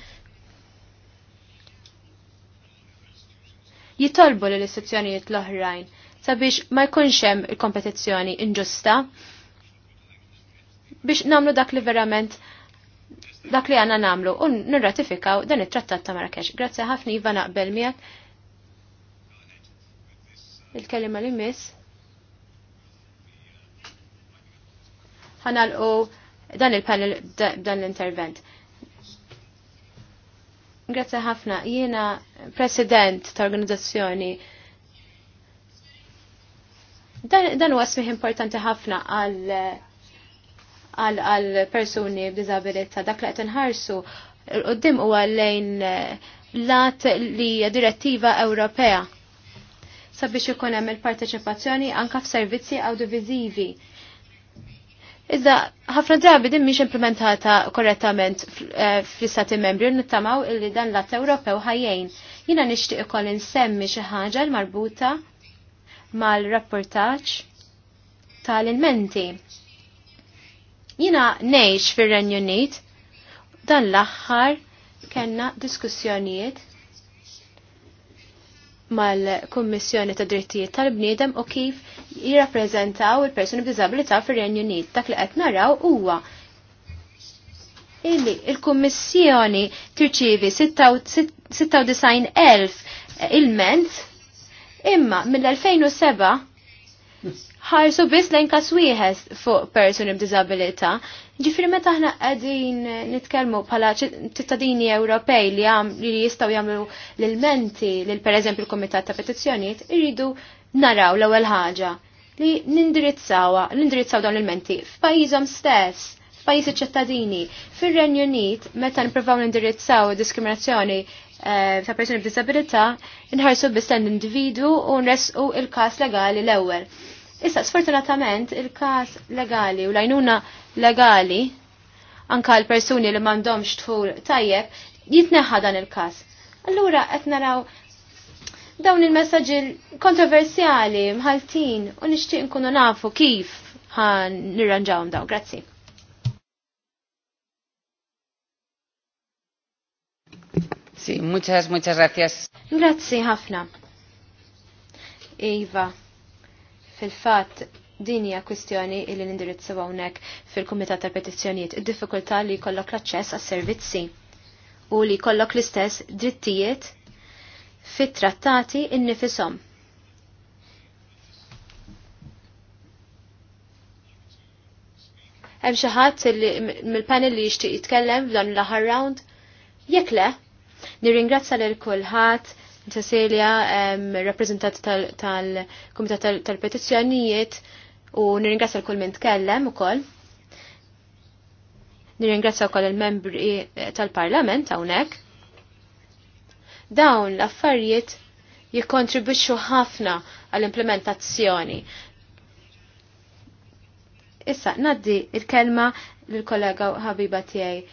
jitolbu l-istituzzjonijiet l-oħrajn sabiex ma jkunx hemm il-kompetizzjoni inġusta biex namlu dak li verament dak li għanna namlu u nirratifikaw dan it-trattat ta' Marrakesh. Grazie ħafna Iva naqbel miegħek. Il-kelima li miss. ħanalqu dan il-panel dan l-intervent. Grazie ħafna. Jiena president ta' organizzazzjoni dan huwa smih importanti ħafna għal għal persuni b'dizabilità dak li qed inħarsu l-qoddim huwa lejn eh, lat li direttiva Ewropea sabiex ikun hemm il-parteċipazzjoni anke f'servizzi audiovisivi. Iżda ħafna drabi din mhix implementata korrettament eh, fl-istati membri u nittamaw illi dan l-att Ewropew ħajjejn. Jiena nixtieq ukoll insemmi xi ħaġa marbuta mal-rapportaġġ tal-ilmenti Jina nejx fir-Renju Unit dan l-aħħar kellna diskussjonijiet mal-Kummissjoni ta' Drittijiet tal-Bniedem u kif jirrappreżentaw il-persuni b'diżabilità fir-Renju Unit. Dak li qed naraw huwa illi il-Kummissjoni tirċievi 96,000 il-ment imma mill-2007 ħarsu biss lejn kas wieħed fuq persuni b'diżabilità. Ġifieri meta aħna qegħdin nitkellmu bħala ċittadini Ewropej li li jistgħu jagħmlu l-menti lil pereżempju l-Kumitat ta' Petizzjonijiet irridu naraw l-ewwel ħaġa li nindirizzawha nindirizzaw dawn il menti f'pajjiżhom stess f'pajjiżi ċittadini. Fir-Renju Unit meta nippruvaw nindirizzaw diskriminazzjoni eh, ta' persuni b'diżabilità nħarsu biss l-individu u nresqu il-każ legali l-ewwel Issa, sfortunatament, il-kas legali u lajnuna legali anka l-persuni li mandomx tfur tajjeb, jitneħħa dan il-kas. Allura, qed naraw dawn il-messagġi kontroversjali, mħaltin, u nixtieq nkunu nafu kif ħan nirranġawhom daw. Grazzi. Sì, muchas, muchas gracias. Grazzi ħafna. Iva Fil-fatt din hija kwistjoni li nindirizzu hawnhekk fil-Kumitat tal-Petizzjonijiet, id-diffikultà li jkollok l-aċċess għas-servizzi u li jkollok l-istess drittijiet fit-trattati innifisom. Hemm xi ħadd mill-panel li jixtieq jitkellem f'dan l-aħħar round? Jekk le, nirringrazzja lil kulħadd Cecilia, rappresentant tal-Komitat tal-Petizzjonijiet u nirringrazzja l-kull minn tkellem ukoll. Nirringrazzja wkoll il-membri eh, tal-Parlament hawnhekk dawn l-affarijiet jikkontribwixxu ħafna għall-implementazzjoni. Issa, naddi il-kelma lill kollega ħabiba tiegħi,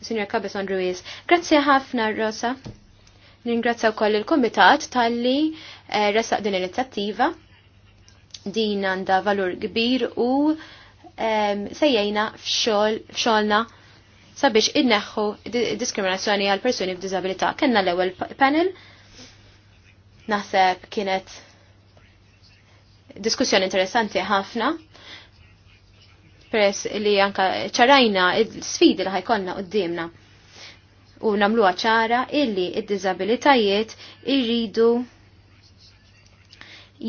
Signor Cabezon Ruiz. Grazzi ħafna, Rosa. Ningrazzja wkoll il-Kumitat talli eh, resaq din l-inizjattiva. Din għandha valur kbir u sejjajna f'xogħolna sabiex inneħħu diskriminazzjoni għal persuni b'diżabilità. Kenna l-ewwel panel naħseb kienet diskussjoni interessanti ħafna peress li anka ċarajna il-sfidi li ħajkonna qoddimna u namlu ċara illi id-diżabilitajiet irridu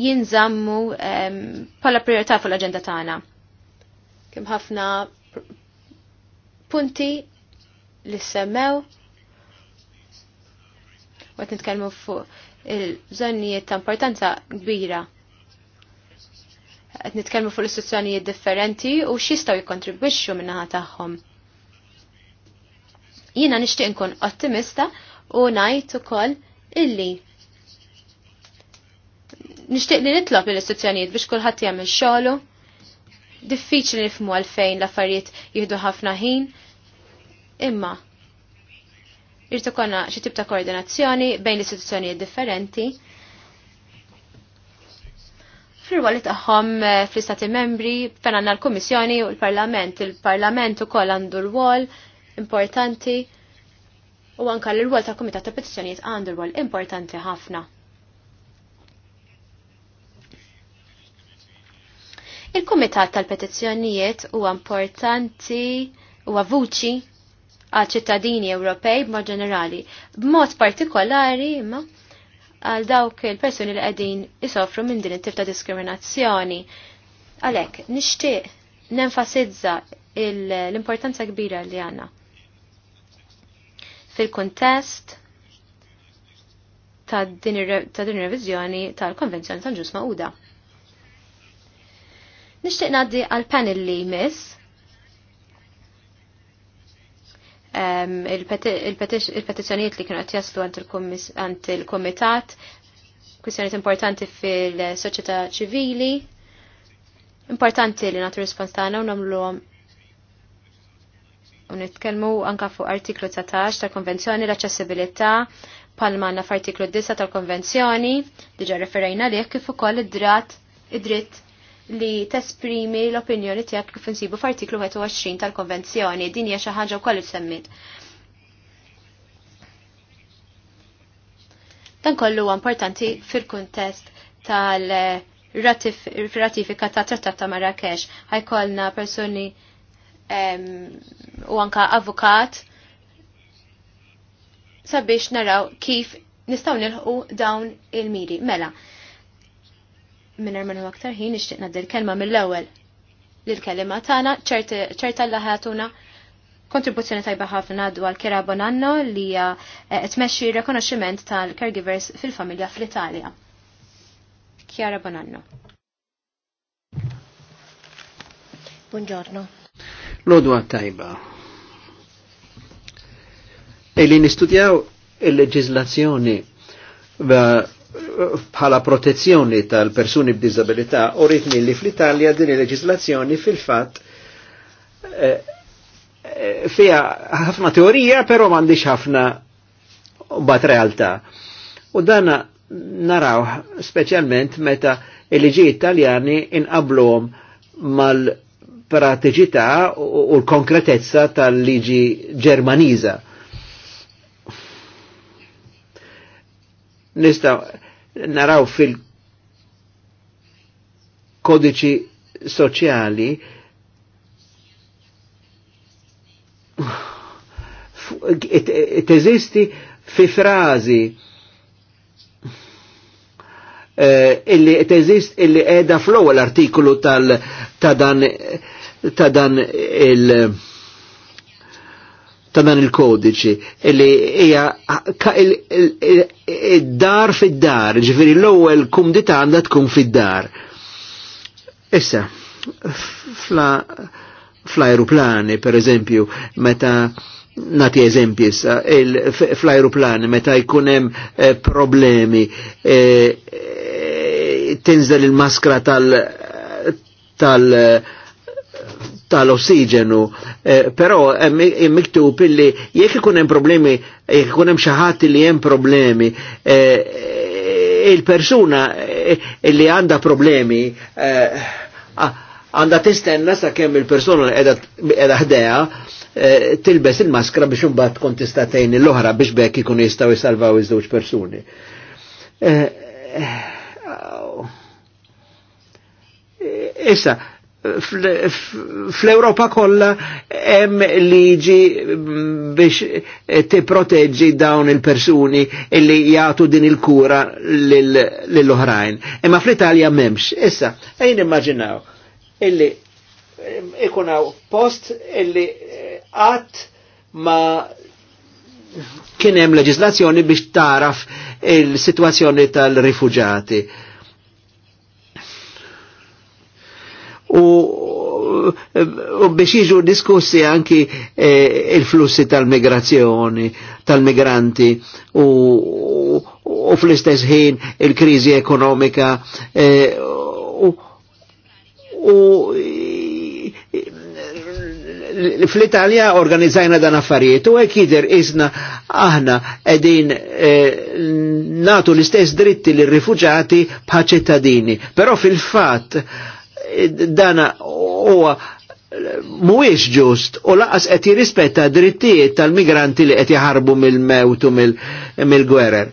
jinżammu pala priorità fuq l-aġenda tagħna. Kim ħafna punti li semmew u nitkellmu fuq il-bżonnijiet ta' importanza kbira. Qed nitkellmu fuq l-istituzzjonijiet differenti u x'jistgħu jikkontribwixxu min-naħa tagħhom. Jiena nixtieq nkun ottimista u ngħid ukoll illi nixtieq li nitlob l istituzzjonijiet biex kulħadd jagħmel xogħlu. Diffiċli nifmu għalfejn l-affarijiet jieħdu ħafna ħin. Imma irtu konna xi tip ta' koordinazzjoni bejn l-istituzzjonijiet differenti fil-rwali tagħhom eh, fl-istati membri, fejn l-Kummissjoni u l-Parlament. Il-Parlament ukoll għandu rwol importanti u anka l-rwol ta' Kumitat ta' Petizzjonijiet għandu rwol importanti ħafna. Il-Kumitat tal-Petizzjonijiet huwa importanti huwa vuċi għal ċittadini Ewropej b'mod ġenerali, b'mod partikolari imma għal dawk il-persuni li qegħdin isofru minn din it-tip ta' diskriminazzjoni. Għalhekk nixtieq nenfasizza l-importanza kbira li għandna fil-kontest ta' din ir-reviżjoni tal-Konvenzjoni ta' ġus Mauda. Nixtieq ngħaddi għal panel li jmiss il-petizzjonijiet li kienu qed jaslu għand il-Kumitat, kwistjonijiet importanti fil-soċjetà ċivili, importanti li nagħtu rispons tagħna u nagħmluhom u nitkellmu anka fuq artiklu 19 tal-Konvenzjoni l-aċċessibilità palmanna f'artiklu 9 tal-Konvenzjoni, diġa referajna lih kif ukoll id-drat id-dritt li tesprimi l-opinjoni tiegħek kif insibu f'artiklu 21 tal-Konvenzjoni. Din hija xi ħaġa wkoll semmit. Dan kollu huwa importanti fil-kuntest tal-ratifika ta' Trattat ta' Marrakesh. Ħajkollna persuni u anka avukat sabiex naraw kif nistaw nilħu dawn il-miri. Mela, minn ermenu aktar ħin nixtieq naddi l-kelma mill-ewwel l kelima tagħna ċerta l ħatuna kontribuzzjoni tajba ħafna dwar Kera Bonanno li hija eh, tmexxi rikonoxximent tal-caregivers fil-familja fl-Italja. Kjara Bonanno. Buongiorno. Lodwa tajba. Illi nistudjaw il-leġizlazzjoni bħala protezzjoni tal-persuni b'dizabilità u li fl-Italja din il-leġizlazzjoni fil-fat eh, eh fija ħafna teorija, pero mandiċ ħafna bat realtà. U dana naraw specialment meta il-liġi italjani inqablom mal pratiċità u l-konkretezza tal-liġi ġermaniza. Nista naraw fil-kodiċi soċjali teżisti fi frażi eh, illi teżist illi edha flow l-artikolu tal tadan dan ta' dan il- ta' dan il-kodiċi li hija dar fid-dar, ġifiri l-ewwel kumdita għandha tkun fid-dar. Issa, fl-aeroplani, per eżempju, meta nati eżempju issa, fl-aeroplani, meta jkunem eh, problemi, eh, eh, tinżel il-maskra tal- tal- tal ossigenu eh, però miktub illi jek ikun hemm problemi, jek ikun hemm xi ħadd li hemm problemi, eh, il-persuna eh, li għandha problemi eh, għandha tistenna sakemm il-persuna li qiegħda ħdeha eh, tilbes il-maskra biex imbagħad tkun tista' tgħin l-oħra biex bekk ikun jistgħu jsalvaw iż-żewġ persuni. Issa, fl-Europa kollha hemm liġi biex eh, tipproteġġi dawn il-persuni illi jagħtu din il-kura lill-oħrajn. Imma fl-Italja m'hemmx. Issa, ejn immaġinaw illi eh, ikunaw post illi eh, qatt ma kien hemm leġislazzjoni biex taraf il-sitwazzjoni tal-rifuġati u, u biex jiġu diskussi anki eh, il-flussi tal-migrazzjoni, tal-migranti u, u, u fl-istess ħin il-krizi ekonomika eh, u, u fl-Italja organizzajna dan affarijiet u hekk jidher isna aħna edin eh, natu l-istess dritti l rifuġati bħal ċittadini. Però fil fat dana huwa mhuwiex ġust u laqas qed jirrispetta drittijiet tal-migranti li qed jaħarbu mill-mewt u mill-gwerer.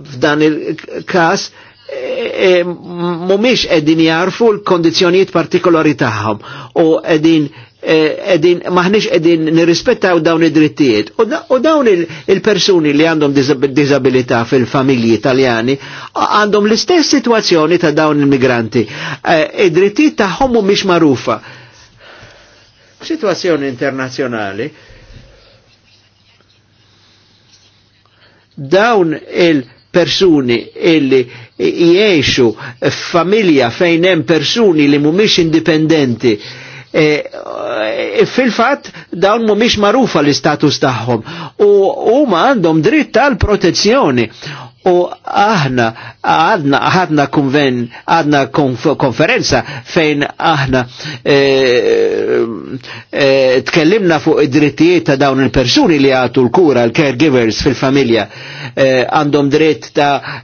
F'dan il-każ e, e, mhumiex qegħdin jarfu l-kondizzjonijiet partikolari tagħhom u qegħdin Eh, edin, maħnix edin nirrispettaw dawn id-drittijiet. U dawn il-persuni li għandhom disabilità fil-familji italjani għandhom l-istess situazzjoni ta' dawn il-migranti. Eh, id-drittijiet homu mhumiex marufa. Situazzjoni internazzjonali dawn il-persuni illi jiexu familja fejn hemm persuni li mhumiex indipendenti E, e, fil-fat dawn mumiex marufa l-istatus tagħhom u huma għandhom dritt tal protezzjoni u aħna għadna għadna konven għadna konferenza fejn aħna eh, eh, tkellimna fuq id-drittijiet ta' dawn il-persuni li għatu l-kura l-caregivers fil-familja eh, għandhom dritt ta'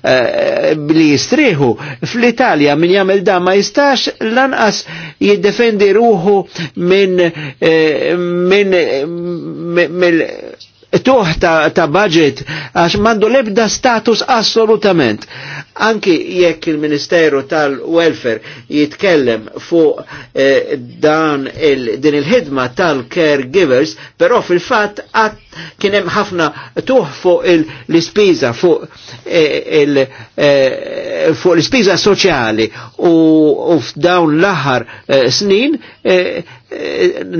li jistriħu fl-Italja min jagħmel da ma jistax lanqas jiddefendi ruħu minn minn tuħ ta', budget għax mandu lebda status assolutament. Anki jekk il-Ministeru tal-Welfare jitkellem fuq eh, dan il, din il-ħidma tal-caregivers, però fil-fat għat kien hemm ħafna tuħ fuq l-ispiża fuq eh, eh, fuq l-ispiża soċjali u f'dawn l-aħħar eh, snin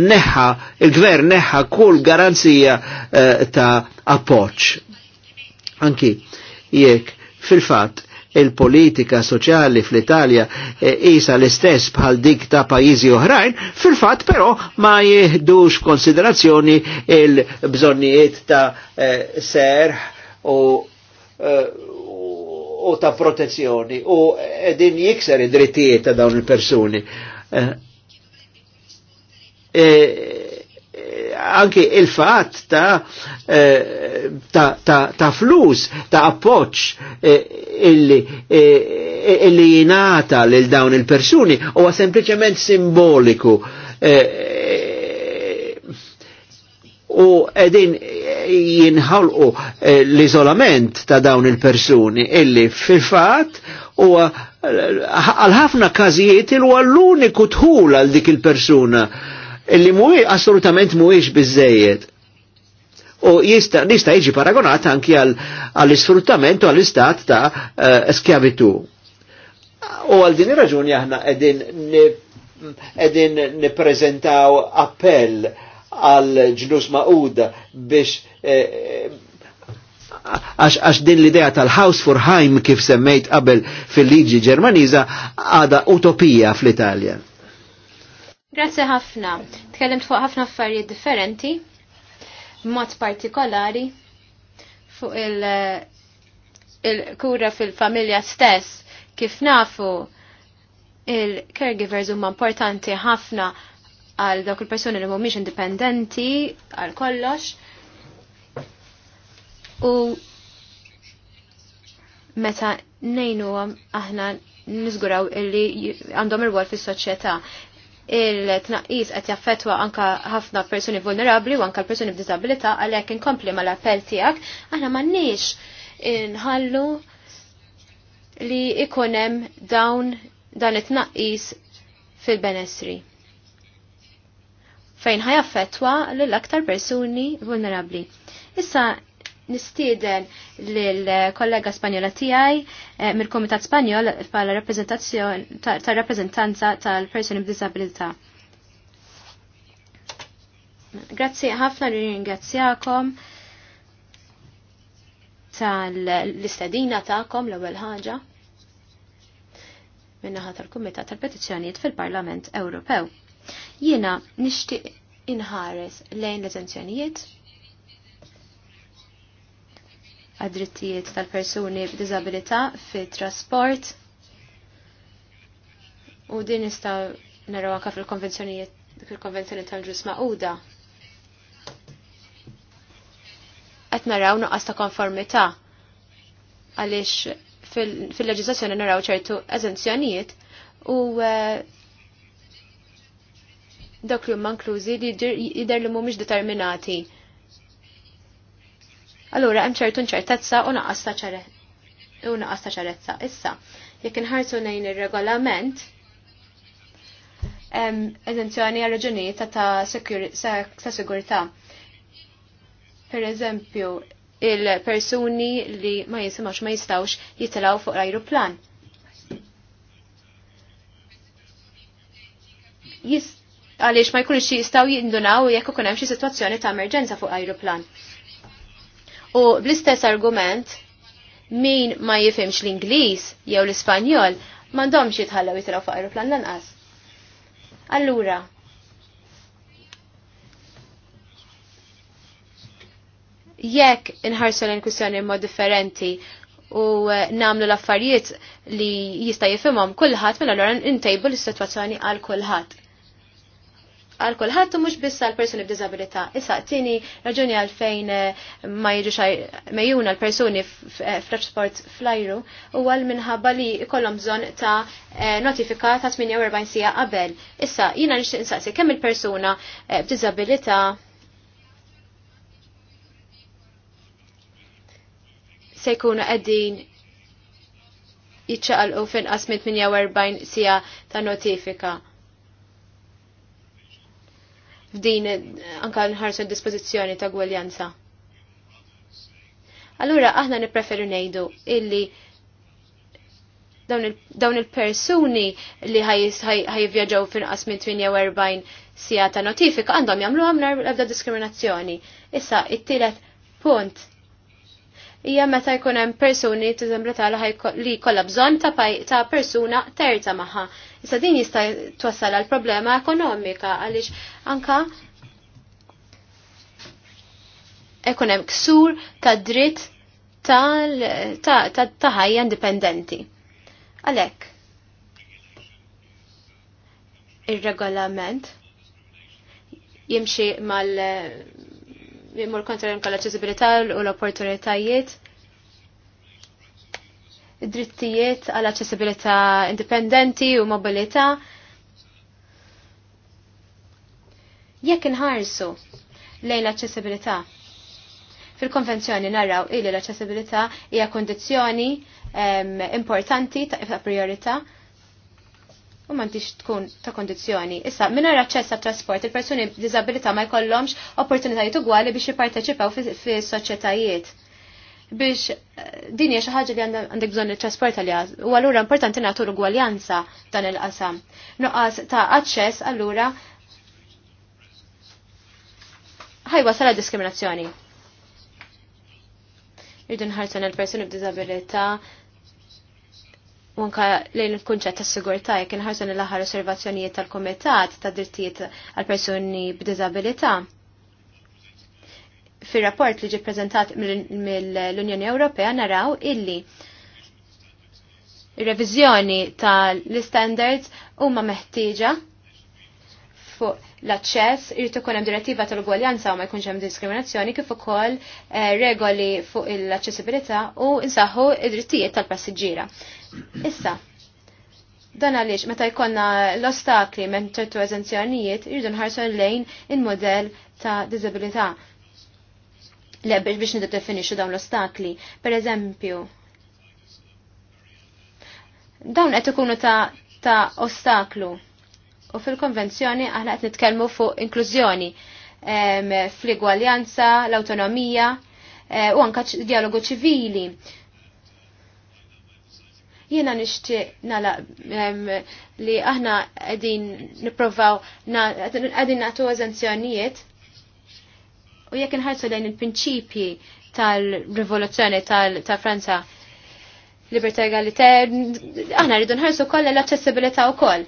neħħa il-gvern neħħa kull garanzija ta' appoġġ. Anki jekk fil-fatt il-politika soċjali fl-Italja e, isa l-istess bħal dik ta' pajjiżi oħrajn, fil-fatt però ma jihdux konsiderazzjoni il-bżonnijiet ta' e, ser u e, u ta' protezzjoni u din jikser id-drittijiet ta' dawn il-persuni anke il-fat ta, eh, ta, ta, ta, flus, ta' appoċ eh, illi, eh, illi jinata lil dawn il-persuni u sempliciment simboliku. U edin jinħalqu l-izolament ta' dawn il-persuni illi fil-fat u għal ħafna kazijiet il-għall-uniku tħul għal dik il-persuna illi mhuwiex assolutament mhuwiex biżejjed. U jista' nista' jiġi paragonat anki għall-isfruttament u għall-istat ta' eh, skjavitu. U għal din ir-raġuni aħna qegħdin nippreżentaw appell għal ġnus maquda biex eh, għax din l-idea tal-House for Heim kif semmejt qabel fil-liġi ġermaniza għada utopija fl-Italja. Grazie ħafna. Tkellimt fuq ħafna affarijiet differenti, b'mod partikolari fuq il-kura il fil-familja stess, kif nafu il-caregivers huma importanti ħafna għal dawk il-persuni li mhumiex indipendenti għal kollox. U meta nejnu aħna nizguraw illi għandhom il-wol fis soċjetà il-tnaqqis qed jaffettwa anka ħafna persuni vulnerabbli u anka l-persuni b'disabilità għalhekk inkompli mal-appell tiegħek aħna m'għandniex inħallu li ikun hemm dawn dan it-tnaqqis fil-benessri fejn ħajaffettwa lill aktar persuni vulnerabbli. Issa nistieden lill-kollega Spanjola tiegħi eh, mill-Kumitat Spanjol bħala rappreżentazzjoni tar-rappreżentanza tal-persuni b'disabilità. Grazzi ħafna li ringrazzjakom tal-istedina tagħkom l-ewwel ħaġa minnaħa tal-Kumitat tal-Petizzjonijiet fil-Parlament Ewropew. Jiena nixtieq inħares lejn l-eżenzjonijiet għad-drittijiet tal-persuni b'diżabilità fit-trasport u din nista' naraw anke fil-konvenzjonijiet fil-konvenzjoni tal-ġus maquda. Qed naraw nuqqas ta' konformità għaliex fil-leġiżlazzjoni naraw ċertu eżenzjonijiet u e, dak li huma inklużi li jidher li mhumiex determinati Allura hemm ċertu nċertezza u naqas ta' ċarezza. U naqas ta' ċarezza. Issa, jekk inħarsu lejn ir-regolament, eżenzjoni għal raġunijiet ta' sigurità. Per eżempju, il-persuni li ma jisimax ma jistawx jitilaw fuq l-ajruplan. Għaliex ma jkunx jistaw jindunaw jekk ikun hemm xi sitwazzjoni ta' emerġenza fuq ajruplan. U bl-istess argument, min ma jifimx l-Ingliż jew l-Ispanjol m'għandhomx jitħallew jitraw fuq aeroplan lanqas. Allura, jekk inħarsu l-inkwissjoni mod differenti u eh, namlu l-affarijiet li jista' jifimhom kulħadd minn mela allura ntejbu l-sitwazzjoni għal kulħadd għal kulħadd u mhux biss għal persuni b'diżabilità. Issa tieni raġuni għalfejn eh, ma jiġux mejjuna l-persuni f'trasport eh, flajru u għal minħabba li jkollhom bżonn ta' eh, notifika ta' 48 sija qabel. Issa jiena nixtieq insaqsi kemm il-persuna b'diżabilità se jkunu qegħdin jiċċaqalqu finqas minn 48 sija ta' notifika f'din anka nħarsu d-dispożizzjoni ta' gwaljanza. Allura aħna nippreferu ngħidu illi dawn il-persuni li ħajvjaġaw fin minn 48 sija ta' notifika għandhom jagħmlu għamna ebda diskriminazzjoni. Issa, it-tielet punt hija meta jkun hemm persuni tiżembra tagħha li jkollha bżonn ta' persuna terza magħha sa din jista' twassal għal problema ekonomika għaliex anka ikun ksur ta' dritt ta' ħajja indipendenti. Għalhekk ir-regolament jimxi mal jimur kontra l-inkollaċizibilità u l-opportunitajiet id-drittijiet għal aċċessibilità indipendenti u mobilità. Jekk inħarsu lejn l-aċċessibilità. Fil-konvenzjoni naraw illi l-aċċessibilità hija kondizzjoni importanti ta' priorità u m'għandix tkun ta' kondizjoni. Issa, mingħajr aċċess għat trasport, il-persuni b'diżabilità ma jkollhomx opportunitajiet ugwali biex jipparteċipaw fis-soċjetajiet biex eh, din hija xi ħaġa li għandek bżonn nittrasporta li għaz. U allura importanti nagħtu l-ugwaljanza dan il-qasam. Nuqqas ta' aċċess allura ħajwa sala diskriminazzjoni. Irdu nħarsu l-persuni b'diżabilità u anka lejn il-kunċett ta' sigurtà jekk inħarsu l-aħħar osservazzjonijiet tal-Kumitat ta' drittijiet għal persuni b'diżabilità fir-rapport li ġi prezentat mill-Unjoni Ewropea naraw illi revizjoni tal-standards huma meħtieġa fuq l-aċċess irid ikun hemm direttiva tal-ugwaljanza u ma jkunx hemm diskriminazzjoni kif ukoll eh, regoli fuq l-aċċessibilità u insaħħu id-drittijiet tal-passiġġiera. Issa, dan għaliex meta jkollna l-ostakli minn ċertu eżenzjonijiet irridu nħarsu lejn il-modell ta' disabilità le biex nid-definixu dawn l-ostakli. Per eżempju, dawn qed ikunu ta', ta ostaklu. U fil-konvenzjoni aħna qed nitkellmu fuq inklużjoni fl-igwaljanza, l-autonomija eh, u anka dialogu ċivili jiena nixtieq nala li aħna qegħdin nipprovaw qegħdin nagħtu eżenzjonijiet U jekk inħarsu lejn il-prinċipji tal-rivoluzzjoni tal-Franza, libertà egalità, aħna rridu nħarsu koll l-accessibilità u koll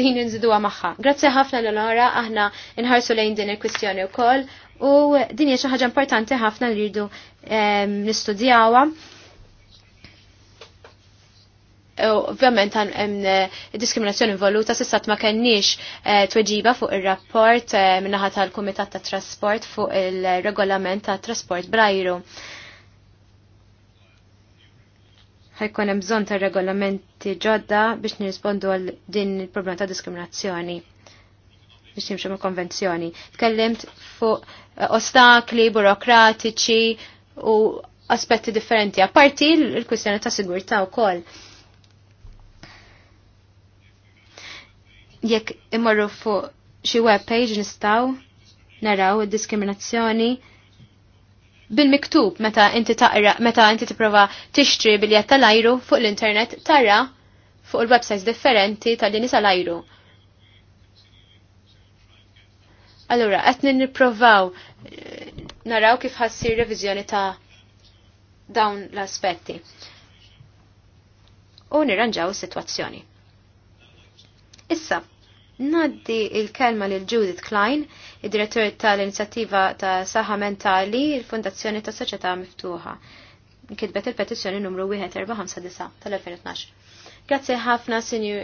din nżiduha magħha. Grazzi ħafna l-onora aħna nħarsu lejn din il-kwistjoni wkoll u din hija xi ħaġa importanti ħafna li rridu ehm, nistudjawha. Ovvjament hemm diskriminazzjoni voluta s'issat ma kenniex eh, tweġiba fuq ir-rapport eh, minnaħat tal-Kumitat ta' Trasport fuq il-regolament ta' trasport brajru. Ħajkun hemm bżonn ta' regolamenti ġodda biex nirrispondu għal din il-problema ta' diskriminazzjoni biex nimxu mal-konvenzjoni. Tkellimt fuq eh, ostakli burokratiċi u aspetti differenti, apparti l-kwistjoni ta' sigurtà wkoll. jekk imorru fuq xi web page nistgħu naraw id-diskriminazzjoni bil-miktub meta inti taqra meta inti tipprova tixtri biljett tal-ajru fuq l-internet tara fuq il-websites differenti tal dinis tal-ajru. Allura, qed nipprovaw eh, naraw kif ħassir reviżjoni ta' dawn l-aspetti. U nirranġaw is-sitwazzjoni. Issa, naddi il-kelma lil Judith Klein, id-direttur tal-inizjattiva ta' saħħa mentali, il-Fondazzjoni ta' Soċjetà Miftuħa. Kitbet il-petizzjoni numru 1459 tal-2012. Grazzi ħafna, sinjur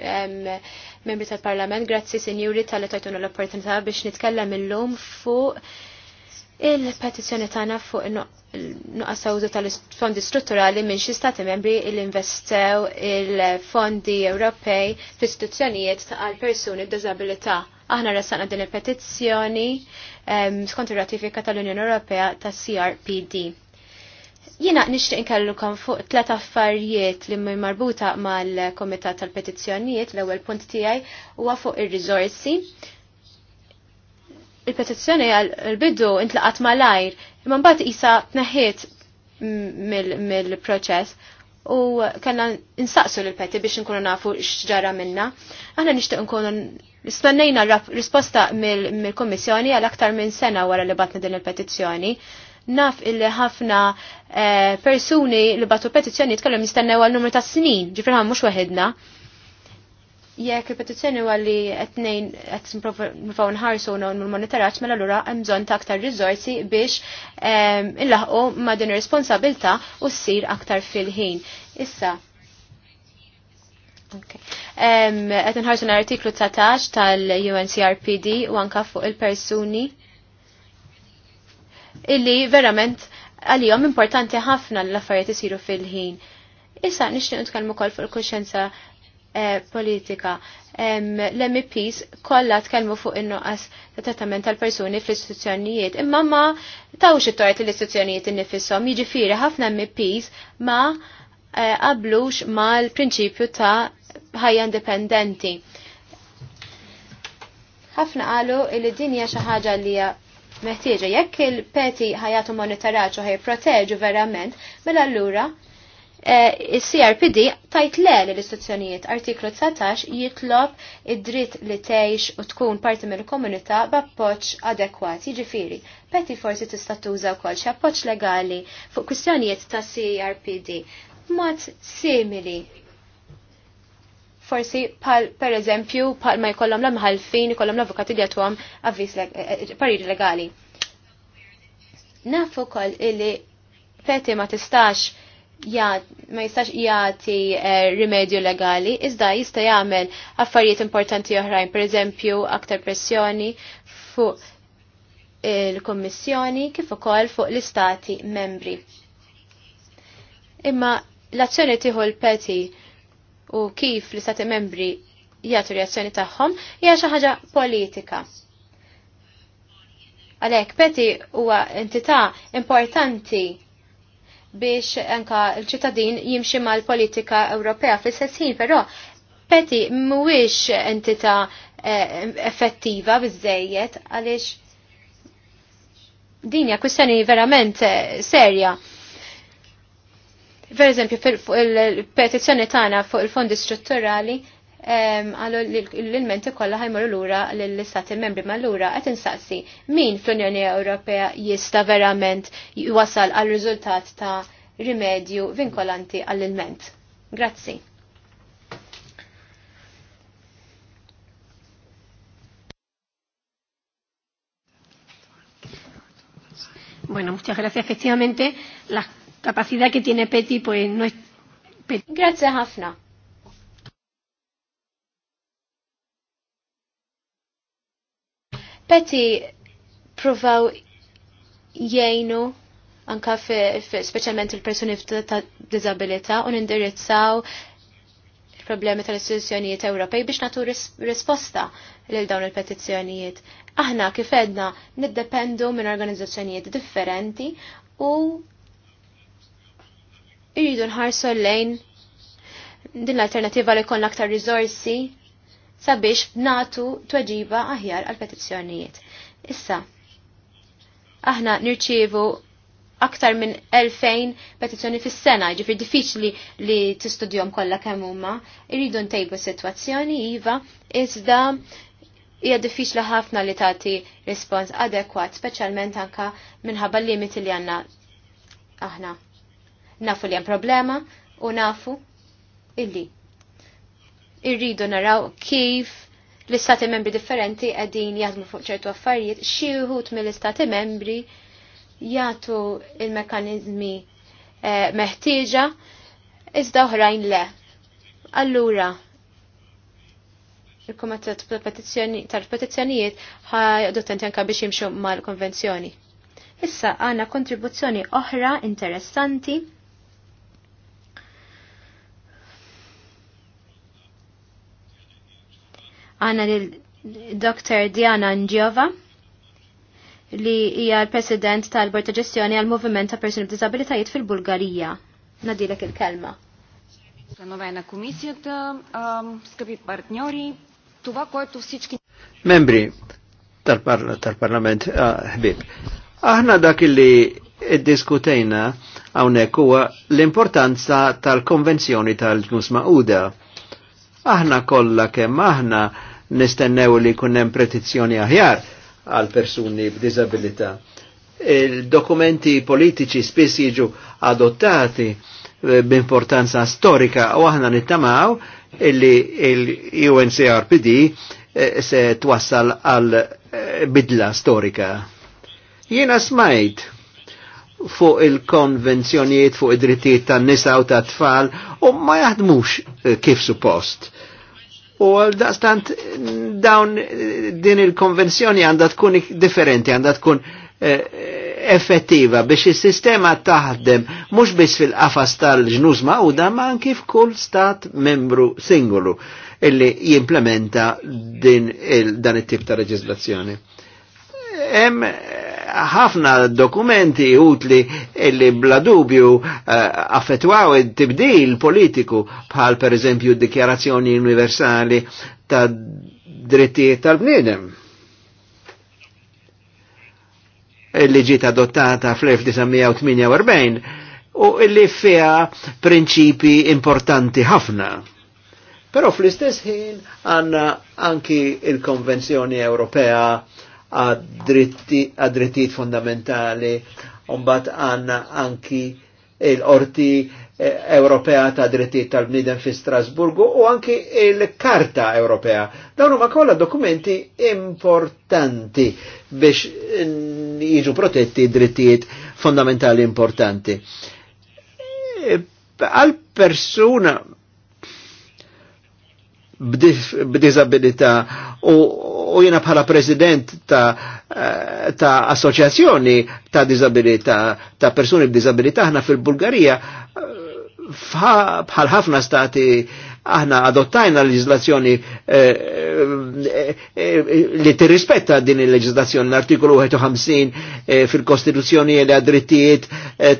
membri tal-Parlament, grazzi sinjuri tal-li l-opportunità biex nitkellem illum fuq il-petizjoni tagħna fuq nuqqas użu tal-fondi strutturali minn xi stati membri il investew il-fondi Ewropej f'istituzzjonijiet għal persuni b'diżabilità. Aħna ressaqna din il-petizzjoni skont ir-ratifika tal-Unjoni Ewropea tas-CRPD. Jina nishtiq inkellukom fuq tlet affarijiet li marbuta mal-Komitat tal-Petizzjonijiet l-ewwel punt tiegħi huwa fuq ir-riżorsi il-petizzjoni għal-bidu intlaqat malajr, imma mbagħad jisa tnaħiet mill-proċess u kellna insaqsu l-peti biex nkunu nafu x'ġara minna. Aħna nixtieq nkunu nistennejna risposta mill komissjoni għal aktar minn sena wara li batna din il-petizzjoni. Naf illi ħafna eh, persuni li batu petizzjoni jitkellem jistennew għal numru ta' snin, ġifirħan mhux wahedna jekk il-petizzjoni għalli għetnejn qed nifaw nħarsu non mill monitoraċ mela l-ura bżonn ta' aktar rizorsi biex ehm, il ma' din responsabilta u s-sir aktar fil-ħin. Issa, ehm, nħarsu nħarġu artiklu 19 tal-UNCRPD u anka fuq il-persuni illi verament għalihom importanti ħafna l-affarijiet isiru fil-ħin. Issa nixtieq nitkellmu wkoll fuq il-kuxjenza Eh, politika. L-MPs kollha tkellmu fuq in-nuqqas ta' trattament tal-persuni fl-istituzzjonijiet, imma ma tawx it-tort l-istituzzjonijiet innifissom, jiġifieri ħafna MPs ma eh, qablux mal-prinċipju ta' ħajja indipendenti. Ħafna qalu li din hija xi ħaġa li hija meħtieġa jekk il-peti ħajatu monitoraġġ ħaj proteġu verament, mela allura Eh, il-CRPD tajt le l-istituzzjonijiet artiklu 19 jitlob id-dritt li tgħix u tkun parti mill-komunità b'appoġġ adekwat. Jiġifieri, peti forsi tista' tuża wkoll xi appoġġ legali fuq kwistjonijiet ta' CRPD. Mod simili forsi pal per eżempju pal ma jkollhom l-mħalfin, jkollhom l-avukati li għatuhom avviż eh, eh, pariri legali. Nafu kol illi peti ma tistax ma jistax jagħti eh, rimedju legali, iżda jista' jagħmel affarijiet importanti oħrajn, pereżempju aktar pressjoni fuq il-Kommissjoni kif ukoll fuq l-Istati membri. Imma l-azzjoni tieħu l-peti u kif l-Istati membri jagħtu reazzjoni tagħhom hija xi ħaġa politika. Għalhekk peti huwa entità importanti biex anka l-ċittadin jimxi mal-politika Ewropea. fl sessin però, peti mhuwiex entità eh, effettiva bizzejiet għaliex dinja kwistjoni verament eh, serja. Per eżempju, il-petizzjoni tagħna fuq il-fondi strutturali għallu l-ilmenti kollha ħajmorru lura l-istati membri ma l-ura qed insaqsi min fl-Unjoni Ewropea jista' verament wasal għal rizultat ta' rimedju vinkolanti għall-ilment. Grazzi. Bueno, muchas gracias. Efectivamente, la capacidad que tiene Peti, pues no es... Peti. Gracias, Hafna Peti provaw jgħinu anka specialment il-personi ta' disabilita u nindirizzaw il-problemi tal-istituzzjonijiet Ewropej biex natu risposta lil dawn il-petizzjonijiet. Aħna kif edna niddependu minn organizzazzjonijiet differenti u irridu nħarsu lejn din l-alternativa li konna aktar rizorsi sabiex natu tweġiba aħjar għal petizzjonijiet. Issa, aħna nirċievu aktar minn 2000 petizzjoni fis-sena, ġifir diffiċli li t kollha kemm huma. Irridu ntejbu sitwazzjoni iva, iżda hija diffiċli ħafna li tagħti respons adekwat, speċjalment anka minħabba limiti li għandna aħna. Nafu li hemm problema u nafu illi irridu naraw kif l-istati membri differenti għedin jazmu fuq ċertu affarijiet, xieħut mill-istati membri jgħatu il-mekanizmi eh, meħtieġa iżda oħrajn le. Allura, il-komitet tal-petizzjonijiet ħajdu tentenka biex jimxu mal-konvenzjoni. Issa għana kontribuzzjoni oħra interessanti għana lil dr Diana Ngiova li hija l-President tal-Bord ta' Ġestjoni għal movement ta' Persuni b'Disabilitajiet fil-Bulgarija. Nadilek il-kelma. Шановена комисията, скъпи partnjori, това, kortu siċkin. Membri tal-Parlament, ħbib. Aħna dak li diskutejna hawnhekk huwa l-importanza tal-Konvenzjoni tal-Ġnus Mauda Aħna kollha kemm aħna nistennew li jkun hemm pretizzjoni aħjar għal persuni b'diżabilità. Il-dokumenti politiċi spiss jiġu adottati eh, b'importanza storika u aħna nittamaw illi il-UNCRPD eh, se twassal għal eh, bidla storika. Jiena smajt fuq il-konvenzjonijiet fuq id-drittijiet tan nisa u tat tfal u ma jaħdmux kif suppost. U għal daqstant dawn din il-konvenzjoni għandha tkun differenti, għandha tkun eh, effettiva biex il-sistema taħdem mux biss fil-qafas tal ġnuż ma'uda ma anki f'kull stat membru singolu illi jimplementa din il dan it-tip ta' reġizlazzjoni ħafna dokumenti utli illi bla dubju eh, affettwaw tibdil politiku bħal per eżempju dikjarazzjoni universali ta' dritti tal-bniedem. Illi ġiet adottata fl-1948 u illi fija prinċipi importanti ħafna. Però fl-istess ħin għanna anki il-Konvenzjoni Ewropea għad-drittijiet fundamentali, umbat għanna anki il-orti eh, Ewropea ta' drittijiet tal-bniedem fi Strasburgu u anki il-Karta Ewropea. Dawn huma kollha dokumenti importanti biex jiġu protetti drittijiet fondamentali importanti. E, għal persuna b'dizabilità u, u jena bħala president ta', ta assoċjazzjoni ta' disabilità ta' persuni b'dizabilità ħna fil-Bulgarija eh, bħal ħafna stati aħna adottajna leġislazzjoni eh, eh, eh, li tirrispetta din il-leġislazzjoni l-artikolu 51 fil-Kostituzzjoni e għad-drittijiet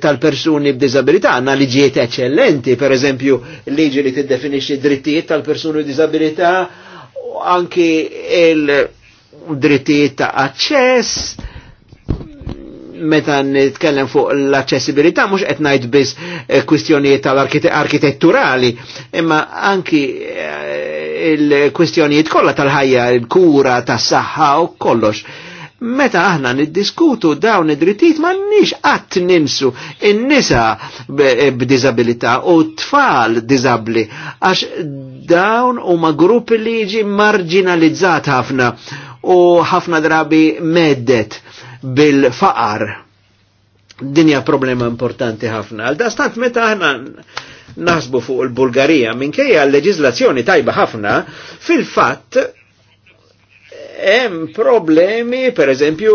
tal-persuni b'disabilità. Għanna liġijiet eccellenti, per eżempju, liġi li tiddefinixxi drittijiet tal-persuni b'disabilità, anki il-drittijiet ta' access, meta nitkellem fuq l-accessibilità mhux qed ngħid biss eh, kwistjonijiet tal-arkitetturali, imma anki eh, il-kwistjonijiet kollha tal-ħajja, il-kura, tas-saħħa u kollox. Meta aħna niddiskutu dawn id-drittijiet m'għandniex qatt ninsu in-nisa eh, b'diżabilità u tfal diżabbli għax dawn huma gruppi li jiġi marginalizzat ħafna u ħafna drabi meddet bil-faqar. Dinja problema importanti ħafna. Għal dastant meta ħana nasbu fuq il-Bulgarija minkejja l-leġizlazzjoni tajba ħafna, fil-fatt hemm problemi, per eżempju,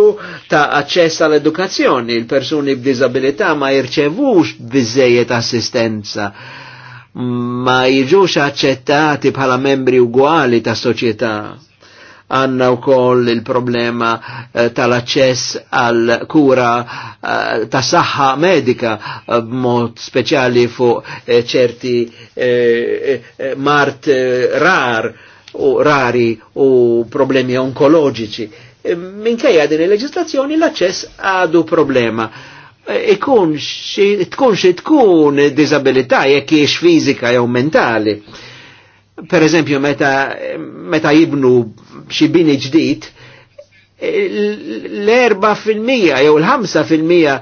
ta' aċċess għall edukazzjoni il-persuni b'diżabilità ma jirċevux biżejjed assistenza ma jiġux aċċettati bħala membri uguali ta' soċjetà għanna u koll il-problema eh, tal-access għal kura eh, ta' saħħa medika eh, b'mod speċjali fuq ċerti mart rar u rari u problemi onkoloġiċi. Minkejja din il-leġislazzjoni l-access għadu problema ikun xi tkun xi tkun disabilità jekk hiex fiżika jew mentali per eżempju, meta, meta jibnu xi bini ġdid, l erba fil-mija jew l ħamsa fil-mija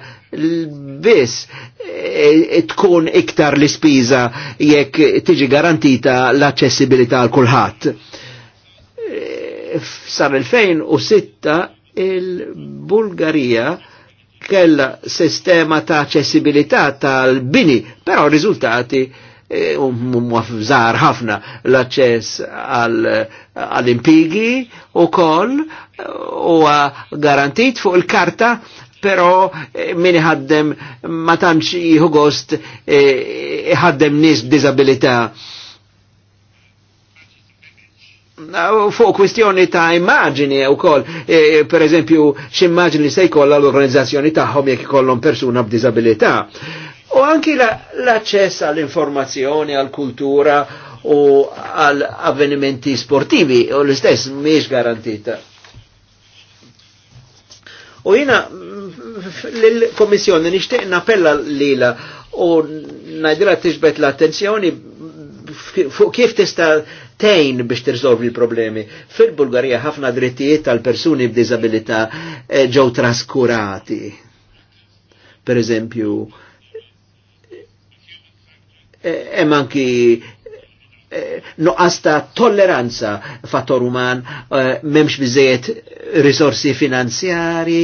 biss e, e, tkun iktar l-ispiża jekk tiġi garantita l-aċċessibilità għal kulħadd. E, Sar 2006 il-Bulgarija kella sistema ta' aċċessibilità tal-bini, però r-riżultati zaħar e, ħafna l-access għall-impigi u koll u garantit fuq il-karta pero e, min ħaddem ma tantx jieħu gost e, ħaddem nies b'diżabilità. Fuq kwistjoni ta' immaġini u koll, per eżempju, x'immaġini se jkollha l-organizzazzjoni tagħhom jekk ikollhom persuna b'diżabilità u anki l access la għall-informazzjoni, għall-kultura u għall-avvenimenti sportivi u l-istess miex garantita. U jina mm, l-Komissjoni nishtiq napella lila u najdira tiġbet l-attenzjoni fuq kif tista' tejn biex tirżolvi l-problemi. Fil-Bulgarija ħafna drittijiet tal-persuni b'dizabilità eh, ġew traskurati. Per eżempju, Eh, emanki anki eh, ta' tolleranza fattor uman, eh, memx bizzejiet risorsi finanzjari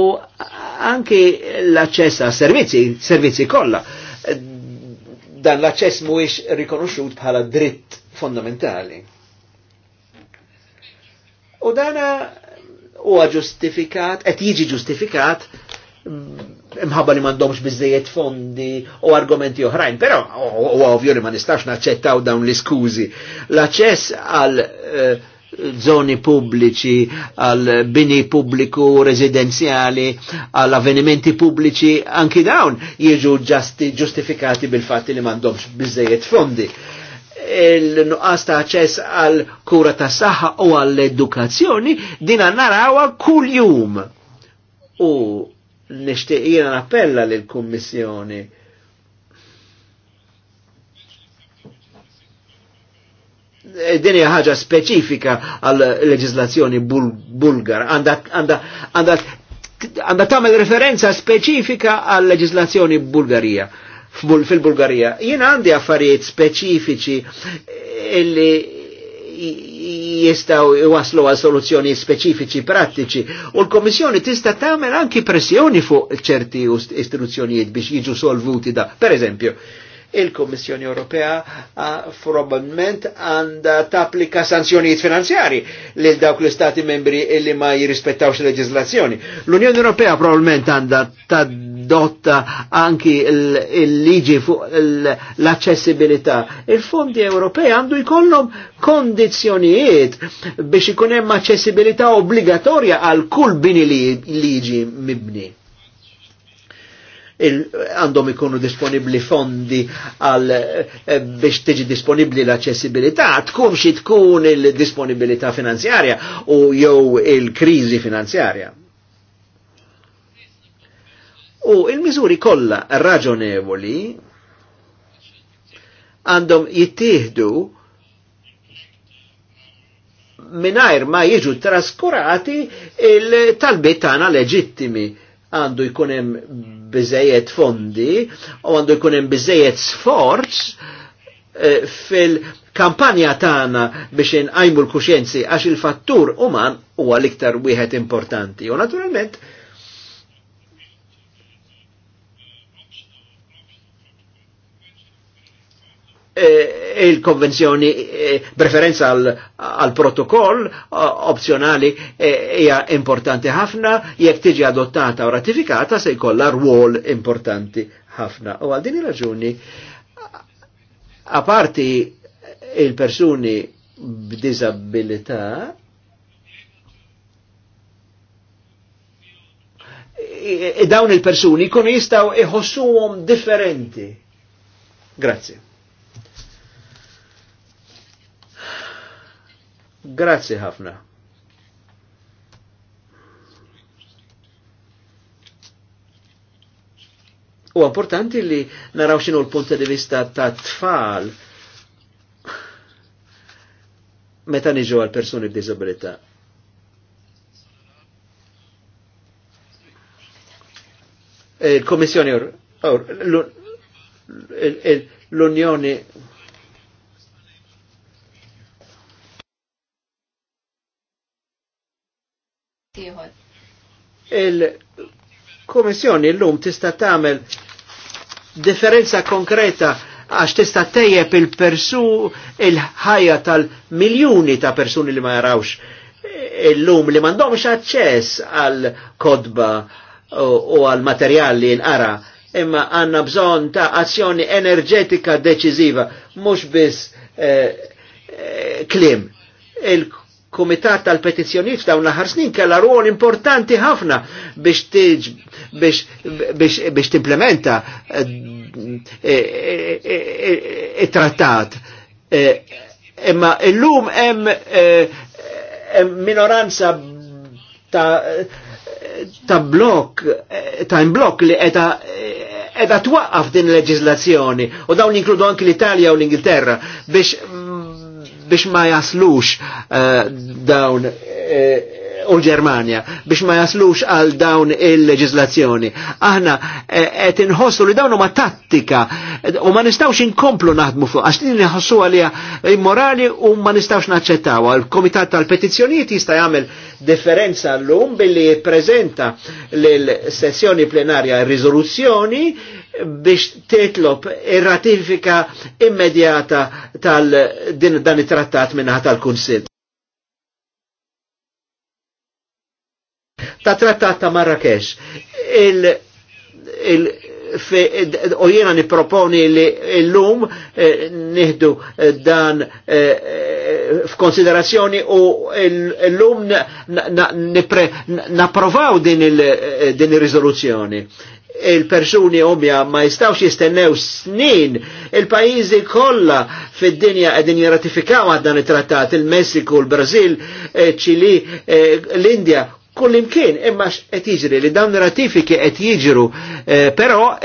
u anki l-aċċess għal servizzi, servizzi kollha. Dan l-aċċess mhuwiex rikonoxxut bħala dritt fondamentali. U dana huwa ġustifikat, qed jiġi ġustifikat imħabba li mandomx bizzejiet fondi u argumenti oħrajn, pero u ovvju li ma nistax naċċettaw dawn l-iskużi. L-aċċess għal eh, zoni pubbliċi, għal bini pubbliku residenzjali, għal avvenimenti pubbliċi, anki dawn jieġu ġustifikati bil-fatti li mandomx bizzejiet fondi il-nuqqas ta' ċess għal kura ta' saħħa u għall edukazzjoni dina narawa kull jum. U nishtiq jiena appella lil kummissjoni e, din hija ħaġa speċifika għal leġislazzjoni bul bulgar għandha tagħmel referenza speċifika għal leġislazzjoni bulgarija fil-Bulgarija. Jien għandi affarijiet speċifiċi illi jistaw waslu għal soluzzjoni speċifiċi prattiċi u l-Komissjoni tista' tagħmel anki pressjoni fuq ċerti istituzzjonijiet biex jiġu solvuti da. Per eżempju, il komissjoni Ewropea ah, probabilment għanda taplika sanzjonijiet finanzjari lil dawk l-istati membri illi ma jirrispettawx il leġislazzjoni. L-Unjoni Ewropea probabilment għanda ta' ridotta anki il-liġi fuq l-accessibilità. Il-fondi Ewropej għandu jkollhom kondizjonijiet biex ikun hemm accessibilità obbligatorja għal kull bini li liġi mibni għandhom ikunu disponibli fondi għal eh, biex tiġi disponibli l-accessibilità, tkun xi tkun il-disponibilità finanzjarja u jew il-kriżi finanzjarja. U il-miżuri kollha raġonevoli għandhom jittieħdu minnajr ma jiġu traskurati il-talbiet tagħna leġittimi għandu jkun hemm biżejjed fondi u għandu jkun hemm sforz eh, fil-kampanja tagħna biex inqajmu l kuxenzi għax il-fattur uman huwa l-iktar wieħed importanti. U naturalment Eh, il-konvenzjoni eh, preferenza għal protokoll eh, opzjonali hija importanti ħafna jekk tiġi adottata u ratifikata se jkollha rwol importanti ħafna. U għal din ir-raġuni aparti il-persuni b'disabilità dawn il-persuni kunu jistaw iħossuhom differenti. Grazie. Grazzi ħafna. U importanti li naraw xinu l-punt di vista ta' tfal meta niġu għal persuni b'disabilità. Il-Komissjoni l-Unjoni ieħor. il l llum tista' tagħmel differenza konkreta għax tista' tejjeb il-persu il-ħajja tal-miljuni ta' persuni li ma jarawx illum li m'għandhomx aċċess għal kodba u għal materjali nqara imma għanna bżon ta' azzjoni enerġetika deċiziva, mux biss eh, eh, klim. il komitat tal-petizjoniet ta' l-aħħar snin kellha rwol importanti ħafna biex tiġ biex biex biex timplementa eh, eh, eh, it-trattat. Imma illum hemm minoranza ta' ta' blok, ta' blok li qeda edha twaqqaf din leġizlazzjoni u dawn jinkludu anki l-Italja u l-Ingilterra biex biex ma jaslux uh, dawn eh, u l-Germania biex ma jaslux għal dawn il-leġizlazzjoni. Aħna eh, qed inħossu li dawn huma tattika u ma nistawx inkomplu naħdmu fuq għax li nħossu għalija immorali u ma nistawx naċċettaw. Il-Komitat tal-Petizzjonijiet jista' jagħmel differenza llum billi jippreżenta lil sessjoni plenarja riżoluzzjoni biex titlob ir-ratifika immedjata tal-din dan it-trattat minnaħat tal kunsil Ta' trattat ta' Marrakesh. Il, il, fe, u jena niproponi li l-lum eh, nihdu eh, dan eh, f'konsiderazzjoni u l-lum naprovaw din il-rizoluzzjoni. Eh, il-persuni omja ma jistawx jistennew snin, il-pajizi kolla fid-dinja għedin jirratifikaw għaddan it-trattat, il-Messiku, il-Brazil, eh, ċili, eh, l-Indja, kull imkien imma qed jiġri li dawn ratifiki qed jiġru, eh, però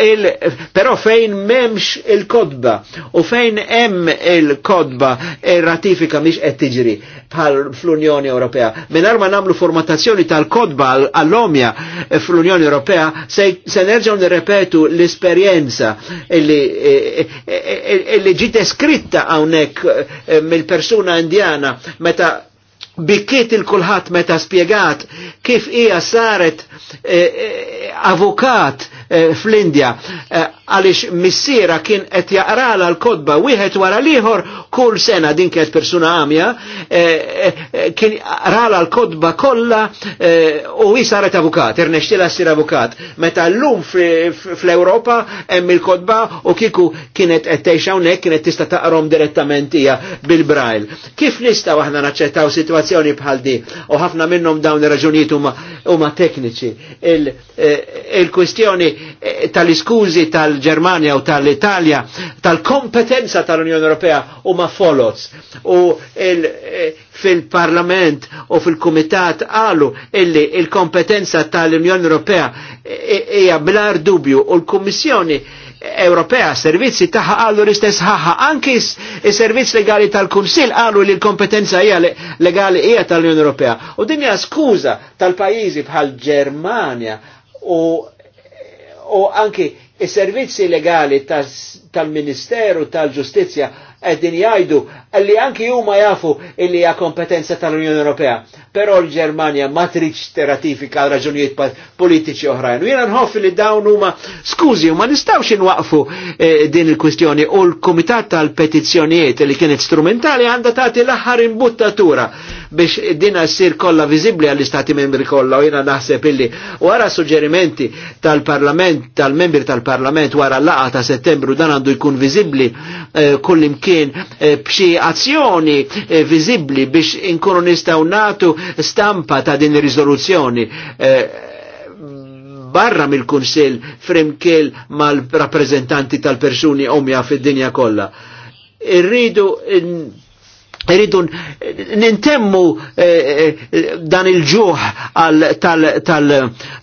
però fejn m'hemmx il-kodba u fejn hemm il-kodba ir-ratifika mhix qed tiġri bħal fl-Unjoni Ewropea. Mingħajr ma nagħmlu formattazzjoni tal-kodba għall-omja eh, fl-Unjoni Ewropea se, se nerġgħu nirrepetu l-esperjenza li eh, eh, ġiet eskritta hawnhekk mill-persuna indjana meta Bikiet il-kulħat meta spiegat kif hija saret eh, eh avukat eh, fl-Indja. Eh, għalix missiera kien qed jaqrala l-kodba wieħed wara liħor kull sena din kienet persuna għamja e, e, kien jaqrala l-kodba kollha e, u hi saret avukat, irnextiela sir avukat. Meta llum fl-Ewropa hemm il-kodba u kiku kienet qed tgħix hawnhekk kienet tista' taqrom direttament hija bil-brajl. Kif nistgħu aħna naċċettaw sitwazzjoni bħal di u ħafna minnhom dawn ir-raġunijiet huma tekniċi. Il-kwistjoni il tal-iskużi tal tal-Germania u tal-Italja tal-kompetenza tal-Unjoni Ewropea u ma folots u e, fil-Parlament u fil komitat għalu illi il-kompetenza tal-Unjoni Ewropea e, e, hija blar dubju u l-Kummissjoni Ewropea servizzi taħħa għallu l-istess ħaħa anki s-servizz legali tal-Kunsil għallu li l-kompetenza hija legali hija tal-Unjoni Ewropea. U dinja skuza tal pajizi bħal germania u u anki Is-servizzi legali tal-Ministeru tal ġustizja għedin jajdu li anki huma jafu illi ja kompetenza tal-Unjoni Ewropea, però l germania ma tridx ratifika raġunijiet politiċi oħrajn. U jiena nħoffi li dawn huma skużi u ma nistawx inwaqfu eh, din il-kwistjoni u l-Kumitat tal-Petizzjonijiet li kienet strumentali għandha tagħti l-aħħar imbuttatura biex dina ssir kollha viżibbli għall-istati membri kollha u jiena naħseb illi wara suġġerimenti tal-Parlament tal-membri tal-Parlament wara l-laqa ta' Settembru dan għandu jkun viżibbli eh, kullimkien eh, azzjoni eh, viżibbli biex inkunu nistgħu natu stampa ta' din ir-riżoluzzjoni eh, barra mill-Kunsill fremkel mal-rappreżentanti tal-persuni omja fid-dinja kollha irridu Iridu nintemmu eh, eh, dan il-ġuħ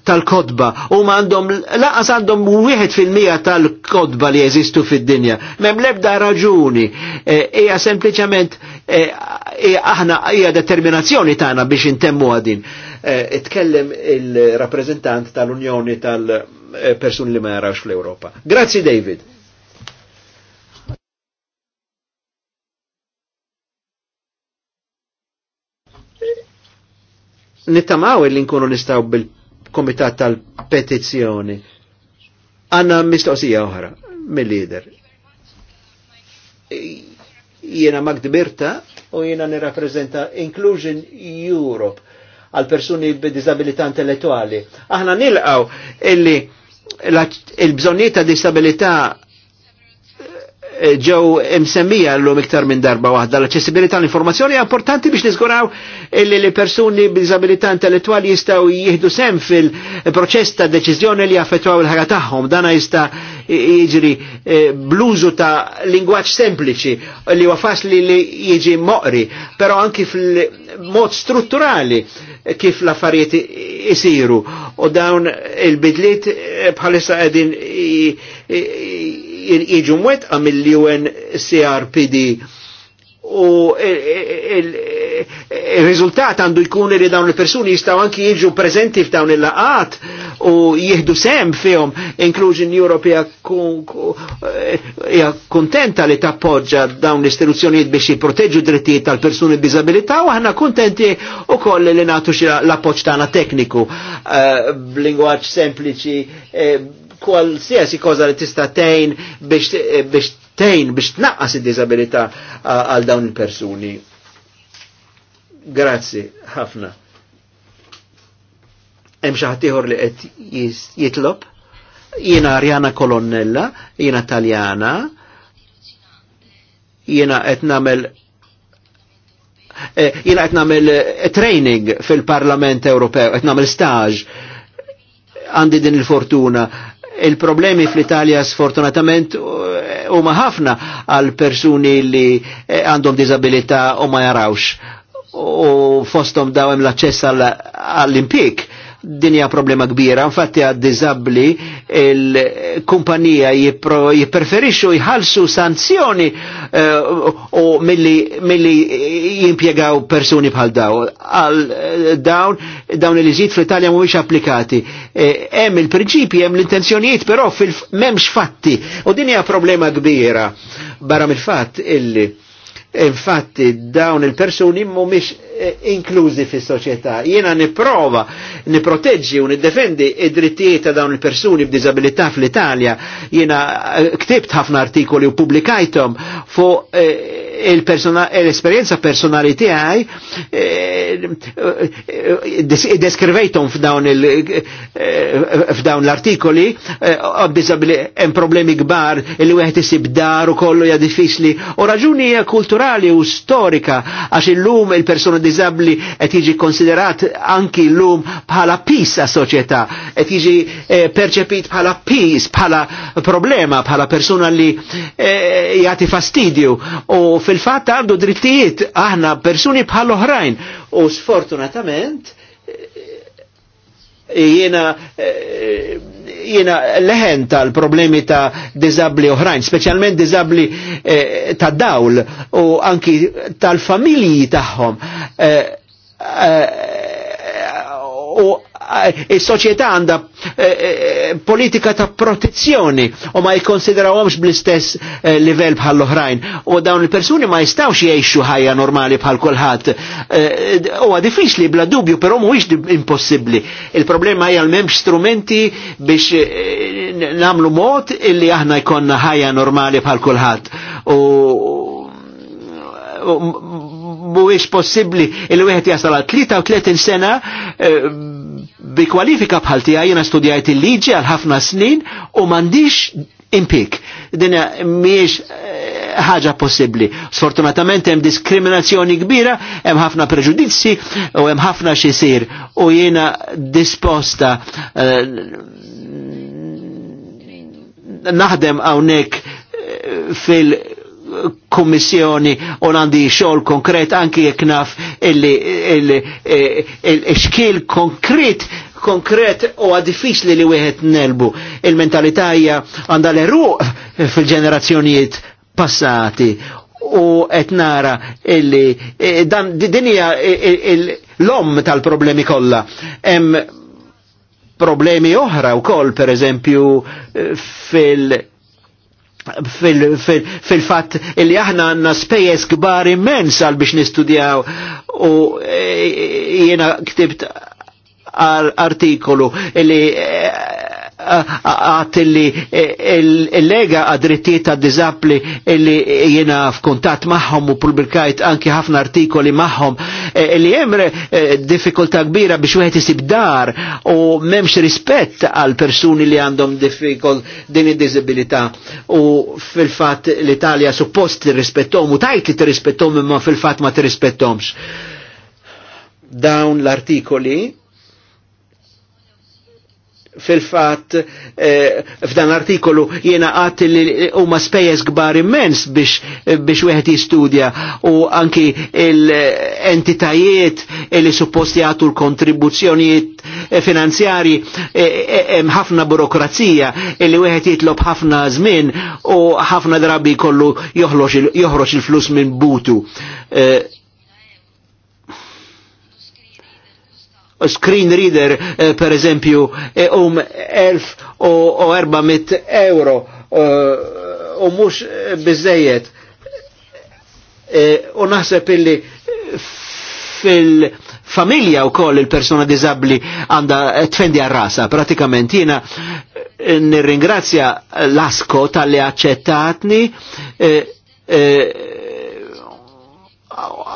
tal-kodba u għandhom laqas għandhom wieħed fil-mija tal-kodba li jeżistu fid-dinja. Mem lebda raġuni, eh, hija sempliċement aħna hija determinazzjoni tagħna biex intemmu għadin. Itkellem il-rappreżentant tal-Unjoni tal-persuni li ma jarawx fl-Ewropa. Grazzi David. nittamaw li nkunu nistaw bil-komitat tal-petizzjoni. Għanna mistoqsija oħra mill-lider. Jena Magdbirta u jena nirrapprezenta Inclusion Europe għal persuni b'disabilità intellettuali. Aħna nilqaw illi il bżonni ta' disabilità ġew Msemmija l-lum iktar minn darba waħda. l accessibilità l-informazzjoni importanti biex nizguraw li li persuni b'disabilità intellettuali jistgħu jieħdu sem fil-proċess ta' deċiżjoni li jaffetwaw il ħagatahom tagħhom. Dana jista' jiġri eh, bluzu ta' lingwaġġ sempliċi li huwa faċli li jiġi moqri, però anki fil-mod strutturali kif l-affarijiet isiru u dawn il-bidliet eh, bħalissa għedin jiġu mwetqa mill uncrpd CRPD u il-rizultat għandu jkun li dawn il-persuni jistaw anki jieġu prezenti f'dawn il-laqat u jihdu sem fihom Inclusion Europe hija kontenta li tappoġġa dawn l-istituzzjonijiet biex jipproteġu drittijiet tal-persuni b'diżabilità u aħna kontenti koll li nagħtu xi l-appoġġ tagħna tekniku eh, b'lingwaġġ sempliċi eh, kualsiasi koza li tista' tejn biex eh, tejn biex tnaqqas id dizabilità għal dawn il-persuni. Grazzi, ħafna. Hemm xi ħadd li qed jitlob. Jiena Arjana Kolonnella, jiena Taljana, jiena qed nagħmel eh, jiena qed nagħmel eh, training fil-Parlament Ewropew, qed nagħmel staġ għandi din il-fortuna il-problemi fl-Italja sfortunatament huma ħafna għal persuni li eh, għandhom disabilità u ma jarawx u fostom dawem l-aċċess għall-impik dinja problema kbira, infatti għad dizabli il-kumpanija jipreferixxu jħalsu sanzjoni eh, u milli, milli jimpiegaw persuni bħal daw. Għal eh, dawn, dawn li żid fl-Italja mhuwiex applikati. Eh, hemm il-prinċipi, hemm l-intenzjonijiet, però fil-memx fatti. U dinja problema kbira barra mill-fatt illi infatti dawn il-persuni mhumiex Eh, inklużi fis soċjetà Jiena niprova, niproteġġi u niddefendi id-drittijiet ta' dawn il-persuni b'diżabilità fl-Italja. Jiena eh, ktibt ħafna artikoli u publikajtom fuq eh, l-esperjenza personali tiegħi deskrivejtom f'dawn l-artikoli hemm problemi kbar li wieħed isib dar u kollu hija diffiċli u raġuni kulturali u storika għax illum il-persuna diżabbli qed jiġi konsiderat anki l-lum bħala pis għas soċjetà, qed jiġi eh, perċepit bħala pis, bħala problema, bħala persuna li eh, jagħti fastidju u fil-fatt għandu drittijiet aħna persuni bħal oħrajn u sfortunatament jiena eh, jiena leħen tal-problemi ta' dizabli oħrajn, specialment dizabli eh, ta' dawl u anki tal-familji tagħhom. Eh, u Eh, il-soċjetà għandha eh, eh, politika ta' protezzjoni u ma jikkonsiderawhomx bl-istess livell bħal oħrajn u dawn il-persuni ma jistgħux jgħixu ħajja normali bħal kulħadd. Huwa diffiċli bla dubju, però mhuwiex impossibbli. Il-problema hija l-m'hemmx strumenti biex nagħmlu mod illi aħna jkollna ħajja normali bħal kulħadd. U mhuwiex possibbli il wieħed jasal 33 sena bi kwalifika bħal tiegħi jiena studjajt il-liġi għal ħafna snin u m'għandix impik. Din miex eh, ħaġa possibbli. Sfortunatament hemm diskriminazzjoni kbira, hemm ħafna preġudizzi u hemm ħafna xisir u jiena disposta eh, naħdem hawnhekk eh, fil- kommissjoni għandi xogħol konkret anki jek naf e, e, il-xkil konkret konkret u diffiċli li wieħed nelbu. Il-mentalità hija għandha l fil-ġenerazzjonijiet passati u qed nara illi e, dan din hija l-om tal-problemi kollha. Hemm problemi oħra wkoll pereżempju fil- fil-fat illi aħna għanna spejjeż kbar immens għal biex nistudjaw u e, e, e, jiena ktibt artikolu li eh, għat li eh, l lega għadrittiet għad li li jena f'kuntat maħħom u publikajt anki ħafna artikoli maħħom eh, li jemre diffikulta kbira biex wieħed jisib dar u memx rispett għal persuni li għandhom diffikol din id-dizibilità u fil-fat l-Italja suppost t-rispettom u tajt li t-rispettom imma fil-fat ma t-rispettomx. Dawn l-artikoli fil-fat eh, f'dan artikolu jiena għat li huma spejjeż kbar immens biex biex wieħed jistudja u anki l-entitajiet li supposti jagħtu l-kontribuzzjonijiet eh, finanzjari eh, hemm ħafna burokrazija li wieħed jitlob ħafna żmien u ħafna drabi kollu joħroġ il-flus minn butu. screen reader eh, per eżempju e um 1000 o 400 euro eh, e, u mux bizzejiet u uh, naħseb illi fil- familja u koll il-persona dizabli għanda tfendi għarrasa. Pratikament jina eh, nirringrazzja l-asko tal-li accettatni, eh, eh,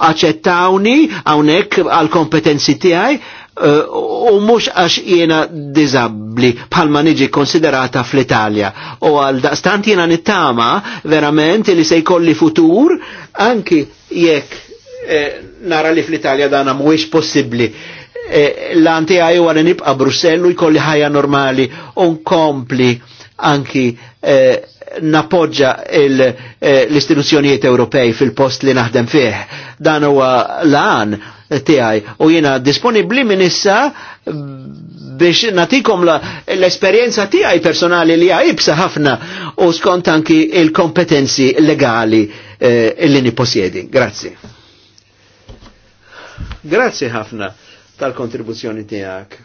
accettawni għawnek għal kompetenzi tijaj, Eh, u mux għax jena dizabli bħalma niġi konsiderata fl-Italja u għal daqstant jena nittama verament li se jkolli futur anki jekk eh, nara li fl-Italja dana mwix possibli eh, l-anti għaj għan nibqa Brussellu jkolli ħajja normali un kompli anki eh, napoġġa l-istituzzjonijiet Ewropej fil-post li naħdem fih. Dan huwa lan tiegħi u jiena disponibbli minn issa biex natikom l-esperjenza tiegħi personali li jibsa ħafna u skont anki il-kompetenzi legali eh, li niposjedi. Grazzi. Grazzi ħafna tal-kontribuzzjoni tiegħek.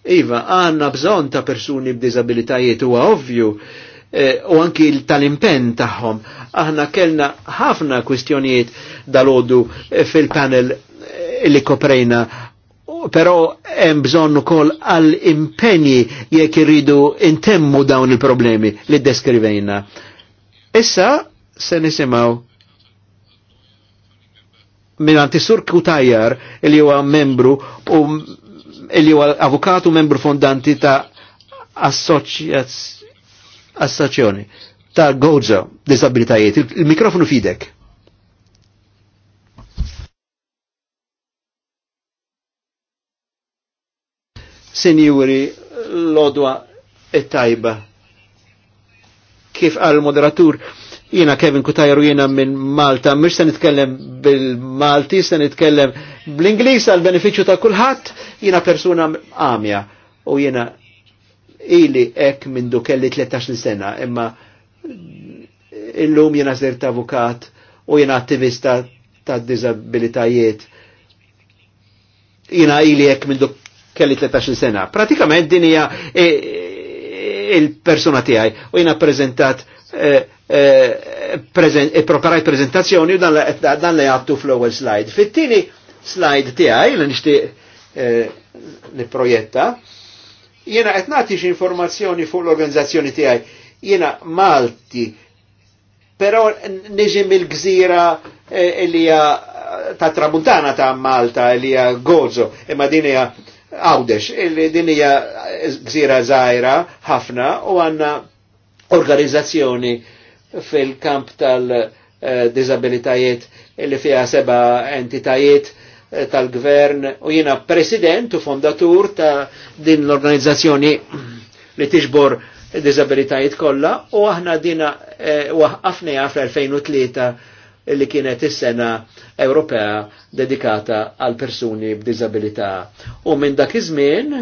Iva, għanna bżon ta' persuni b'dizabilitajiet u ovvju eh, u anki tal-impen tagħhom. Aħna kellna ħafna kwistjonijiet dal-ħodu fil-panel li koprejna pero hemm bżonn ukoll għall impenji jekk irridu intemmu dawn il-problemi li deskrivejna. Issa se nisimgħu minn Sur Kutajjar li huwa membru u li huwa avukatu membru fondanti ta' assoċjazzjoni ta' Gozo Disabilitajiet. Il-mikrofonu fidek. Sinjuri, l-odwa it-tajba. E Kif għal moderatur jina Kevin Kutajru jina minn Malta, mux se nitkellem bil-Malti, se nitkellem bl-Inglis għal beneficju ta' kulħadd, jina persuna għamja u jina ili ek minn du kelli 13 sena, imma illum jina sirt avukat u jina attivista ta' disabilitajiet. Jina ili ek minn du kelli 13 sena. Pratikament din hija eh, eh, il-persuna tiegħi u jiena preżentat eh, preparajt prezentazzjoni u dan li għattu fl-ewwel slide. Fit-tieni slide tiegħi li nixtieq nipprojetta, jiena qed nagħti informazzjoni fuq l-organizzazzjoni tiegħi. Jiena Malti, però niġi mill-gżira li hija ta' tramuntana ta' Malta li hija Gozo, imma din hija għawdex, illi din hija gżira zaħira ħafna u għandna organizzazzjoni fil-kamp tal dizabilitajiet illi fiha seba entitajiet tal-gvern u jiena president u fondatur ta' din l-organizzazzjoni li tiġbor dizabilitajiet kollha u aħna dina għafnija eh, fl-2003 li kienet is-sena Ewropea dedikata għal persuni b'diżabilità. U minn dak iż-żmien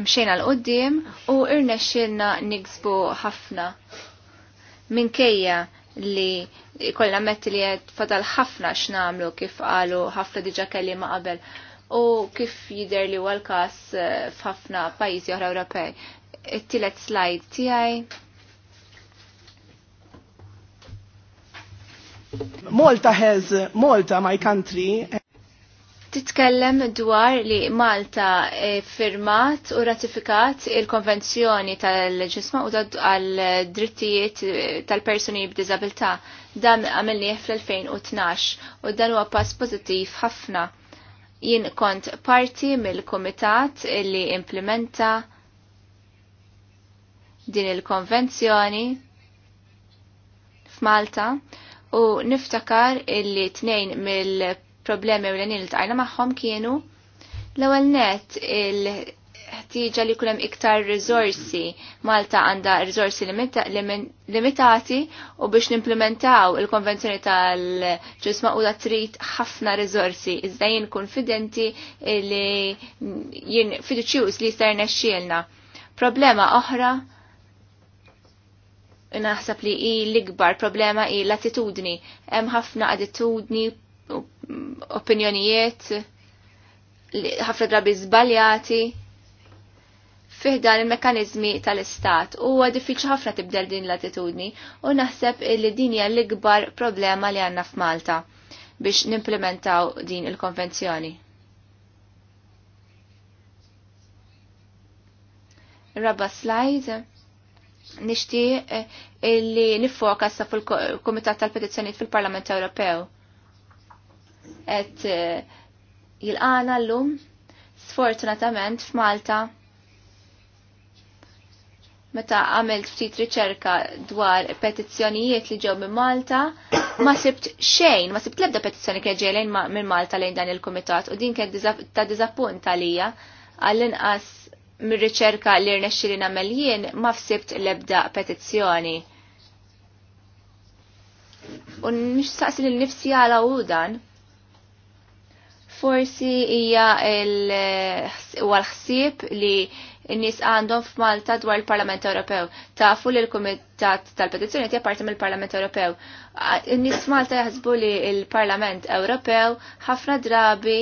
mxejna l-qoddim u irnexxilna niksbu ħafna. Minkejja li kollha metti li qed fadal ħafna x'namlu kif qalu ħafna diġà kelliema qabel u kif jidher li huwa l-każ eh, f'ħafna pajjiżi oħra Ewropej. It-tielet slide tiegħi Malta has Malta my country titkellem dwar li Malta eh, firmat u ratifikat il-konvenzjoni tal-ġisma u għal-drittijiet eh, tal-personi b'dizabilta. Dan għamilni fl-2012 u dan huwa pass pozittiv ħafna. Jien kont parti mill-komitat li implementa din il-konvenzjoni f'Malta. Malta u niftakar illi tnejn mill-problemi u l-għanin l-tajna maħħom kienu l ewwel net il ħtijġa li kullem iktar rizorsi Malta għanda rizorsi limitati u biex nimplementaw il-konvenzjoni tal-ġusma u da trit ħafna rizorsi iżda jien konfidenti li jien fiduċjuż li jistajna xielna. Problema oħra naħseb li i l-ikbar problema i l-attitudni. Hemm ħafna attitudni, opinjonijiet, ħafna drabi żbaljati dan il-mekanizmi tal-istat u għadifiċ ħafna tibdel din l-attitudni u naħseb li din hija l-ikbar problema li għandna f'Malta biex nimplementaw din il-konvenzjoni. Rabba slide nishti eh, illi nifoka sa fil-Kumitat tal-Petizzjonijiet fil-Parlament Ewropew. Et eh, l llum sfortunatament f'Malta meta għamilt ftit riċerka dwar petizzjonijiet li ġew minn Malta, ma sibt xejn, ma sibt lebda petizzjoni kien ġejlejn minn Malta lejn dan il-kumitat u din kien ta' diżappunt għalija għall-inqas mir-riċerka li rnexxi li nagħmel jien ma fsibt l-ebda petizzjoni. U nixtaqsi lil nifsi għal u dan. Forsi hija l-ħsieb li n-nis għandhom f'Malta dwar il-Parlament Ewropew. Tafu li l-Kumitat tal-Petizzjoni qed parti mill-Parlament Ewropew. N-nis Malta jaħsbu li l-Parlament Ewropew ħafna drabi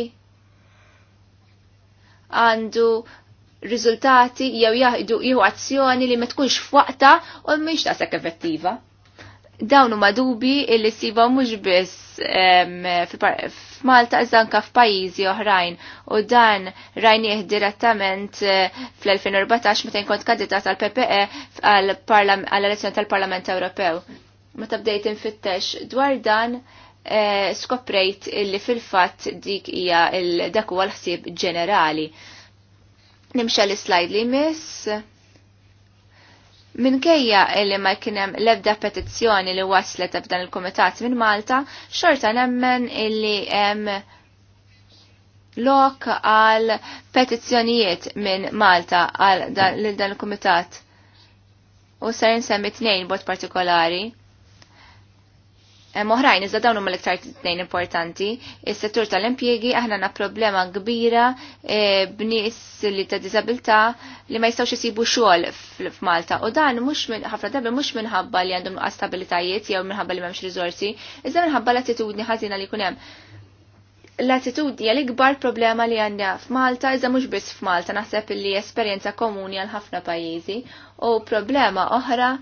għandu riżultati jew jaħdu jew azzjoni li ma tkunx f'waqta u mhix taqsek effettiva. Dawn huma dubi li siba mhux biss f'Malta iżda anke f'pajjiżi oħrajn u dan rajnieh direttament eh, fl-2014 meta kont kandidat għal PPE għall-elezzjoni tal-Parlament Ewropew. Meta bdejt infittex dwar dan eh, skoprejt li fil-fatt dik hija dak huwa l-ħsieb ġenerali Nimxa l-slajd li miss. Minkejja li ma kienem lebda petizzjoni li waslet f'dan il-komitat minn Malta, xorta nemmen illi hemm lok għal petizzjonijiet minn Malta għal dan il-komitat. U ser nsemmi tnejn bot partikolari oħrajn, iżda dawn huma l-iktar tnejn importanti. Is-settur tal-impjiegi aħna na problema kbira e, b'nies li ta' diżabilità li ma jistgħux isibu xogħol f'Malta. U dan mhux ħafna drabi mhux minħabba li għandhom nuqqas stabilitajiet jew minħabba li m'hemmx riżorsi, iżda minħabba l-attitudni ħażina li jkun hemm. L-attitudni hija l-ikbar problema li għandha f'Malta, iżda mhux biss f'Malta, naħseb li esperjenza komuni għal ħafna pajjiżi u problema oħra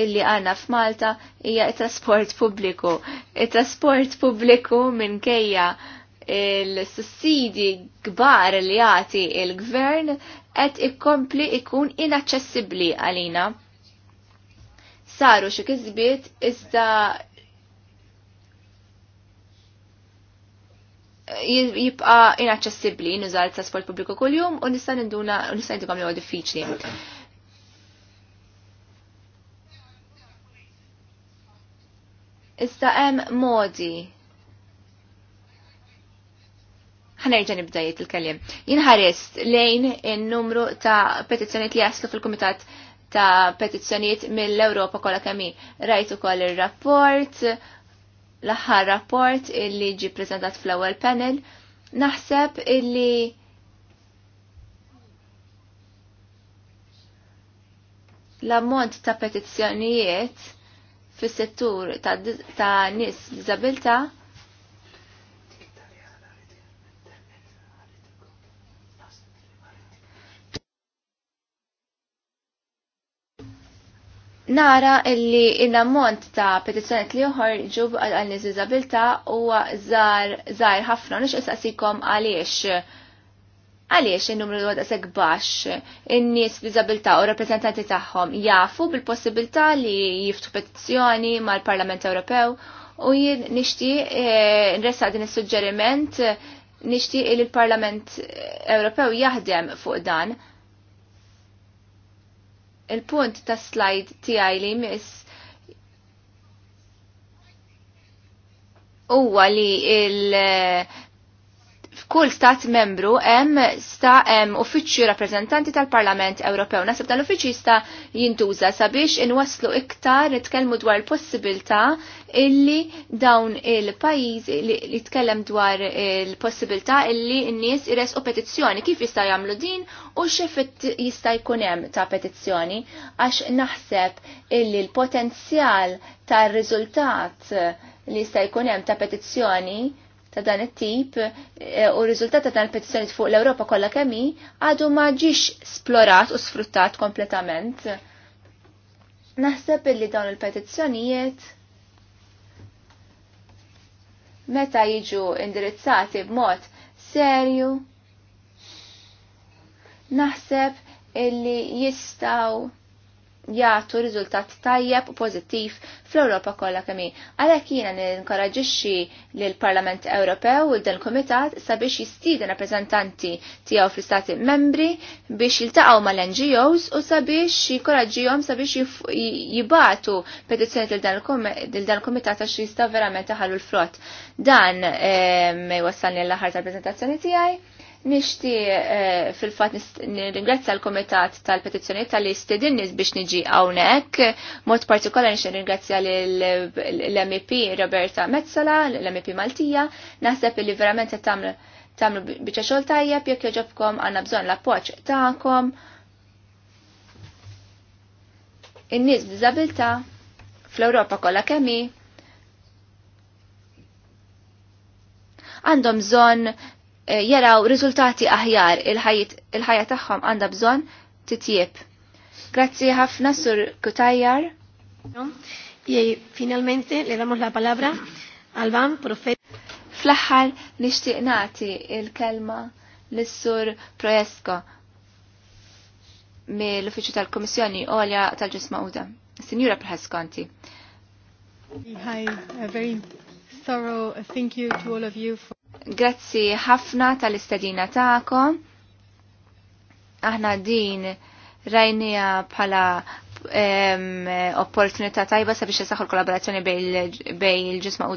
illi għanna f'Malta hija it-trasport pubbliku. It-trasport pubbliku minkejja il-sussidi kbar li jagħti il-gvern qed ikkompli ikun inaċċessibbli għalina. Saru xi kisbiet iżda jibqa inaċċessibbli nużar trasport pubbliku kuljum u nista' ninduna u nista' nindukom li huwa diffiċli. Issa hemm modi. Ħanerġa' nibdajiet il kelliem Jinħarist lejn in-numru ta' petizzjonijiet li jaslu fil-Kumitat ta' petizzjonijiet mill-Ewropa kollha kemm hi. Rajt ukoll ir-rapport, l-aħħar rapport illi ġi preżentat fl-ewwel panel. Naħseb illi l-ammont ta' petizzjonijiet fis-settur ta', ta nies b'diżabilità Nara illi in-ammont ta' petizzjoniet li joħorġu għal nies diżabilità huwa żgħar ħafna nix issaqsikom għaliex Għaliex il-numru l għadasek bax, in-nies b'diżabilità u rappresentanti tagħhom jafu bil-possibilità li jiftu petizzjoni mal-Parlament Ewropew u jien nixtieq eh, nressa din is-suġġeriment nixtieq li l-Parlament Ewropew jaħdem fuq dan. Il-punt ta' slide tiegħi li miss huwa li F'kull stat membru hemm sta hemm uffiċċju rappreżentanti tal-Parlament Ewropew. Nasib tal-uffiċċju jista' jintuża sabiex inwasslu iktar nitkellmu dwar il-possibilità illi dawn il-pajjiż li jitkellem dwar il-possibilità illi n-nies iresqu petizzjoni kif jista' jagħmlu din u x'effett jista' jkun hemm ta' petizzjoni għax naħseb illi l-potenzjal tar-riżultat li jista' jkun hemm ta' petizzjoni ta' dan it-tip eh, u r-riżultat ta' dan il petizjoni fuq l-Ewropa kollha kemm hi għadu ma ġiex splorat u sfruttat kompletament. Naħseb illi dawn il-petizzjonijiet meta jiġu indirizzati b'mod serju naħseb illi jistaw jagħtu riżultat tajjeb u pożittiv fl-Ewropa kollha kemm hi. Għalhekk jiena ninkoraġixxi lil Parlament Ewropew u dan kumitat sabiex jistieden rappreżentanti tiegħu fl-Istati membri biex jiltaqgħu mal-NGOs u sabiex jikoraġġihom sabiex jibatu petizzjoni lil dan kumitat għax jista' verament taħallu l-frott. Dan eh, me jwassalni l-aħħar tal-preżentazzjoni tiegħi. Nishti eh, fil-fat nirringrazza l-Komitat tal-Petizzjoni tal-li biex niġi għawnek. Mod partikolari nixti nirringrazzja l-MEP Roberta Mezzola, l-MEP Maltija. Naħseb li verament tamlu tamlu bieċa xol tajjeb jekk joġobkom għanna bżon l-appoċ ta'kom. In-nies b'diżabilità fl-Ewropa kollha kemmi għandhom bżonn Eh, jaraw riżultati aħjar il-ħajja tagħhom għandha bżonn titjieb. Grazzi ħafna sur Kutajjar. Jej, finalmente le damos la palabra al van profet. Fl-aħħar nixtieq nagħti il-kelma lis-sur Proesko mill-Uffiċċju tal-Kummissjoni Olja tal-Ġisma Uda. Sinjura Proeskonti. Hi, a very thorough. Thank you to all of you. For... Grazzi ħafna tal-istadina ta'kom. Aħna din rajnija bħala opportunità tajba sabiex jisaxħu l-kollaborazzjoni bej il-ġisma u u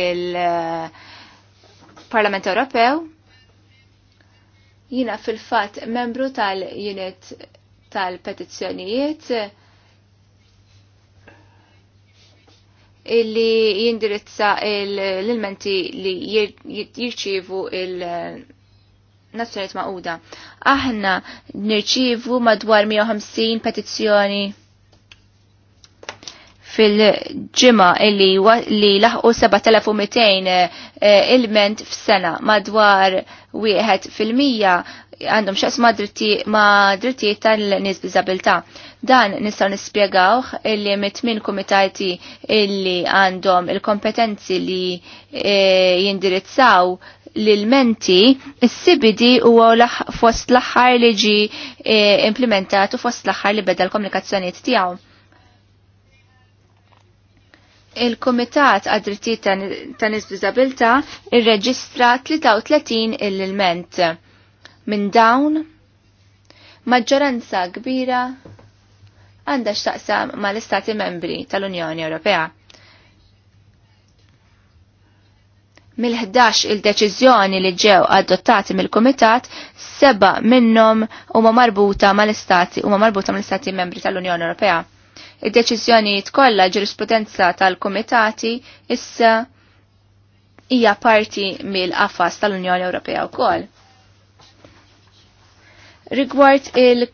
il-Parlament eh, Ewropew. Jina fil-fat membru tal-unit tal-petizzjonijiet li jindirizza l-ilmenti li jirċivu il- Nazzjoniet Maquda. Aħna nirċivu madwar 150 petizzjoni fil-ġimma li, li laħqu 7200 eh, ilment f'sena madwar wieħed fil-mija għandhom xaqs ma' drittijiet tal-nies bizabilta. Dan nistaw nispjegawh illi mit-tmin kumitati illi għandhom il-kompetenzi li e, jindirizzaw l-menti, s-sibidi u fost l-axħar li ġi e, implementat u fost l-axħar li beda l-komunikazzjoniet tijaw. Il-Komitat għad-drittijiet ta' nis b'dizabilta reġistra 33 il-ment. Minn dawn, maġġoranza kbira għandha x'taqsam mal-Istati Membri tal-Unjoni Ewropea. Mill-11 il-deċiżjoni li ġew adottati mill-Kumitat, seba minnhom huma marbuta mal-Istati huma marbuta mal-Istati Membri tal-Unjoni Ewropea. Id-deċiżjonijiet kollha ġurisprudenza tal-Kumitati issa hija parti mill-qafas tal-Unjoni Ewropea wkoll rigward il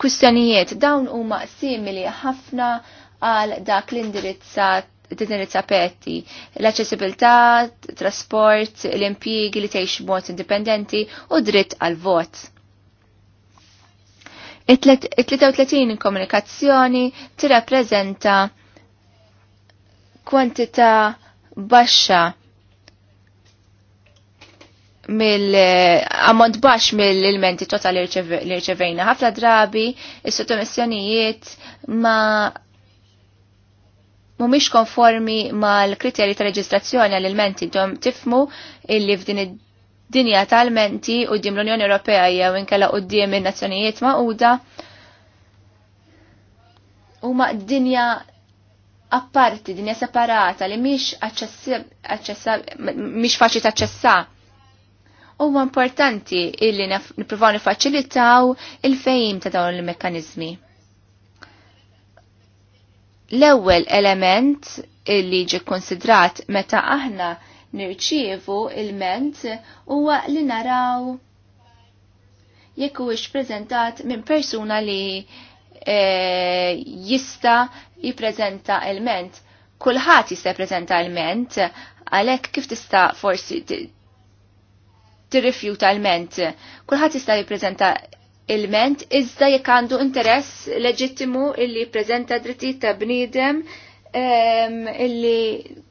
kwistjonijiet dawn huma simili ħafna għal dak l-indirizzat tindirizza petti, l-accessibilità, trasport, l-impjiegi li tgħix b'mod indipendenti u dritt għal vot. It-33 komunikazzjoni tirrappreżenta kwantità baxxa mill-ammont baxx mill-ilmenti tota li rċevejna. Ħafna drabi il sottomissjonijiet ma mumiex konformi mal-kriterji ta' reġistrazzjoni għall-ilmenti dom tifmu illi f'din id-dinja tal-menti u dim l-Unjoni Ewropea jew inkella u dim il-nazzjonijiet maquda u ma' dinja apparti, dinja separata li miex miex faċi taċċessa huwa importanti illi nippruvaw nifaċilitaw il-fejim ta' dawn il-mekkaniżmi. L-ewwel element illi ġi konsidrat meta aħna nirċievu il-ment huwa li naraw jekk huwiex preżentat minn persuna li e, jista jippreżenta il-ment. Kulħadd jista' jippreżenta il-ment, għalhekk kif tista' forsi tirrifjuta l-ment. Kulħadd jista' jippreżenta il-ment iżda jekk għandu interess leġittimu illi jippreżenta drittijiet ta' bniedem illi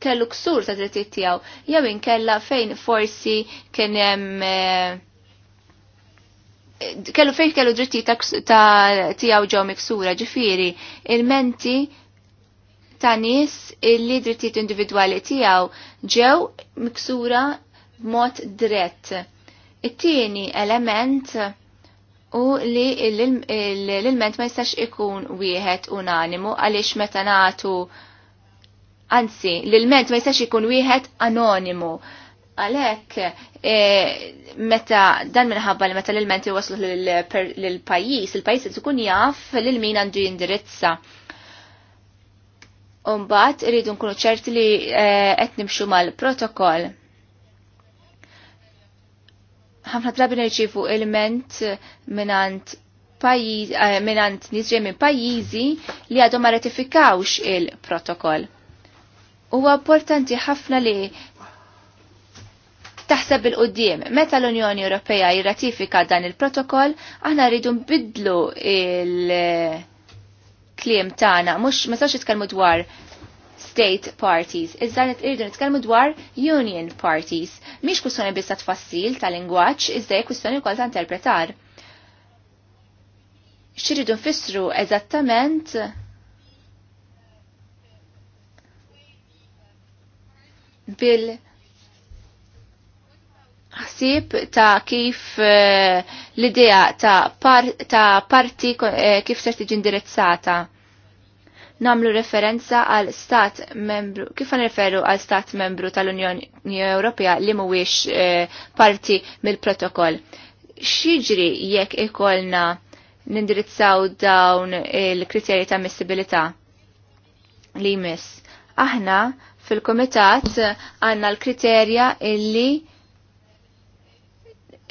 kellu ksur ta' drittijiet tiegħu jew inkella fejn forsi kien hemm eh, kellu fejn kellu dritti ta' tijaw ġew miksura, ġifiri, il-menti ta' nis illi drittijiet individwali tijaw ġew miksura b'mod dritt. It-tieni element u li l-ilment ma jistax ikun wieħed unanimu għaliex meta nagħtu anzi l-ilment ma jistax ikun wieħed anonimu. Għalhekk e, meta dan minħabba li meta l-ilmenti waslu lill-pajjiż, il-pajjiż se tkun jaf lil min għandu jindirizza. Umbagħad irridu nkunu ċerti li e, qed nimxu mal-protokoll ħafna drabi nerċifu element minant eh, minant nisġej minn pajizi li għadhom ma ratifikawx il-protokoll. Huwa importanti ħafna li taħseb il-qoddim, meta l-Unjoni Ewropea jirratifika dan il-protokoll, aħna rridu nbidlu il-klim tagħna, mhux ma sarx jitkellmu dwar state parties, iżda li nitkellmu dwar union parties. Mhix kwistjoni biss ta' tfassil tal lingwaġġ, iżda hija kwistjoni wkoll ta' interpretar. Xiridu nfissru eżattament bil ħsib ta' kif eh, l-idea ta', par, ta parti eh, kif ser tiġi indirizzata namlu referenza għal stat membru, kif referu għal stat membru tal-Unjoni Ewropea li mhuwiex eh, parti mill-protokoll. X'jiġri jekk ikolna nindirizzaw dawn il-kriterji ta' ammissibilità li jmiss. Aħna fil-komitat għanna l-kriterja illi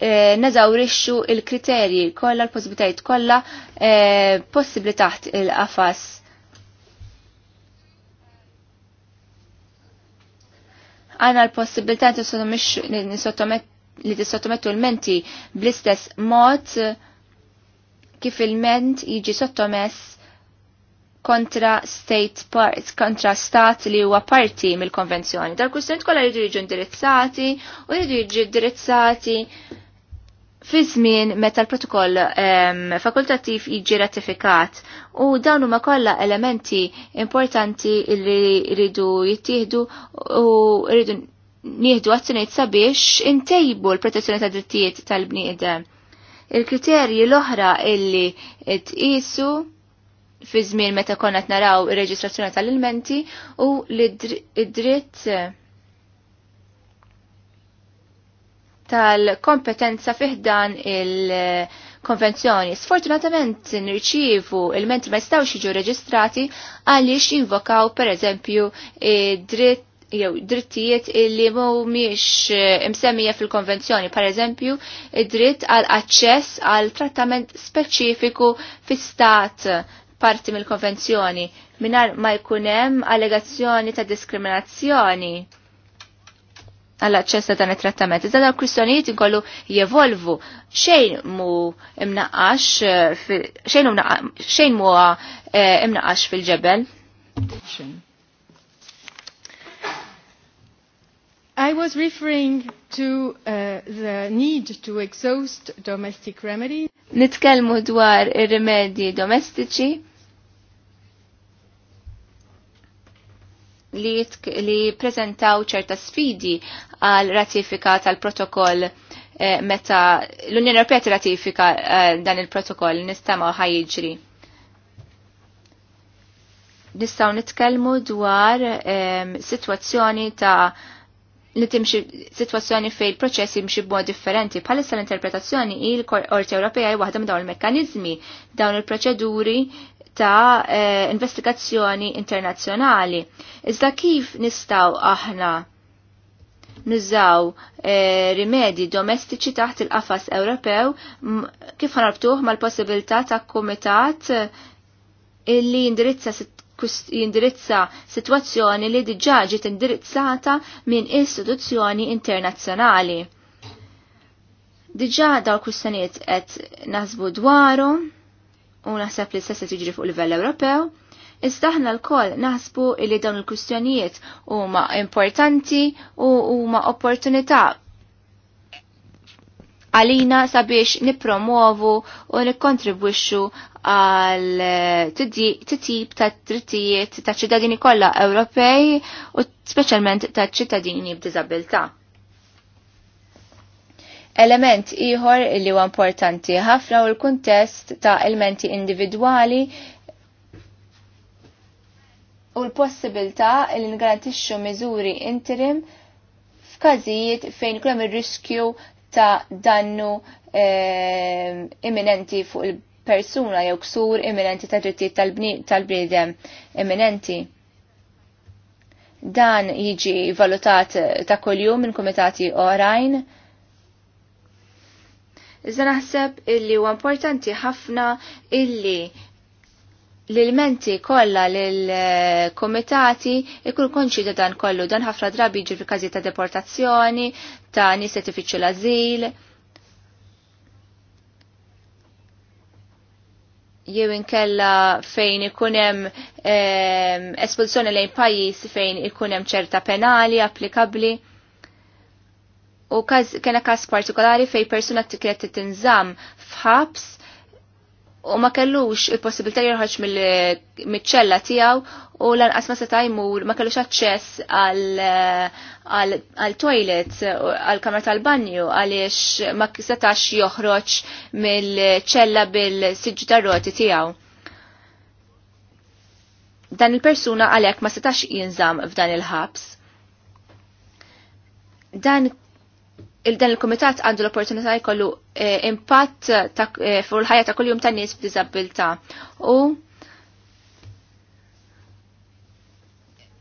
E, eh, nazawrixxu il-kriterji kollha l-possibilitajiet kollha e, eh, possibbli taħt il-qafas għana l-possibilità li t-sottomettu l-menti bl-istess mod kif il-ment jiġi sottomess kontra state part, kontra stat li huwa parti mill-konvenzjoni. dal kustent kollha jridu jiġu indirizzati u jridu jiġu indirizzati fi żmien meta l-protokoll fakultattiv jiġi ratifikat u dawn huma kollha elementi importanti li rridu jittieħdu u rridu nieħdu azzjonijiet sabiex intejbu l-protezzjoni ta' drittijiet tal-bniedem. Il-kriterji l-oħra illi tqisu fi żmien meta konna naraw ir-reġistrazzjoni tal-ilmenti u l dritt tal-kompetenza fiħdan il-konvenzjoni. Sfortunatament nirċivu il-menti ma jistawx jiġu reġistrati għaliex jinvokaw per eżempju dritt jew drittijiet illi mhumiex eh, imsemmija fil-konvenzjoni, par eżempju, id-dritt għal aċċess għal trattament speċifiku fi stat parti mill-konvenzjoni mingħajr ma jkun hemm allegazzjoni ta' diskriminazzjoni għal aċċess ta' dan it-trattament. Iżda dawn kwistjonijiet inkollu jevolvu xejn mu imnaqax xejn eh, xejn mu eh, imnaqax fil-ġebel. I was referring to uh, the need to exhaust domestic remedies. Nitkellmu dwar ir-rimedji domestiċi li, li prezentaw ċerta sfidi għal ratifika tal-protokoll eh, meta l-Unjoni Ewropea ratifika eh, dan il-protokoll nistama' ħajġri? Nistgħu nitkellmu dwar ehm, sitwazzjoni ta' li timxi situazzjoni fej il-proċess jimxi b'mod differenti. Bħalissa l-interpretazzjoni il l Ewropea hi waħda minn dawn il-mekkaniżmi, dawn il-proċeduri ta' eh, investigazzjoni internazzjonali. Iżda kif nistaw aħna nużaw e, eh, rimedji domestiċi taħt il-qafas Ewropew kif ħarbtuħ mal-possibilità ta' kumitat eh, illi jindirizza jindirizza situazzjoni li diġà ġiet indirizzata minn istituzzjoni internazzjonali. Diġà daw kustaniet qed naħsbu dwaru u naħseb li stessa tiġri fuq livell Ewropew Iżda aħna l-koll naħsbu li dawn il-kustjonijiet huma importanti u huma opportunità għalina sabiex nipromovu u nikkontribwixxu għal titjib ta' drittijiet ta' ċittadini kollha Ewropej u speċjalment ta' ċittadini b'diżabilità. Element ieħor li huwa importanti ħafna u l-kuntest ta' elementi individwali u l-possibilità li ngarantixxu miżuri interim f'każijiet fejn kull hemm ir-riskju ta' dannu e, imminenti fuq il-persuna jew ksur imminenti ta' drittijiet tal-bniedem tal imminenti. Dan jiġi valutat ta' kuljum minn kumitati oħrajn. Iżda naħseb illi huwa importanti ħafna illi l-elementi kollha l-komitati ikun konċida dan kollu dan ħafna drabi ġi fi ta' deportazzjoni, ta' nies qed l-ażil. jew inkella fejn ikun hemm ehm, espulsjoni lejn pajjiż fejn ikun hemm ċerta penali applikabbli. U kena każ partikolari fejn persuna tikret tinżamm f'ħabs u ma kellux il-possibilità jirħarġ mill-ċella tiegħu u lanqas ma seta' jmur ma kellux aċċess għal toilet għal kamra tal-banju għaliex ma setax joħroġ mill-ċella bil siġġi tar-roti tiegħu. Dan il-persuna għalhekk ma setax jinżam f'dan il-ħabs. Dan il-dan il-komitat għandu l-opportunità jkollu eh, impatt eh, fuq il-ħajja ta' kuljum ta' nies b'diżabilità. U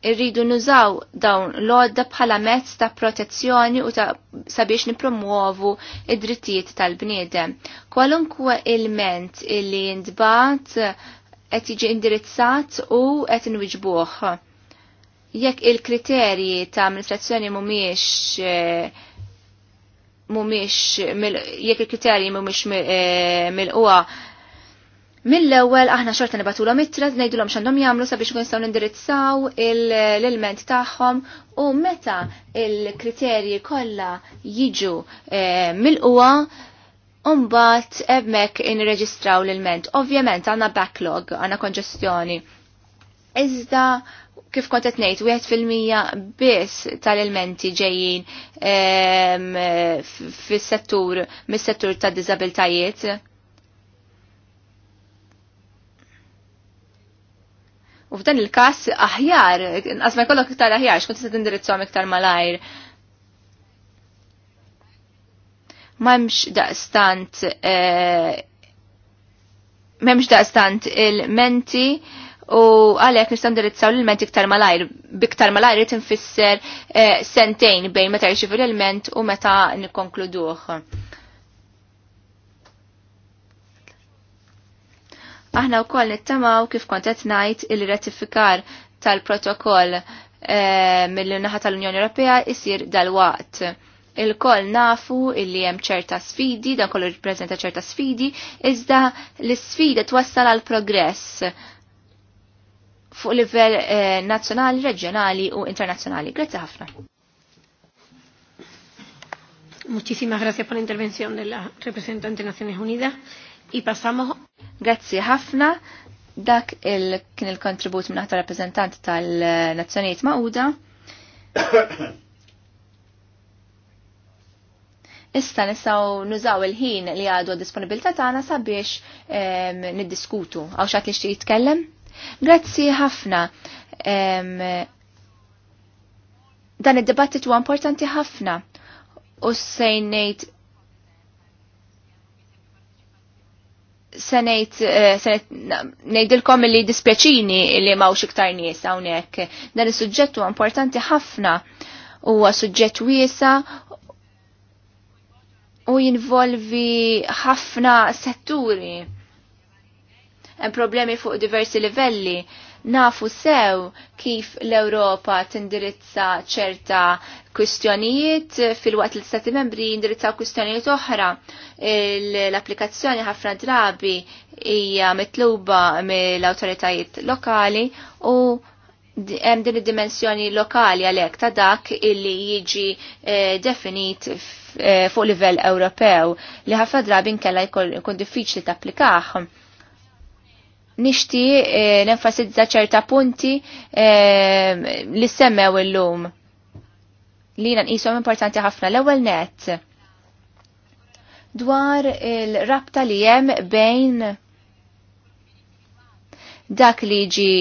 irridu nużaw dawn l-għodda bħala mezz ta' protezzjoni u ta' sabiex nipromuovu id-drittijiet tal-bniedem. Kwalunkwe ilment illi jindbat qed jiġi indirizzat u qed inwiġbuh. Jekk il-kriterji ta' amministrazzjoni mhumiex eh, mumiex, jekk il-kriterji mumiex eh, mil qwa mill-ewwel aħna xorta nejdu l ngħidulhom x'għandhom jagħmlu sabiex ikun staw nindirizzaw l-ilment tagħhom u meta il-kriterji kollha jiġu eh, mil qwa Umbat ebmek inreġistraw l-ilment. Ovvjament għanna backlog, għanna konġestjoni. Iżda kif kont qed ngħid wieħed fil-mija biss tal-elementi ġejjin ehm, fis-settur mis-settur tad-diżabiltajiet. U f'dan il-każ aħjar, ma jkollok iktar aħjar, xkont se tindirizzhom iktar malajr. M'hemmx daqstant eh, m'hemmx daqstant il-menti u għalek nistaw ndirizzaw l-ilment iktar malajr. Biktar malajr jt nfisser eh, sentejn bejn meta jxifu l-ilment u meta nikonkluduħ. Aħna u koll nittamaw kif kontet najt il-ratifikar tal-protokoll eh, mill-naħa tal-Unjoni Ewropea isir dal-waqt. Il-koll nafu illi hemm ċerta sfidi, dan kollu rippreżenta ċerta sfidi, iżda l-sfida twassal għal progress fuq livell eh, nazzjonali, reġjonali u internazzjonali. Grazzi ħafna. Muchísimas gracias por la intervención de la representante de Naciones Unidas y pasamos. Grazie ħafna. Dak il kien il-kontribut minn ħata rappresentant tal-Nazzjonijiet Mauda. Issa nistgħu nużaw il-ħin li għadu disponibilità tagħna sabiex niddiskutu. Għaw xatt li jitkellem? Grazzi ħafna. Dan id-dibattit huwa importanti ħafna. U sejnejt senejt, eh, senejt nejdilkom li dispjaċini li mawx iktar nies hawnhekk. Dan is-suġġett huwa importanti ħafna. Huwa suġġett wiesa u jinvolvi ħafna setturi hemm problemi fuq diversi livelli. Nafu sew kif l-Ewropa tindirizza ċerta kwistjonijiet fil-waqt l stati membri jindirizzaw kwistjonijiet oħra. L-applikazzjoni ħafna drabi hija mitluba mill-awtoritajiet lokali u hemm din id-dimensjoni lokali għalhekk ta' dak illi jiġi eh, definit eh, fuq livell Ewropew li ħafna drabi nkella jkun diffiċli tapplikah nishti eh, nenfasizza ċerta punti eh, li semmew illum li nanqisom importanti ħafna l-ewwel net dwar il-rabta li hemm bejn dak li ġi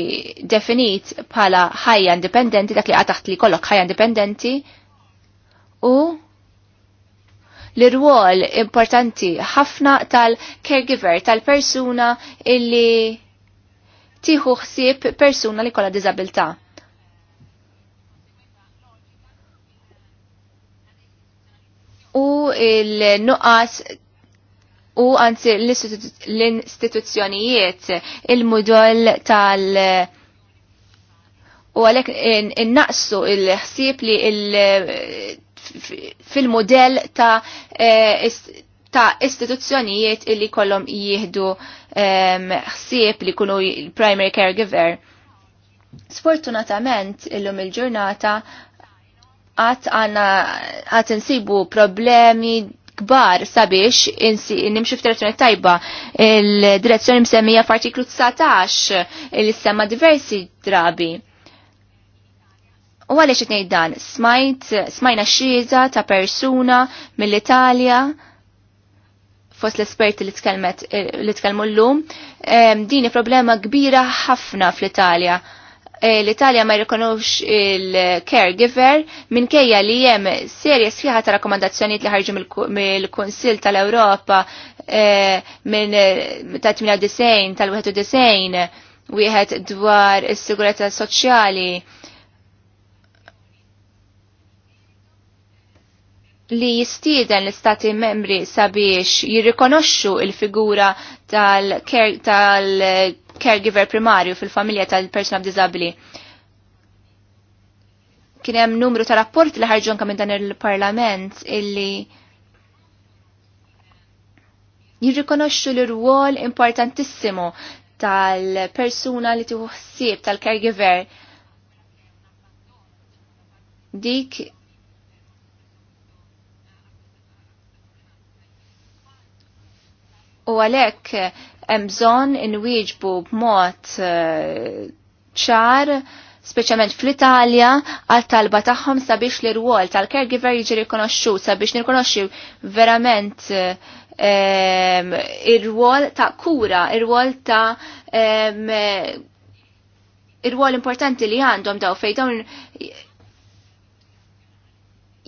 definit bħala ħajja indipendenti, dak li għataħt li kollok ħajja indipendenti, u l-rwol importanti ħafna tal-caregiver, tal-persuna illi tiħu ħsieb persuna li kolla dizabilta. U il-nuqqas u għanzi l-istituzzjonijiet il-mudol tal- u għalek naqsu il-ħsieb li il- fil-modell ta' eh, ta' istituzzjonijiet illi kollom jihdu ehm, ħsieb li kunu primary caregiver. Sfortunatament illum il-ġurnata għat għanna għat nsibu problemi kbar sabiex nimxu f'direzzjoni tajba il-direzzjoni msemmija partiklu 19 il-sema diversi drabi U għaliex qed ngħid dan, smajt smajna xieza ta' persuna mill-Italja fost l-esperti li tkellmet li tkellmu llum, dini problema kbira ħafna fl-Italja eh, l-Italja ma jirkonux il-caregiver minkejja li jem serjes fiħa ta' rakomandazzjoniet li ħarġu mill-Konsil tal-Europa eh, minn ta' 98 tal-91 wieħed dwar is-sigurezza soċjali li jistieden l-istati membri sabiex jirrikonoxxu il-figura tal-caregiver tal primarju fil-familja tal-persona b'disabili. Kien hemm numru ta' rapporti li ħarġu anke minn dan il-Parlament illi jirrikonoxxu l-rwol importantissimo tal-persuna li tieħu ħsieb tal-caregiver dik u għalhekk eh, hemm bżonn inwieġbu b'mod eh, ċar speċjalment fl-Italja għal talba tagħhom sabiex l wol tal-caregiver jiġi rikonoxxu sabiex nirkonoxxu verament eh, ir-rwol ta' kura, ir-rwol ta' ir-rwol importanti li għandhom daw fejn dawn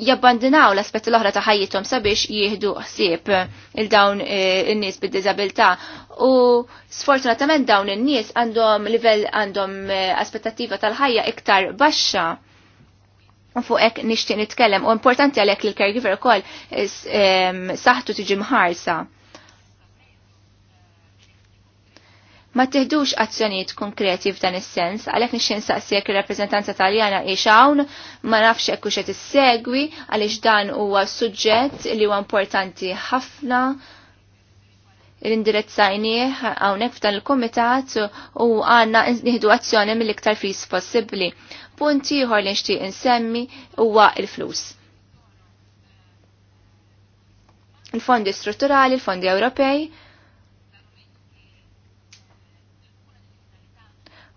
jabbandinaw l-aspetti l-oħra ta' ħajjithom sabiex jieħdu ħsieb il-dawn eh, in-nies bid-diżabilità u sfortunatament dawn in-nies għandhom livell għandhom eh, aspettattiva tal-ħajja iktar baxxa fuq hekk nixtieq nitkellem u importanti għalhekk il-caregiver ukoll eh, saħħtu tiġi mħarsa. ma teħdux azzjoniet konkreti f'dan is-sens, għalhekk nixxi nsaqsijek ir-rappreżentanza Taljana qiex hawn, ma nafx hekk hux qed issegwi għaliex dan huwa suġġett li huwa importanti ħafna l-indirizzajnieh hawnhekk f'dan il-kumitat u għandna nieħdu azzjoni mill-iktar fis possibbli. Punt ieħor li nixtieq insemmi huwa l-flus. Il-fondi strutturali, il-fondi Ewropej,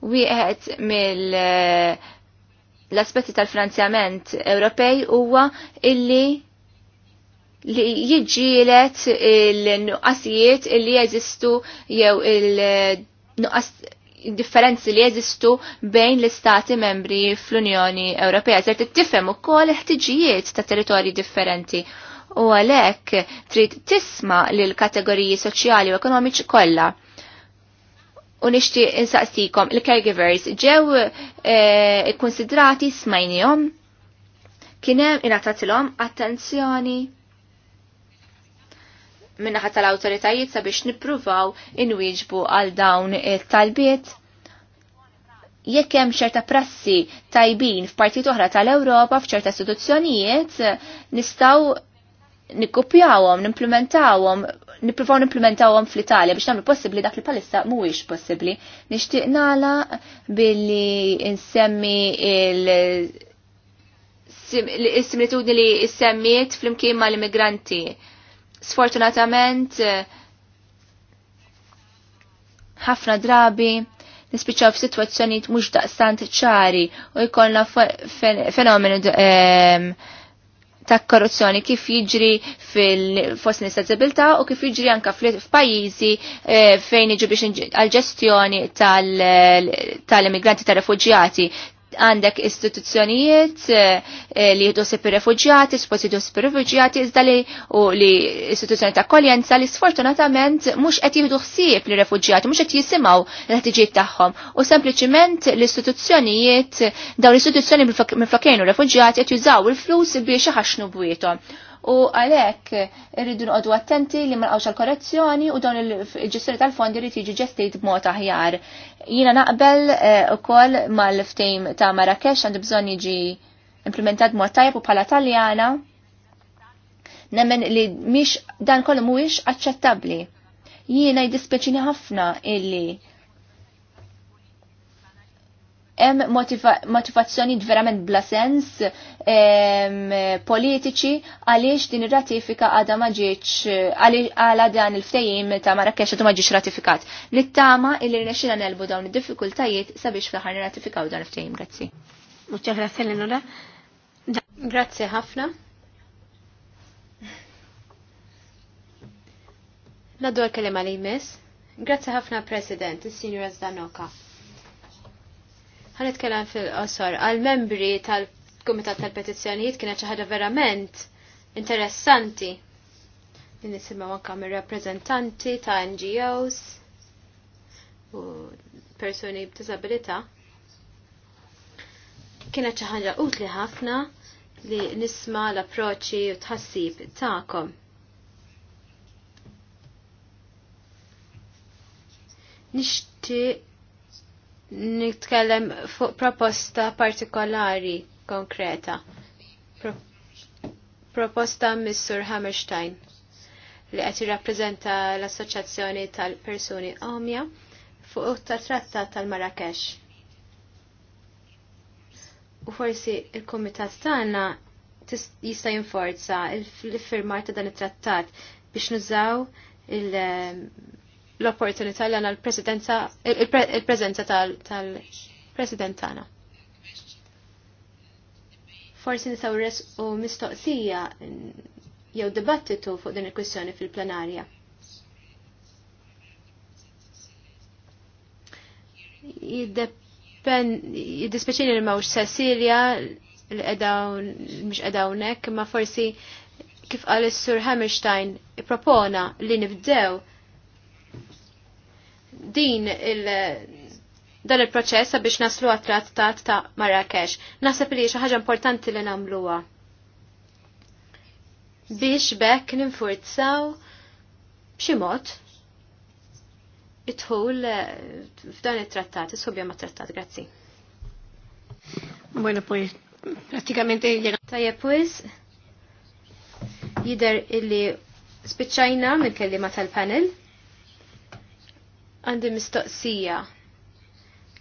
Wieħed mill eh, l-aspetti tal-finanzjament Ewropej huwa illi li jiġġielet il-nuqqasijiet illi jeżistu jew il-nuqqas differenzi li jeżistu bejn l-istati membri fl-Unjoni Ewropea. Zer tifhem ukoll ħtiġijiet ta' territorji differenti u għalhekk trid tisma' lil kategoriji soċjali u ekonomiċi kollha u nixtieq insaqsikom il-caregivers ġew eh, ikkonsidrati smajnihom kien hemm ingħatatilhom attenzjoni minnaħat tal-autoritajiet sabiex nippruvaw inwieġbu għal dawn it-talbiet. Jekk hemm ċerta prassi tajbin f'partit oħra tal-Ewropa f'ċerta istituzzjonijiet nistgħu nikkupjawhom, nimplementawhom nippruvaw għom fl-Italja biex nagħmlu possibbli dak li palissa mhuwiex possibbli. Nixtieq nala billi insemmi il similitudni li semmiet fl-imkien mal-immigranti. Sfortunatament ħafna drabi nispiċaw f'sitwazzjonijiet mhux daqstant ċari u jkollna fenomenu ehm, ta' korruzzjoni kif jiġri fil-fost nistazibilta u kif jiġri anka f'pajjiżi eh, fejn iġu biex għal-ġestjoni tal-immigranti tal refuġjati għandek istituzzjonijiet eh, eh, li jidosib ir-refuġjati, sposi jidusi ir-refuġjati, iżda u li istituzzjoni ta' koljenza li sfortunatament mhux qed jieħdu ħsieb li refuġjati, mhux qed jisimaw l-ħtiġijiet tagħhom. U sempliciment l-istituzzjonijiet dawn l-istituzzjoni minn flokkejn u qed jużaw il-flus biex iħaxnu bwietom u għalhekk irridu noqogħdu attenti li ma nqawx korrezzjoni u dawn il-ġestjoni tal-fondi jrid jiġi ġestejt b'mod aħjar. Jiena naqbel eh, ukoll mal-ftejm ta' Marrakesh għandu bżonn jiġi implementat b'mod tajjeb u bħala Taljana nemmen li mhix dan kollu mhuwiex aċċettabbli. Jiena jdispeċini ħafna illi hemm motivazzjoni verament bla sens politiċi għaliex din ir-ratifika għadha ma ġietx għala dan il-ftehim ta' Marrakesh ma ġietx ratifikat. Nittama illi rnexxina nelbu dawn id-diffikultajiet sabiex fl-aħħar nirratifikaw dan il-ftehim. Grazzi. Muċċa grazzi Lenora. Grazzi ħafna. Naddu għal li jmiss. Grazzi ħafna President, il-Sinjura Zdanoka. Ħanitkellem fil-qosor għal-membri tal-Kumitat tal-Petizzjonijiet kienet xi ħaġa verament interessanti. Nisimgħu anke mir-rappreżentanti ta' NGOs u persuni b'disabilità. Kienet xi ħaġa utli ħafna li nisma l-approċċi u tħassib tagħkom. Nixtieq nitkellem fuq proposta partikolari konkreta. Pro proposta Missur Hammerstein li qed jirrappreżenta l-Assoċjazzjoni tal-Persuni Omja fuq tat-Trattat tal-Marrakesh. U forsi il-Kumitat tagħna jista' jinforza il-firmar ta' dan it-trattat biex nużaw il- l-opportunità li għana l-presidenza, il-prezenza tal-president tagħna. Forsi nisaw res u mistoqsija jew dibattitu fuq din il kwestjoni fil-plenarja. jiddispeċini li mawx Cecilia mux edawnek, ma forsi kif għal sur Hammerstein propona li nibdew din il- dan il-proċess biex naslu għat-trattat ta' Marrakesh. Nasab li xi ħaġa importanti li nagħmluha. Biex bekk ninfurzaw b'xi mod idħul eh, f'dan it-trattat, isħobja ma' trattat, grazzi. Bueno, pues, praticamente llega. Tajja, pues, jider illi spiċċajna mill ma' tal-panel. Għandi mistoqsija.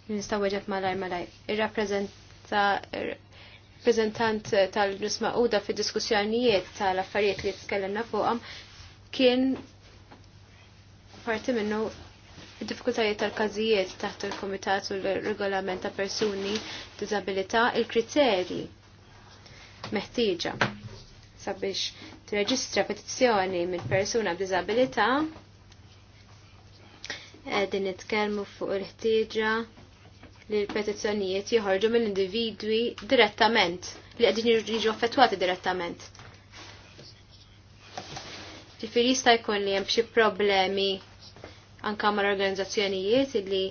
Nista' weġeb malaj malaj. Ir-rappreżentant tal-ġus maquda fi diskussjonijiet tal-affarijiet li tkellimna fuqhom kien parti minnu id-diffikultajiet tal-każijiet taħt il-Komitat u l-Regolament ta' Persuni Disabilità il-kriterji meħtieġa sabiex tirreġistra petizzjoni minn persuna b'diżabilità għedin nitkellmu fuq il-ħtieġa li l-petizzjonijiet jħorġu mill-individwi direttament, li qegħdin jiġu affettwati direttament. Ġifieri jista' jkun li hemm xi problemi anke mal-organizzazzjonijiet li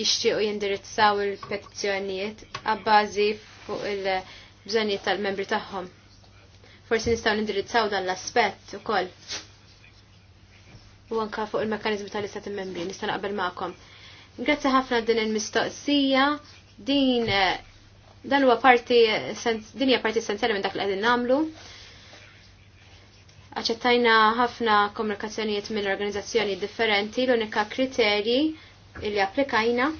jixtiequ jindirizzaw il-petizzjonijiet għabbażi fuq il-bżonijiet tal-membri tagħhom. Forsi nistgħu nindirizzaw dan l-aspett ukoll u anka fuq il-mekanizmi tal-istat membri nista' naqbel magħkom. Grazzi ħafna din il-mistoqsija, din eh, dan huwa parti din hija parti essenzjali minn dak li qegħdin nagħmlu. Aċċettajna ħafna komunikazzjonijiet mill-organizzazzjoni differenti l-unika kriterji li applikajna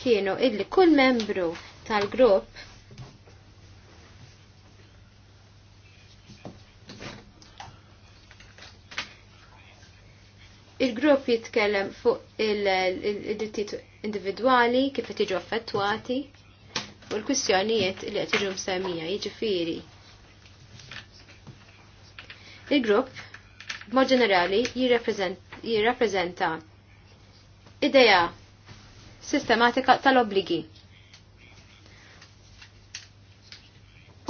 kienu illi kull membru tal-grupp Il-grupp jitkellem fuq il-drittijiet individwali kif qed jiġu affettwati u l-kwistjonijiet li qed jiġu msemmija jiġifieri. Il-grupp b'mod ġenerali jirrappreżenta idea sistematika tal obbligi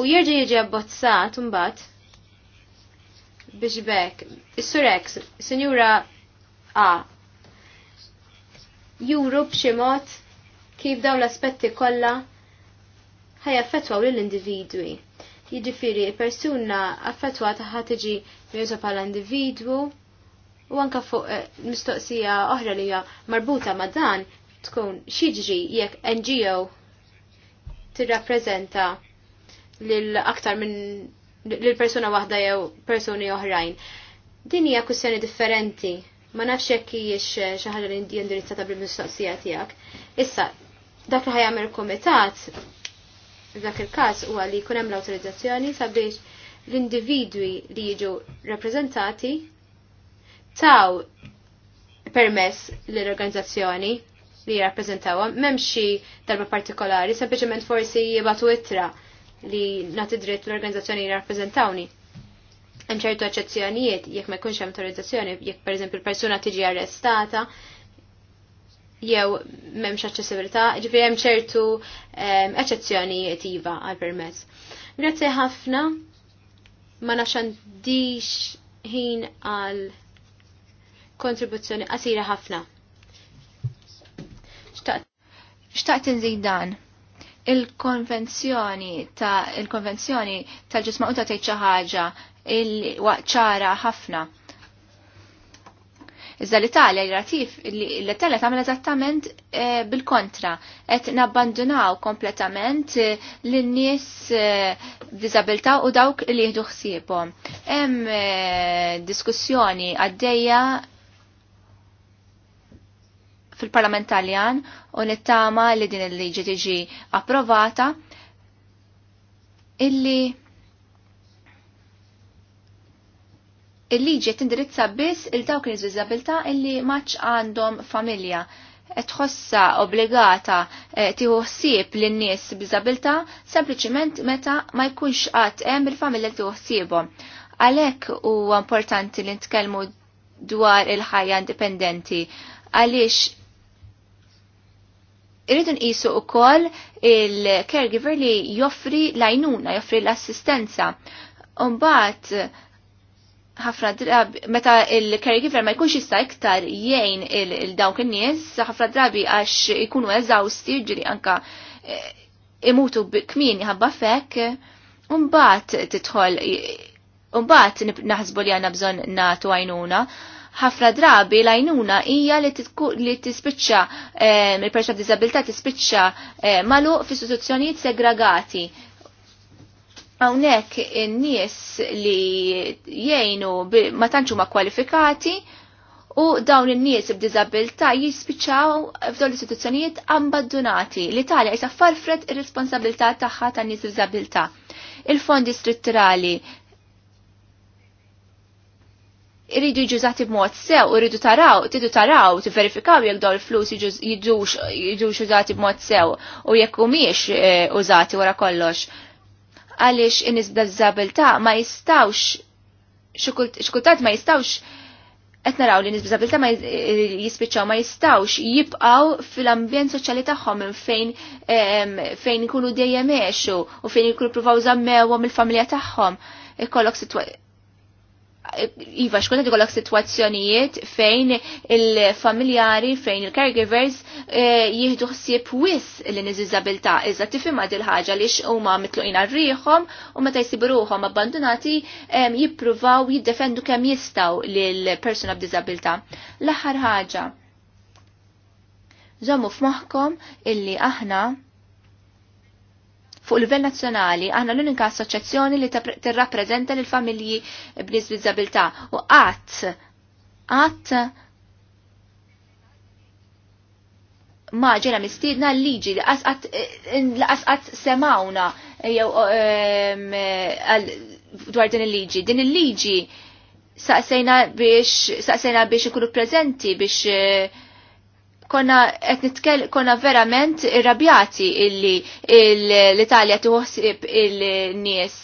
U jirġi jiġi abbozzat mbagħad biex bekk, is-surex, sinjura A. Juru b'xi mod kif dawn l-aspetti kollha ħajaffettwaw lill-individwi. Jiġifieri persuna affettwata ħa tiġi mejusa bħala individwu u anka fuq eh, mistoqsija oħra li hija marbuta ma' dan tkun xiġri jekk NGO tirrappreżenta lil aktar minn lil persuna waħda jew persuni oħrajn. Din hija kwistjoni differenti ma nafx jekk hijiex eh, xi ħaġa li indirizzata bil-mistoqsija tiegħek. Issa, dak li ħajjagħmel il-kumitat f'dak il-każ huwa li jkun hemm l-awtorizzazzjoni sabiex l-individwi li jiġu rappreżentati taw permess l-organizzazzjoni li jirrappreżentawhom m'hemm xi darba partikolari, sempliċement forsi jibgħatu ittra li nagħti dritt l-organizzazzjoni li jirrappreżentawni. Hemm ċertu eċċezzjonijiet jekk ma jkunx hemm autorizzazzjoni, jekk pereżempju l-persuna tiġi arrestata, jew m'hemmx aċċessibilità, ġifieri hemm ċertu eċċezzjonijiet ehm, iva għal permess. Grazzi ħafna ma naxandix ħin għal kontribuzzjoni qasira ħafna. Xtaqt inżid dan il-konvenzjoni ta' il-konvenzjoni tal-ġisma u ta' tgħid xi ħaġa il-waqċara ħafna. Iżda l-Italja li l-Italja tagħmel eżattament eh, bil-kontra qed nabbandunaw kompletament eh, lin-nies b'diżabilità eh, u dawk li jieħdu ħsiebhom. Hemm diskussjoni għaddejja fil-Parlament Taljan u nittama li din il-liġi tiġi approvata illi il-liġi tindirizza biss il-dawk li diżabilità illi maċ għandhom familja. Tħossa obbligata eh, tieħu ħsieb lin nies b'diżabilità sempliċiment meta ma jkunx qatt hemm il-familja li tieħu ħsiebhom. Għalhekk huwa importanti li nitkellmu dwar il-ħajja indipendenti għaliex irridu nqisu wkoll il-caregiver li joffri l-għajnuna, joffri l-assistenza. Umbat, ħafna drabi, meta il-caregiver ma jkunx jista' iktar jgħin il-dawk in-nies, ħafna drabi għax ikunu eżawsti, ġiri anka eh, imutu kmin jħabba fek, unbat titħol, unbat naħsbu li għanna bżon natu għajnuna, ħafna drabi l-għajnuna hija li tispiċċa eh, il-persuna b'diżabilità tispiċċa eh, malu fi istituzzjonijiet segregati Hawnhekk in-nies li jgħinu ma tanċu huma kwalifikati u dawn in-nies b'diżabilità jispiċċaw fdol istituzzjonijiet ambaddunati. L-Italja jisa farfret ir-responsabilità tagħha tan-nies b'diżabilità. Il-fondi strutturali irridu jġużati b'mod sew, irridu taraw, tidu taraw, tivverifikaw jekk dawn dol flus jiġux użati b'mod sew u jekk humiex eh, użati wara kollox għaliex in-nies b'diżabilità ma jistawx xikultat ma jistawx qed naraw li nies ma jispiċċaw ma jistawx jibqgħu fil-ambjent soċjali tagħhom minn fejn fejn ikunu dejjem għexu u fejn ikunu pruvaw żammewhom il-familja tagħhom. Ikollok Iva, xkultant ikollok situazzjonijiet fejn il-familjari, fejn il-caregivers eh, jihdu ħsieb wis l Iza Iżda għad il ħagġa li xumma mitluqin għal-riħom u meta jsibu abbandonati eh, jippruvaw jiddefendu kemm jistaw l persuna b'dizabilta. L-aħħar ħaġa. Żommu f'moħħkom illi aħna fuq livell nazzjonali għanna l-unika assoċjazzjoni li tirrappreżenta lil familji b'nies b'diżabilità u qatt qatt ma ġena mistiedna l-liġi li qasqat eh, semawna eh, jew ehm, dwar din il-liġi. Din il-liġi saqsejna biex saqsejna biex ikunu preżenti biex eh, konna qed nitkell konna verament irrabjati illi l-Italja tuħsib il-nies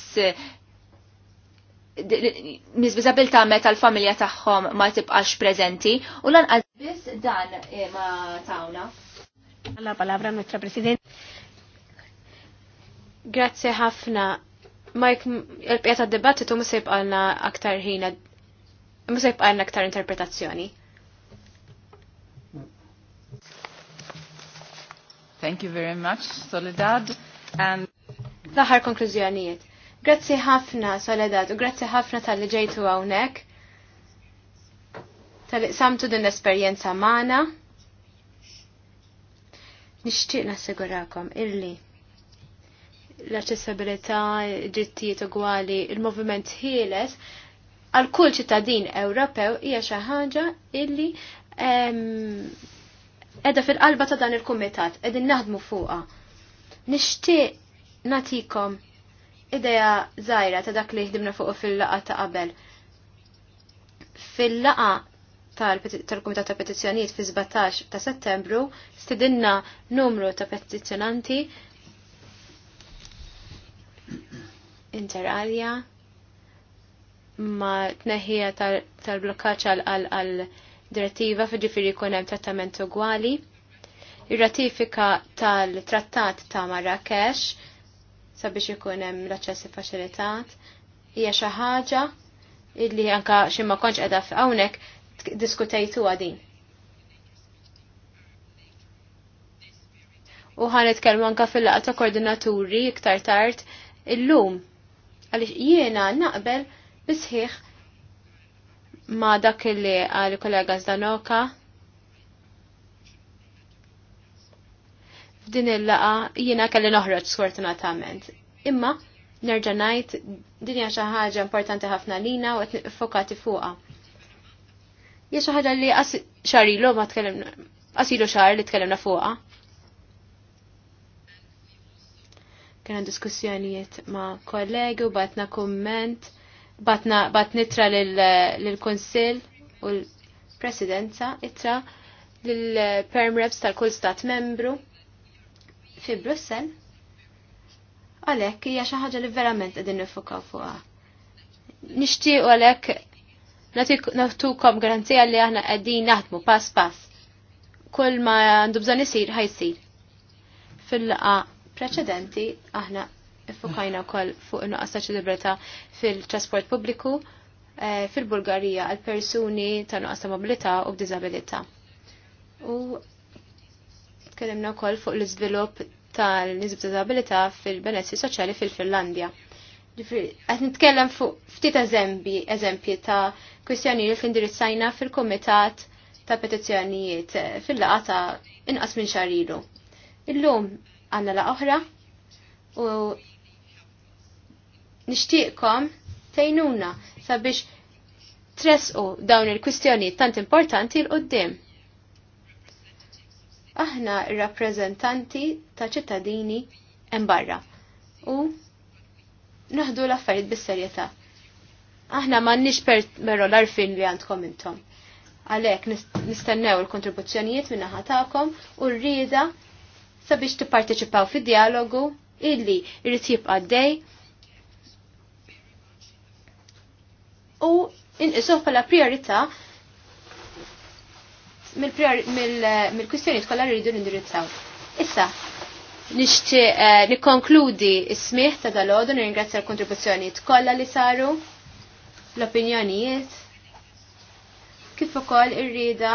nisbizabilta meta l-familja tagħhom ma tibqax preżenti u lanqas biss dan eh, ma tawna. La palabra nostra President. Grazie ħafna. Mike, il-pjata dibattitu musib għalna aktar ħina, musib għalna aktar interpretazzjoni. Thank you very much, Soledad. And... Laħar konklużjonijiet. Grazzi ħafna, Soledad, u grazzi ħafna tal-li ġejtu għawnek, tal-li samtu din l-esperienza maħna. Nishtiq nassigurakom illi l-accessibilità, ġittijiet uguali, il-moviment ħieles għal kull ċittadin Ewropew hija xi ħaġa illi edha fil-qalba ta' dan il-kumitat, edin naħdmu fuqa. Nishti natikom ideja zaħira ta' dak li ħdimna fuq fil-laqa ta' qabel. Fil-laqa tal-Kumitat ta' Petizzjonijiet fi 17 ta' Settembru stidinna numru ta' petizzjonanti interalja ma tneħħija tal-blokkaċ għal direttiva fil-ġifiri kunem trattament ugwali. Ir-ratifika tal-trattat ta' Marrakesh sabiex ikun hemm l aċċessi faċilitat hija xi ħaġa illi anka xi ma kontx qiegħda hawnhekk diskutejtuha din. U ħanitkellmu anke anka fil-laqgħa ta' koordinaturi iktar tard illum għaliex jiena naqbel bisħiħ ma dak li għal kollega Zdanoka. F'din il-laqa jiena kelli noħroġ sfortunatament. Imma nerġa' ngħid din hija xi ħaġa importanti ħafna lina u qed niffokati fuqha. Hija xi ħaġa li qas xarilu ma tkellimna qasilu xahar li tkellimna fuqha. Kien diskussjonijiet ma' kollegi u batna kumment batna bat nitra lil kunsill u l-Presidenza itra lill-Perm eh, Reps tal-kull stat membru fi Brussel. Għalhekk hija xi ħaġa li verament qegħdin nifukaw fuqha. Nixtieq għalhekk nagħtukom garanzija li aħna qegħdin naħdmu pass pass. Kull ma għandu bżonn isir ħajsir. Fil-laqa preċedenti aħna fukajna wkoll fuq in-nuqqas ta' ċelebrata fil-trasport pubbliku eh, fil-Bulgarija għal persuni ta' nuqqas ta' mobilità u b'diżabilità. U tkellimna wkoll fuq l-iżvilupp tal-nisb ta' fil benessi soċjali fil-Finlandja. Qed nitkellem fuq ftit eżempji, eżempji ta' kwestjoni li indirizzajna fil-Kumitat ta' petizzjonijiet fil-laqa ta' inqas minn xarilu. Illum għandna la' oħra u nixtieqkom tejnuna sabiex tresqu dawn il-kwistjoni tant importanti l-qoddim. Aħna rappreżentanti ta' ċittadini embarra u naħdu l-affarijiet bis-serjetà. Aħna m'għandniex però l-arfin li għandkom intom. Għalhekk nistennew il-kontribuzzjonijiet minn naħa tagħkom u rrieda sabiex tipparteċipaw fid-dialogu illi jrid jibqa' dej u inqisuh bħala priorità mill-kwistjoni eh, tkollha rridu nindirizzaw. Issa, nixti eh, nikkonkludi s-smieħ ta' dal-għodu, nirringrazzja l-kontribuzzjoni kollha li saru, l-opinjonijiet, kif ukoll ir-rida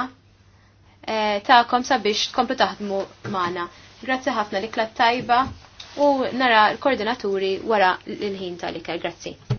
eh, ta'kom sabiex tkomplu taħdmu magħna. Grazzi ħafna li klat tajba u nara l-koordinaturi wara l-ħin tal-ikel. Grazzi.